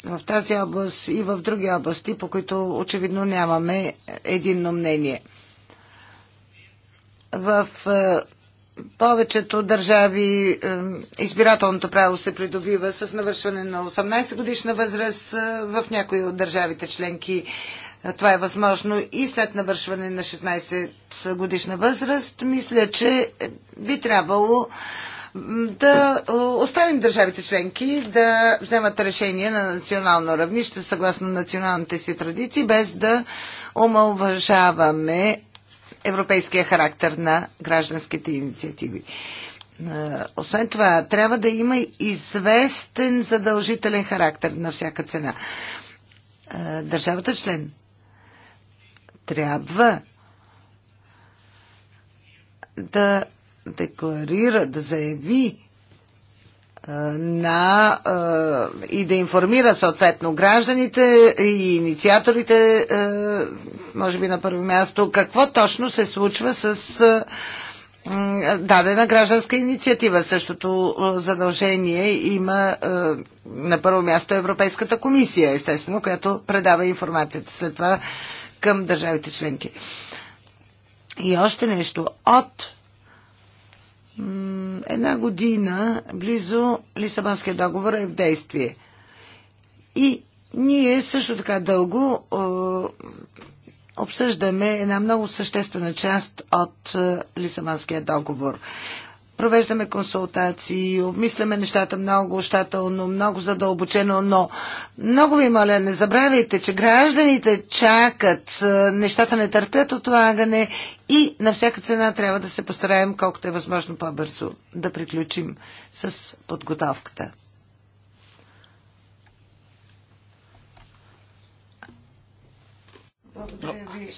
в тази област и в други области, по които очевидно нямаме единно мнение. В е, повечето държави е, избирателното право се придобива с навършване на 18 годишна възраст. Е, в някои от държавите членки това е възможно и след навършване на 16 годишна възраст. Мисля, че би трябвало да е, оставим държавите членки да вземат решение на национално равнище, съгласно националните си традиции, без да омалважаваме европейския характер на гражданските инициативи. Е, освен това, трябва да има известен задължителен характер на всяка цена. Е, държавата член трябва да декларира, да заяви на и да информира съответно гражданите и инициаторите, може би на първо място, какво точно се случва с дадена гражданска инициатива. Същото задължение има на първо място Европейската комисия, естествено, която предава информацията след това към държавите членки. И още нещо. От една година близо Лисабонския договор е в действие. И ние също така дълго обсъждаме една много съществена част от Лисабонския договор провеждаме консултации, обмисляме нещата много щателно, много задълбочено, но много ви моля, не забравяйте, че гражданите чакат, е, нещата не търпят отлагане и на всяка цена трябва да се постараем колкото е възможно по-бързо да приключим с подготовката. Благодаря ви.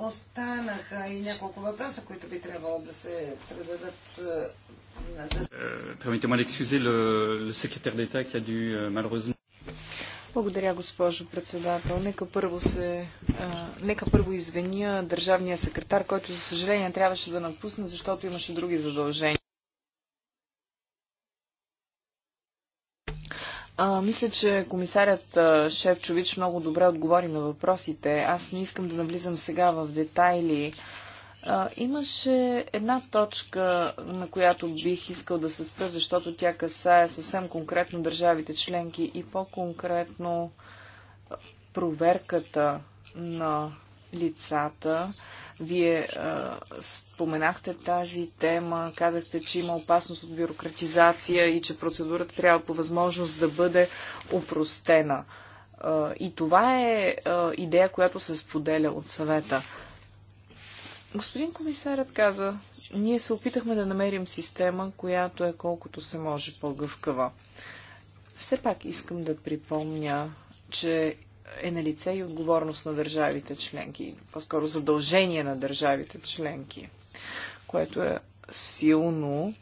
Останаха и няколко въпроса, които би трябвало да се предадат е, е, Permettez-moi d'excuser le, le secrétaire d'État qui a dû euh, malheureusement. Благодаря, госпожо председател. Нека първо, се, а, е, нека първо извиня държавния секретар, който за съжаление трябваше да напусне, защото имаше други задължения. А, мисля, че комисарят Шевчович много добре отговори на въпросите. Аз не искам да навлизам сега в детайли. А, имаше една точка, на която бих искал да се спра, защото тя касае съвсем конкретно държавите членки и по-конкретно проверката на лицата. Вие а, споменахте тази тема, казахте, че има опасност от бюрократизация и че процедурата трябва по възможност да бъде упростена. А, и това е а, идея, която се споделя от съвета. Господин комисарът каза, ние се опитахме да намерим система, която е колкото се може по-гъвкава. Все пак искам да припомня, че е на лице и отговорност на държавите членки, по-скоро задължение на държавите членки, което е силно,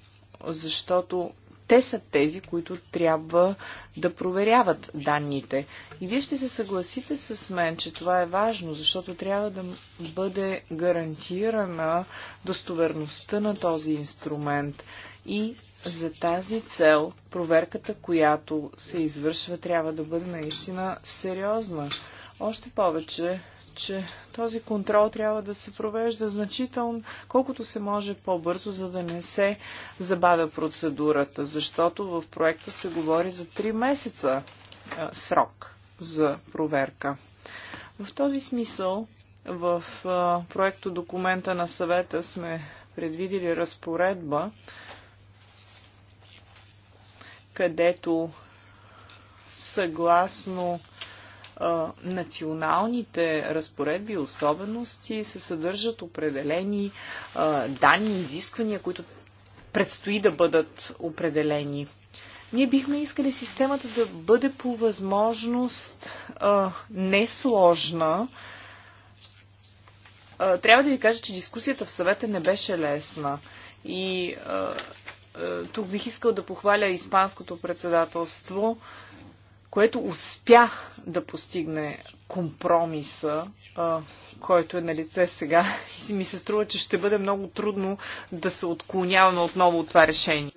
защото те са тези, които трябва да проверяват данните. И вие ще се съгласите с мен, че това е важно, защото трябва да бъде гарантирана достоверността на този инструмент и за тази цел проверката, която се извършва, трябва да бъде наистина сериозна. Още повече, че този контрол трябва да се провежда значително, колкото се може по-бързо, за да не се забавя процедурата, защото в проекта се говори за 3 месеца а, срок за проверка. В този смисъл, в проекто документа на съвета сме предвидили разпоредба, където съгласно а, националните разпоредби и особености се съдържат определени а, данни, изисквания, които предстои да бъдат определени. Ние бихме искали системата да бъде по възможност а, несложна. А, трябва да ви кажа, че дискусията в съвета не беше лесна. И а, тук бих искал да похваля Испанското председателство, което успя да постигне компромиса, който е на лице сега. И ми се струва, че ще бъде много трудно да се отклоняваме отново от това решение.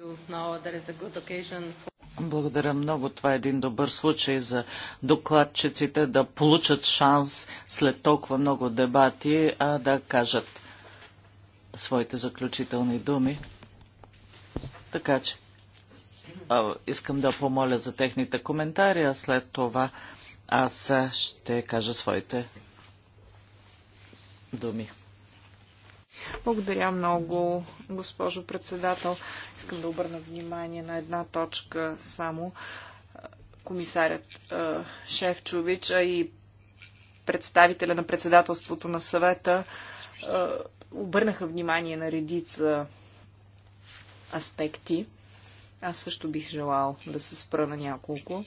Благодаря много. Това е един добър случай за докладчиците да получат шанс след толкова много дебати а да кажат своите заключителни думи. Така че а, искам да помоля за техните коментари, а след това аз ще кажа своите думи. Благодаря много, госпожо председател. Искам да обърна внимание на една точка само. Комисарят Шефчович, а и представителя на председателството на съвета обърнаха внимание на редица аспекти. Аз също бих желал да се спра на няколко.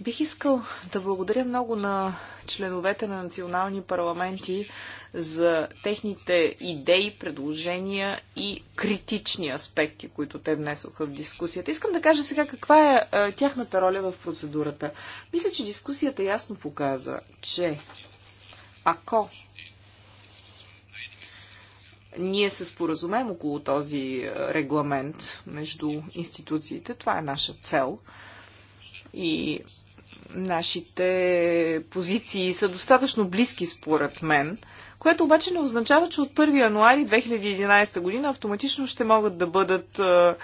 Бих искал да благодаря много на членовете на национални парламенти за техните идеи, предложения и критични аспекти, които те внесоха в дискусията. Искам да кажа сега каква е тяхната роля в процедурата. Мисля, че дискусията ясно показа, че ако ние се споразумеем около този е, регламент между институциите. Това е наша цел. И нашите позиции са достатъчно близки, според мен, което обаче не означава, че от 1 януари 2011 година автоматично ще могат да бъдат е,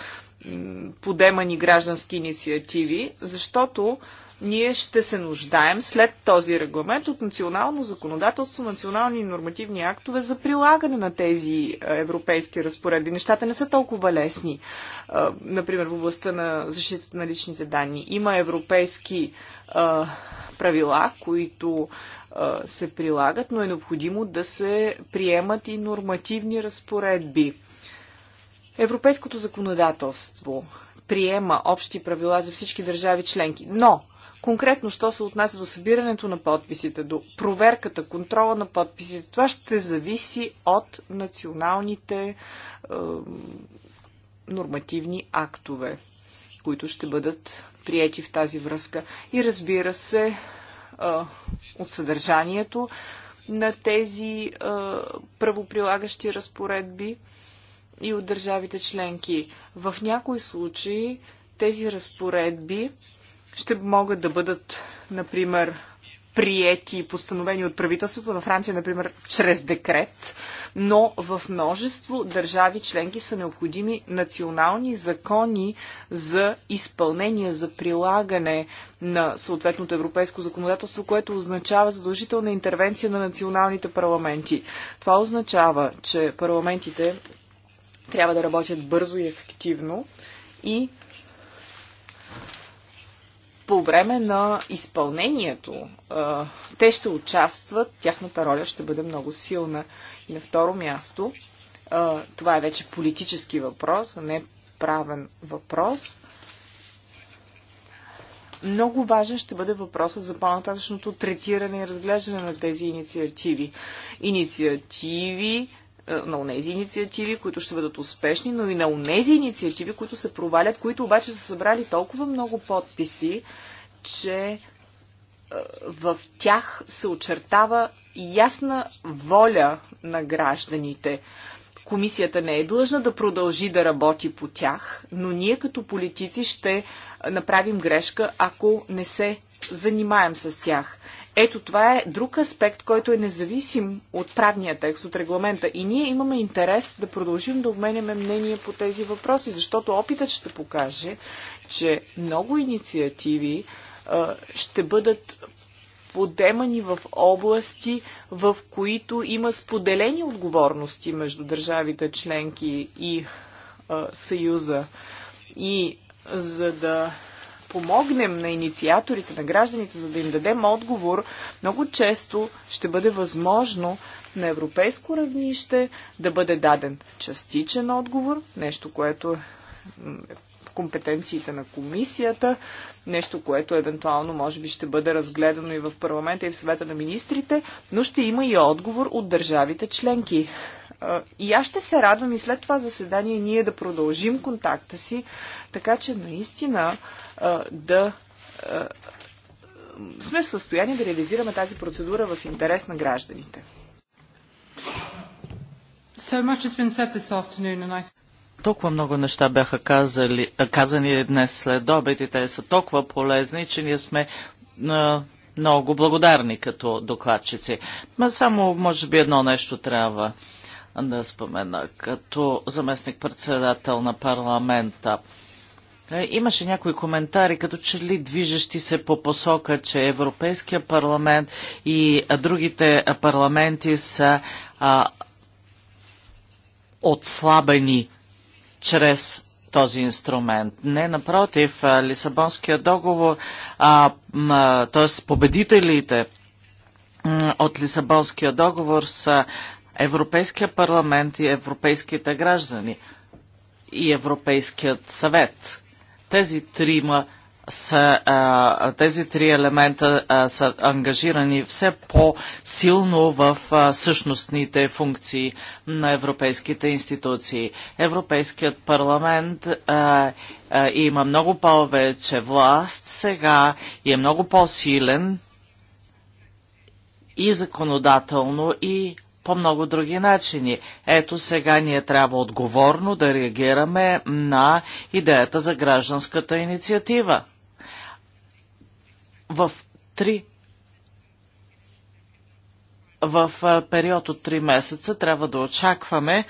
подемани граждански инициативи, защото ние ще се нуждаем след този регламент от национално законодателство, национални нормативни актове за прилагане на тези е, европейски разпоредби. Нещата не са толкова лесни. Е, например, в областта на защитата на личните данни. Има европейски е, правила, които се прилагат, но е необходимо да се приемат и нормативни разпоредби. Европейското законодателство приема общи правила за всички държави членки, но Конкретно, що се отнася до събирането на подписите, до проверката, контрола на подписите, това ще зависи от националните е, нормативни актове, които ще бъдат приети в тази връзка. И разбира се, е, от съдържанието на тези е, правоприлагащи разпоредби и от държавите членки. В някои случаи тези разпоредби ще могат да бъдат, например, приети и постановени от правителството във Франция, например, чрез декрет, но в множество държави членки са необходими национални закони за изпълнение, за прилагане на съответното европейско законодателство, което означава задължителна интервенция на националните парламенти. Това означава, че парламентите трябва да работят бързо и ефективно и по време на изпълнението те ще участват, тяхната роля ще бъде много силна. И на второ място, това е вече политически въпрос, а не правен въпрос. Много важен ще бъде въпросът за по-нататъчното третиране и разглеждане на тези инициативи. Инициативи, е, на онези инициативи, които ще бъдат успешни, но и на онези инициативи, които се провалят, които обаче са събрали толкова много подписи, че е, в тях се очертава ясна воля на гражданите. Комисията не е длъжна да продължи да работи по тях, но ние като политици ще направим грешка, ако не се занимаем с тях. Ето това е друг аспект, който е независим от правния текст, от регламента. И ние имаме интерес да продължим да обменяме мнение по тези въпроси, защото опитът ще покаже, че много инициативи а, ще бъдат подемани в области, в които има споделени отговорности между държавите членки и а, Съюза. И за да помогнем на инициаторите, на гражданите, за да им дадем отговор, много често ще бъде възможно на европейско равнище да бъде даден частичен отговор, нещо, което е в компетенциите на комисията, нещо, което евентуално може би ще бъде разгледано и в парламента и в съвета на министрите, но ще има и отговор от държавите членки. И аз ще се радвам и след това заседание ние да продължим контакта си, така че наистина да сме в състояние да реализираме тази процедура в интерес на гражданите. Толкова много неща бяха казали, казани днес след обед и те са толкова полезни, че ние сме а, много благодарни като докладчици. Ма само, може би, едно нещо трябва не спомена, като заместник-председател на парламента. Е, имаше някои коментари, като че ли движещи се по посока, че Европейския парламент и другите парламенти са а, отслабени чрез този инструмент. Не, напротив, Лисабонския договор, т.е. победителите от Лисабонския договор са Европейския парламент и европейските граждани и Европейският съвет. Тези трима са, а, тези три елемента а, са ангажирани все по-силно в а, същностните функции на европейските институции. Европейският парламент а, а, има много повече власт сега и е много по-силен и законодателно, и по много други начини. Ето сега ние трябва отговорно да реагираме на идеята за гражданската инициатива. В три в период от 3 месеца трябва да очакваме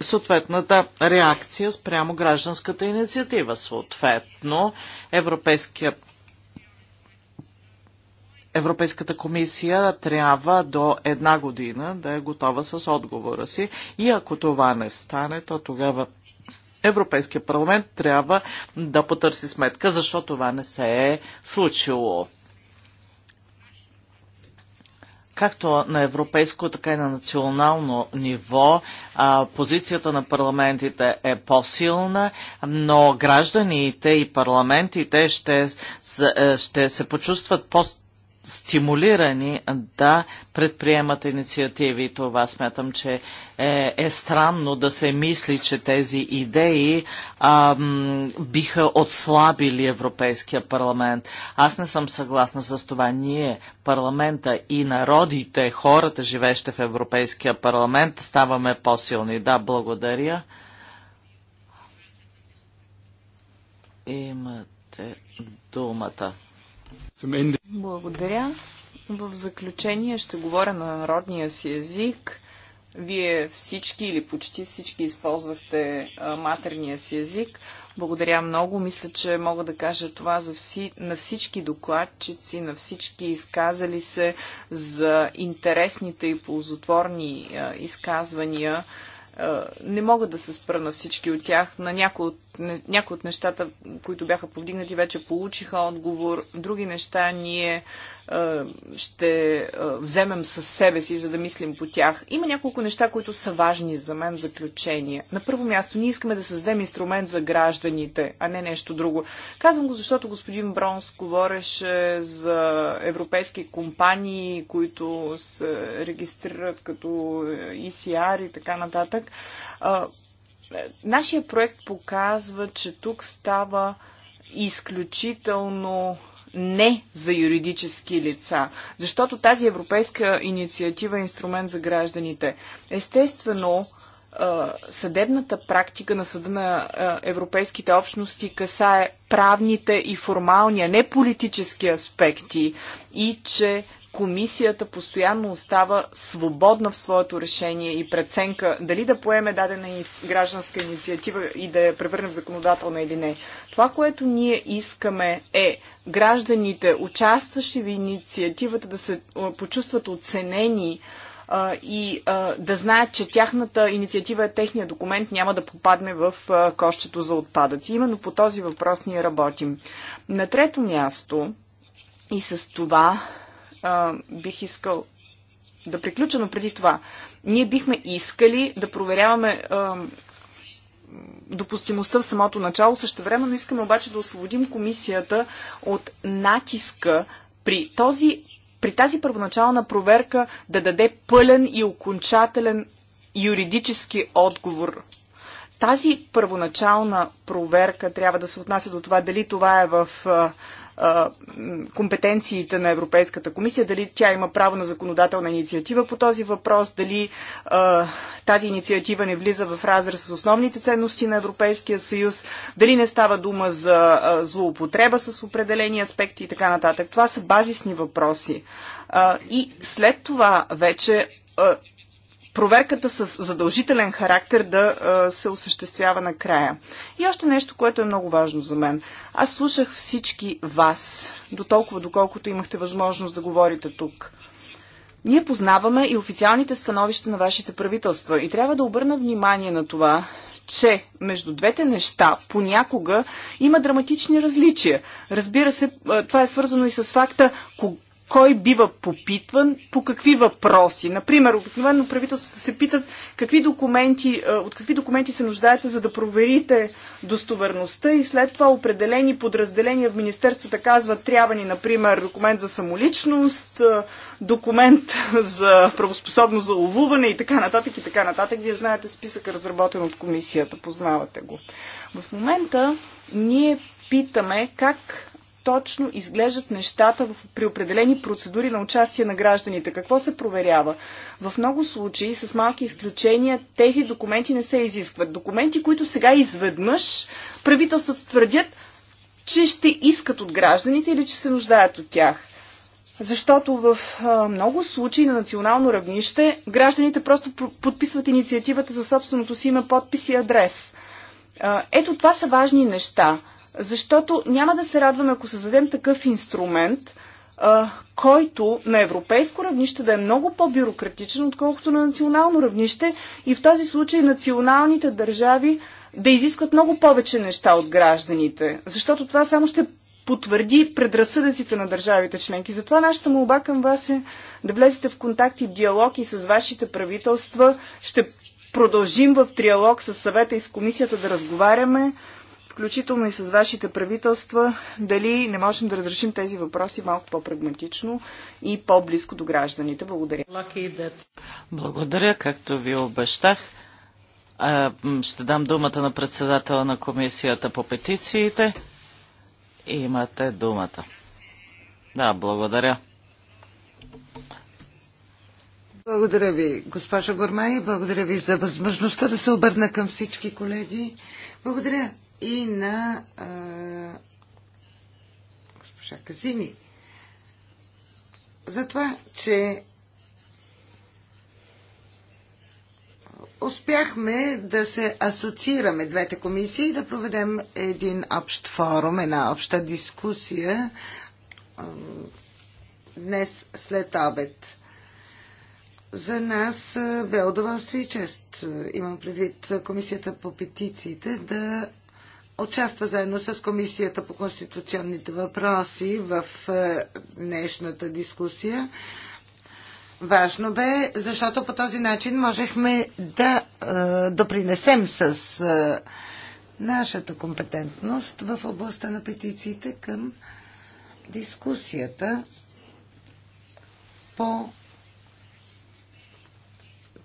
съответната реакция спрямо гражданската инициатива. Съответно, Европейският Европейската комисия трябва до една година да е готова с отговора си и ако това не стане, то тогава Европейския парламент трябва да потърси сметка, защо това не се е случило. Както на европейско, така и на национално ниво позицията на парламентите е по-силна, но гражданите и парламентите ще, е, ще се почувстват по стимулирани да предприемат инициативи. Това смятам, че е, е странно да се мисли, че тези идеи ам, биха отслабили Европейския парламент. Аз не съм съгласна с това. Ние, парламента и народите, хората, живеещи в Европейския парламент, ставаме по-силни. Да, благодаря. Имате думата. Благодаря. В заключение ще говоря на народния си език. Вие всички или почти всички използвахте матерния си език. Благодаря много. Мисля, че мога да кажа това за вси... на всички докладчици, на всички изказали се за интересните и ползотворни изказвания. не мога да се спра на всички от тях. На някои от някои от нещата, които бяха повдигнати, вече получиха отговор. Други неща ние е, ще е, вземем със себе си, за да мислим по тях. Има няколко неща, които са важни за мен в заключение. На първо място, ние искаме да създадем инструмент за гражданите, а не нещо друго. Казвам го, защото господин Бронс говореше за европейски компании, които се регистрират като е, ECR и така нататък. Нашия проект показва, че тук става изключително не за юридически лица, защото тази европейска инициатива е инструмент за гражданите. Естествено, съдебната практика на Съда на Европейските общности касае правните и формални, а не политически аспекти и че комисията постоянно остава свободна в своето решение и преценка дали да поеме дадена гражданска инициатива и да я превърне в законодателна или не. Това, което ние искаме е гражданите, участващи в инициативата, да се почувстват оценени и да знаят, че тяхната инициатива, е техния документ няма да попадне в кощето за отпадъци. Именно по този въпрос ние работим. На трето място и с това а, бих искал да приключа, но преди това. Ние бихме искали да проверяваме а, допустимостта в самото начало. Също време, но искаме обаче да освободим комисията от натиска при този при тази първоначална проверка да даде пълен и окончателен юридически отговор. Тази първоначална проверка трябва да се отнася до това дали това е в компетенциите на Европейската комисия, дали тя има право на законодателна инициатива по този въпрос, дали тази инициатива не влиза в разрез с основните ценности на Европейския съюз, дали не става дума за злоупотреба с определени аспекти и така нататък. Това са базисни въпроси. И след това вече проверката с задължителен характер да се осъществява накрая. И още нещо, което е много важно за мен. Аз слушах всички вас, до толкова доколкото имахте възможност да говорите тук. Ние познаваме и официалните становища на вашите правителства и трябва да обърна внимание на това, че между двете неща понякога има драматични различия. Разбира се, това е свързано и с факта кой бива попитван, по какви въпроси. Например, обикновено правителствата се питат какви документи, е, от какви документи се нуждаете, за да проверите достоверността и след това определени подразделения в Министерствата казват, трябва ни, например, документ за самоличност, е, документ за правоспособност за ловуване и така нататък и така нататък. Вие знаете списъка, разработен от комисията, познавате го. В момента ние питаме как точно изглеждат нещата при определени процедури на участие на гражданите. Какво се проверява? В много случаи, с малки изключения, тези документи не се изискват. Документи, които сега изведнъж правителствата твърдят, че ще искат от гражданите или че се нуждаят от тях. Защото в а, много случаи на национално равнище гражданите просто подписват инициативата за собственото си име, подпис и адрес. А, ето това са важни неща. Защото няма да се радваме, ако създадем такъв инструмент, който на европейско равнище да е много по-бюрократичен, отколкото на национално равнище и в този случай националните държави да изискват много повече неща от гражданите, защото това само ще потвърди предразсъдъците на държавите членки. Затова нашата молба към вас е да влезете в контакт и в диалог и с вашите правителства. Ще продължим в триалог с съвета и с комисията да разговаряме включително и с вашите правителства, дали не можем да разрешим тези въпроси малко по-прагматично и по-близко до гражданите. Благодаря. Благодаря, както ви обещах. Ще дам думата на председател на комисията по петициите. Имате думата. Да, благодаря. Благодаря ви, госпожа Гормай. Благодаря ви за възможността да се обърна към всички колеги. Благодаря и на а, госпожа Казини за това, че успяхме да се асоциираме двете комисии и да проведем един общ форум, една обща дискусия днес след обед. За нас бе удоволствие и чест, имам предвид комисията по петициите, да участва заедно с Комисията по конституционните въпроси в е, днешната дискусия. Важно бе, защото по този начин можехме да е, допринесем с е, нашата компетентност в областта на петициите към дискусията по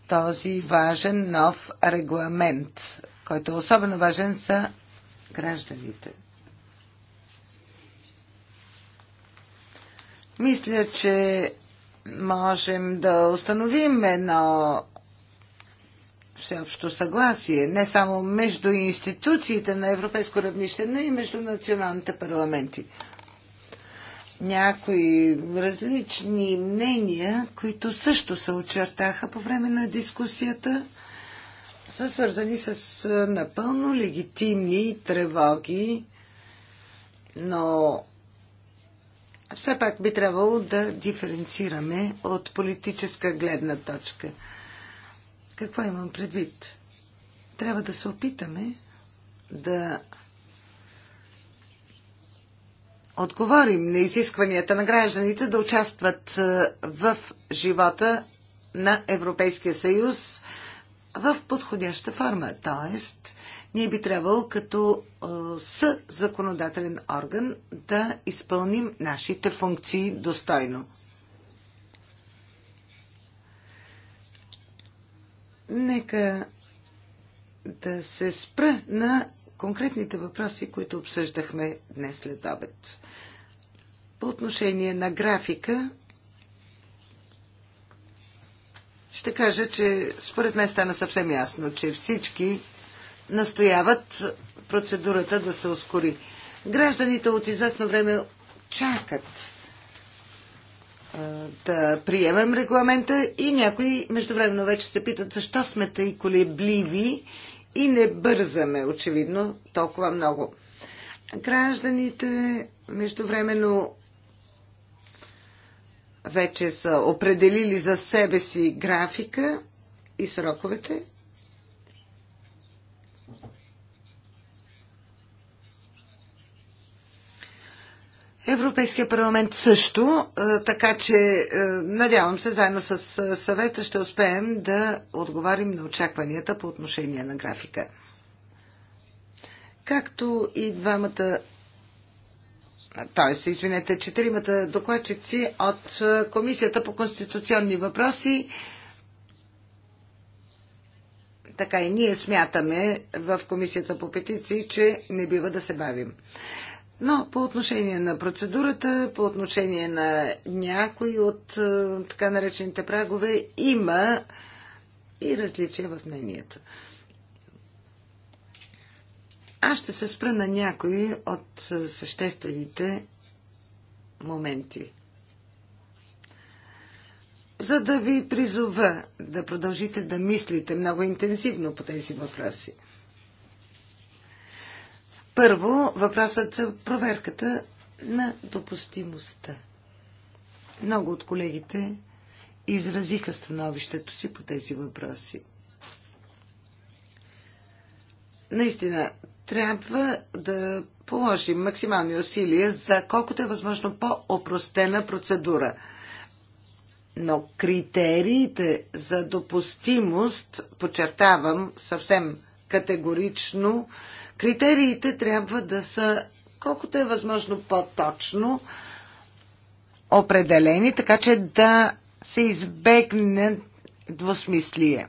този важен нов регламент, който е особено важен за гражданите. Мисля, че можем да установим едно всеобщо съгласие, не само между институциите на европейско равнище, но и между националните парламенти. Някои различни мнения, които също се очертаха по време на дискусията, са свързани с напълно легитимни тревоги, но все пак би трябвало да диференцираме от политическа гледна точка. Какво имам предвид? Трябва да се опитаме да отговорим на изискванията на гражданите да участват в живота на Европейския съюз в подходяща форма. Тоест, ние би трябвало като с законодателен орган да изпълним нашите функции достойно. Нека да се спра на конкретните въпроси, които обсъждахме днес след обед. По отношение на графика, ще кажа, че според мен стана съвсем ясно, че всички настояват процедурата да се ускори. Гражданите от известно време чакат да приемем регламента и някои междувременно вече се питат защо сме тъй колебливи и не бързаме, очевидно, толкова много. Гражданите междувременно вече са определили за себе си графика и сроковете. Европейския парламент също, е, така че е, надявам се, заедно с е, съвета ще успеем да отговарим на очакванията по отношение на графика. Както и двамата Тоест, извинете, четиримата докладчици от е, Комисията по конституционни въпроси. Така и ние смятаме в Комисията по петиции, че не бива да се бавим. Но по отношение на процедурата, по отношение на някои от е, така наречените прагове, има и различия в мненията. Аз ще се спра на някои от съществените моменти. За да ви призова да продължите да мислите много интензивно по тези въпроси. Първо, въпросът за проверката на допустимостта. Много от колегите изразиха становището си по тези въпроси. Наистина, трябва да положим максимални усилия за колкото е възможно по-опростена процедура. Но критериите за допустимост, подчертавам съвсем категорично, критериите трябва да са колкото е възможно по-точно определени, така че да се избегне двусмислие.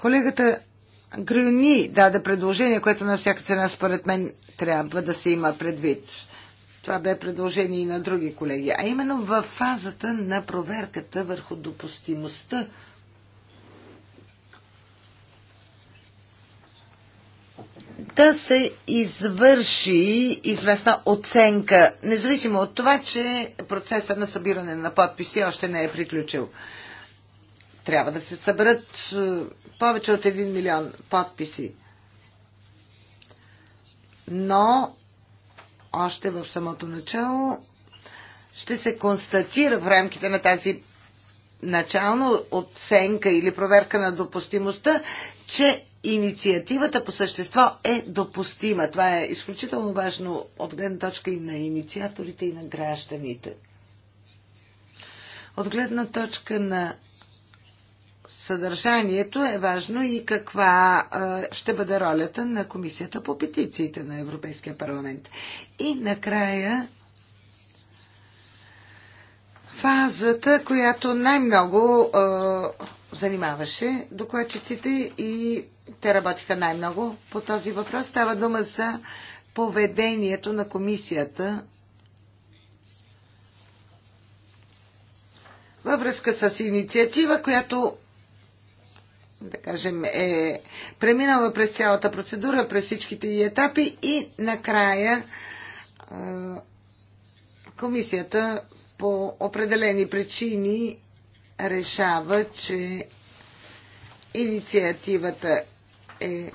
Колегата Грюни даде предложение, което на всяка цена според мен трябва да се има предвид. Това бе предложение и на други колеги. А именно в фазата на проверката върху допустимостта да се извърши известна оценка, независимо от това, че процесът на събиране на подписи още не е приключил. Трябва да се съберат повече от 1 милион подписи. Но още в самото начало ще се констатира в рамките на тази начална оценка или проверка на допустимостта, че инициативата по същество е допустима. Това е изключително важно от гледна точка и на инициаторите, и на гражданите. От гледна точка на съдържанието е важно и каква ще бъде ролята на Комисията по петициите на Европейския парламент. И накрая фазата, която най-много занимаваше докладчиците и те работиха най-много по този въпрос. Става дума за поведението на комисията във връзка с инициатива, която да кажем, е преминала през цялата процедура, през всичките и етапи и накрая е, комисията по определени причини решава, че инициативата е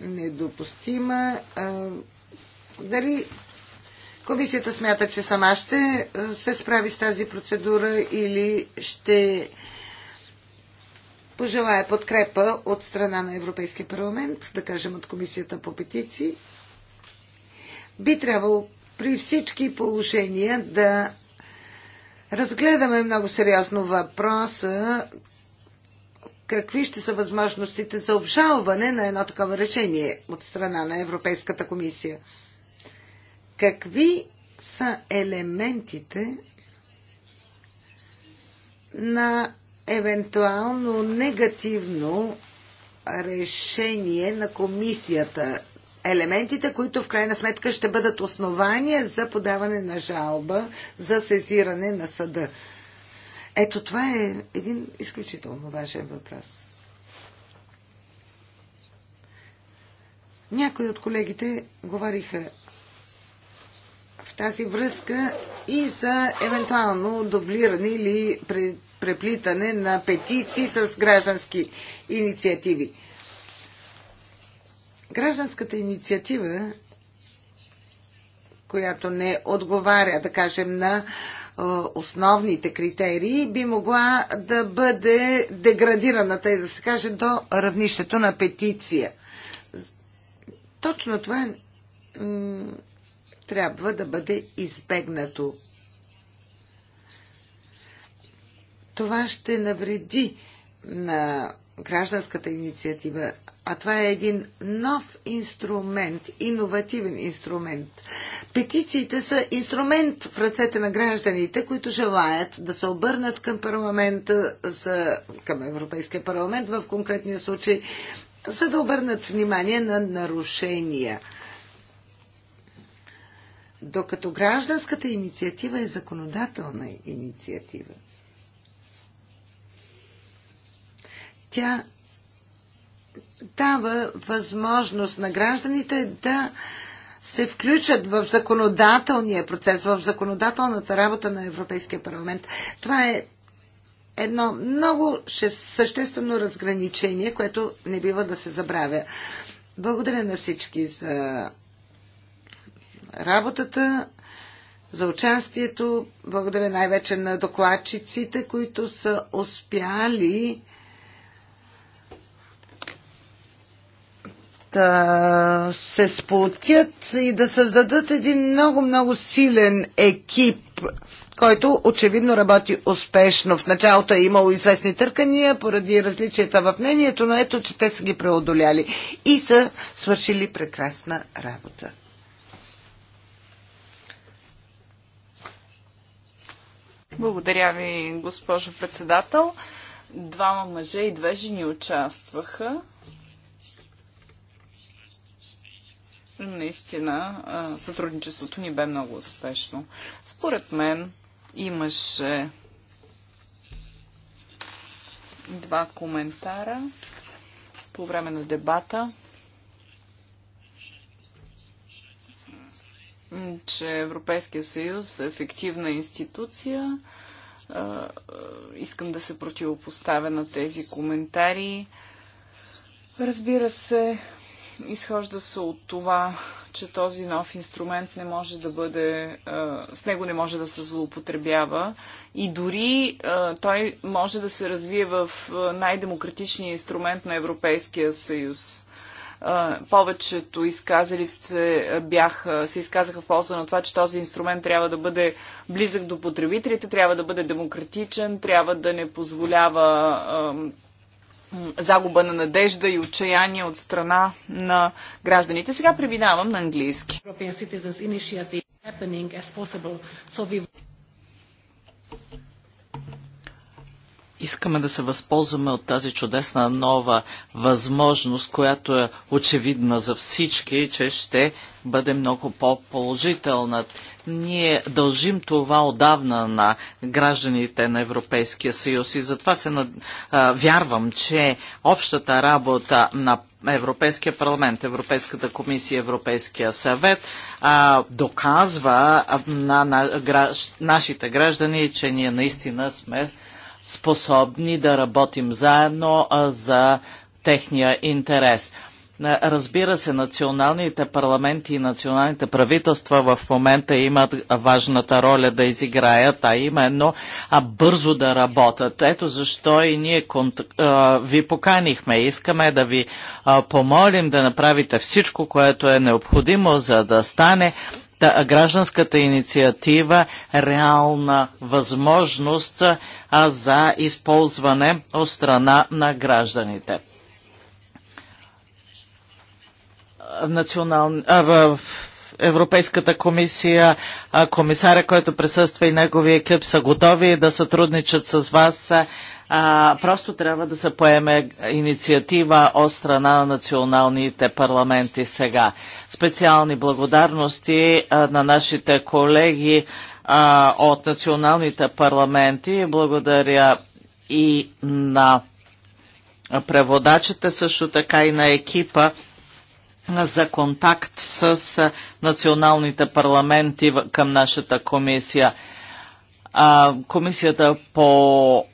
недопустима. Е, дали комисията смята, че сама ще е, се справи с тази процедура или ще пожелая подкрепа от страна на Европейския парламент, да кажем от Комисията по петиции, би трябвало при всички положения да разгледаме много сериозно въпроса какви ще са възможностите за обжалване на едно такова решение от страна на Европейската комисия. Какви са елементите на евентуално негативно решение на комисията. Елементите, които в крайна сметка ще бъдат основания за подаване на жалба за сезиране на съда. Ето това е един изключително важен въпрос. Някои от колегите говориха в тази връзка и за евентуално дублиране или пред преплитане на петиции с граждански инициативи. Гражданската инициатива, която не отговаря, да кажем, на е, основните критерии, би могла да бъде деградирана, тъй да се каже, до равнището на петиция. Точно това трябва да бъде избегнато. това ще навреди на гражданската инициатива, а това е един нов инструмент, иновативен инструмент. Петициите са инструмент в ръцете на гражданите, които желаят да се обърнат към парламента, за, към Европейския парламент в конкретния случай, за да обърнат внимание на нарушения. Докато гражданската инициатива е законодателна инициатива. Тя дава възможност на гражданите да се включат в законодателния процес, в законодателната работа на Европейския парламент. Това е едно много съществено разграничение, което не бива да се забравя. Благодаря на всички за работата, за участието. Благодаря най-вече на докладчиците, които са успяли да се сплотят и да създадат един много-много силен екип, който очевидно работи успешно. В началото е имало известни търкания поради различията в мнението, но ето, че те са ги преодоляли и са свършили прекрасна работа. Благодаря ви, госпожо председател. Двама мъже и две жени участваха. наистина сътрудничеството ни бе много успешно. Според мен имаше два коментара по време на дебата, че Европейския съюз е ефективна институция. Искам да се противопоставя на тези коментари. Разбира се, изхожда се от това, че този нов инструмент не може да бъде, с него не може да се злоупотребява и дори той може да се развие в най-демократичния инструмент на Европейския съюз повечето изказали се, бяха, се изказаха в полза на това, че този инструмент трябва да бъде близък до потребителите, трябва да бъде демократичен, трябва да не позволява загуба на надежда и отчаяние от страна на гражданите. Сега преминавам на английски. Искаме да се възползваме от тази чудесна нова възможност, която е очевидна за всички, че ще бъде много по-положителна. Ние дължим това отдавна на гражданите на Европейския съюз и затова се над... вярвам, че общата работа на Европейския парламент, Европейската комисия, Европейския съвет а, доказва на, на граж, нашите граждани, че ние наистина сме способни да работим заедно а, за техния интерес. Разбира се, националните парламенти и националните правителства в момента имат важната роля да изиграят, а именно а бързо да работят. Ето защо и ние ви поканихме. Искаме да ви помолим да направите всичко, което е необходимо, за да стане гражданската инициатива реална възможност за използване от страна на гражданите. национал... а, в Европейската комисия, а, комисаря, който присъства и неговия екип са готови да сътрудничат с вас. А, просто трябва да се поеме инициатива от страна на националните парламенти сега. Специални благодарности а, на нашите колеги а, от националните парламенти. Благодаря и на преводачите, също така и на екипа за контакт с националните парламенти към нашата комисия. А, комисията по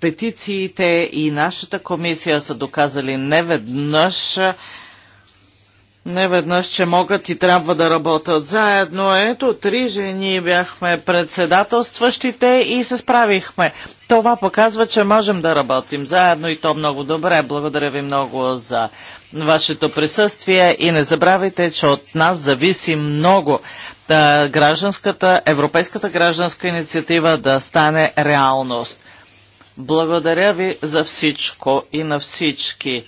петициите и нашата комисия са доказали неведнъж, не веднъж, че могат и трябва да работят заедно. Ето, три жени бяхме председателстващите и се справихме. Това показва, че можем да работим заедно и то много добре. Благодаря ви много за вашето присъствие и не забравяйте, че от нас зависи много да гражданската, европейската гражданска инициатива да стане реалност. Благодаря ви за всичко и на всички.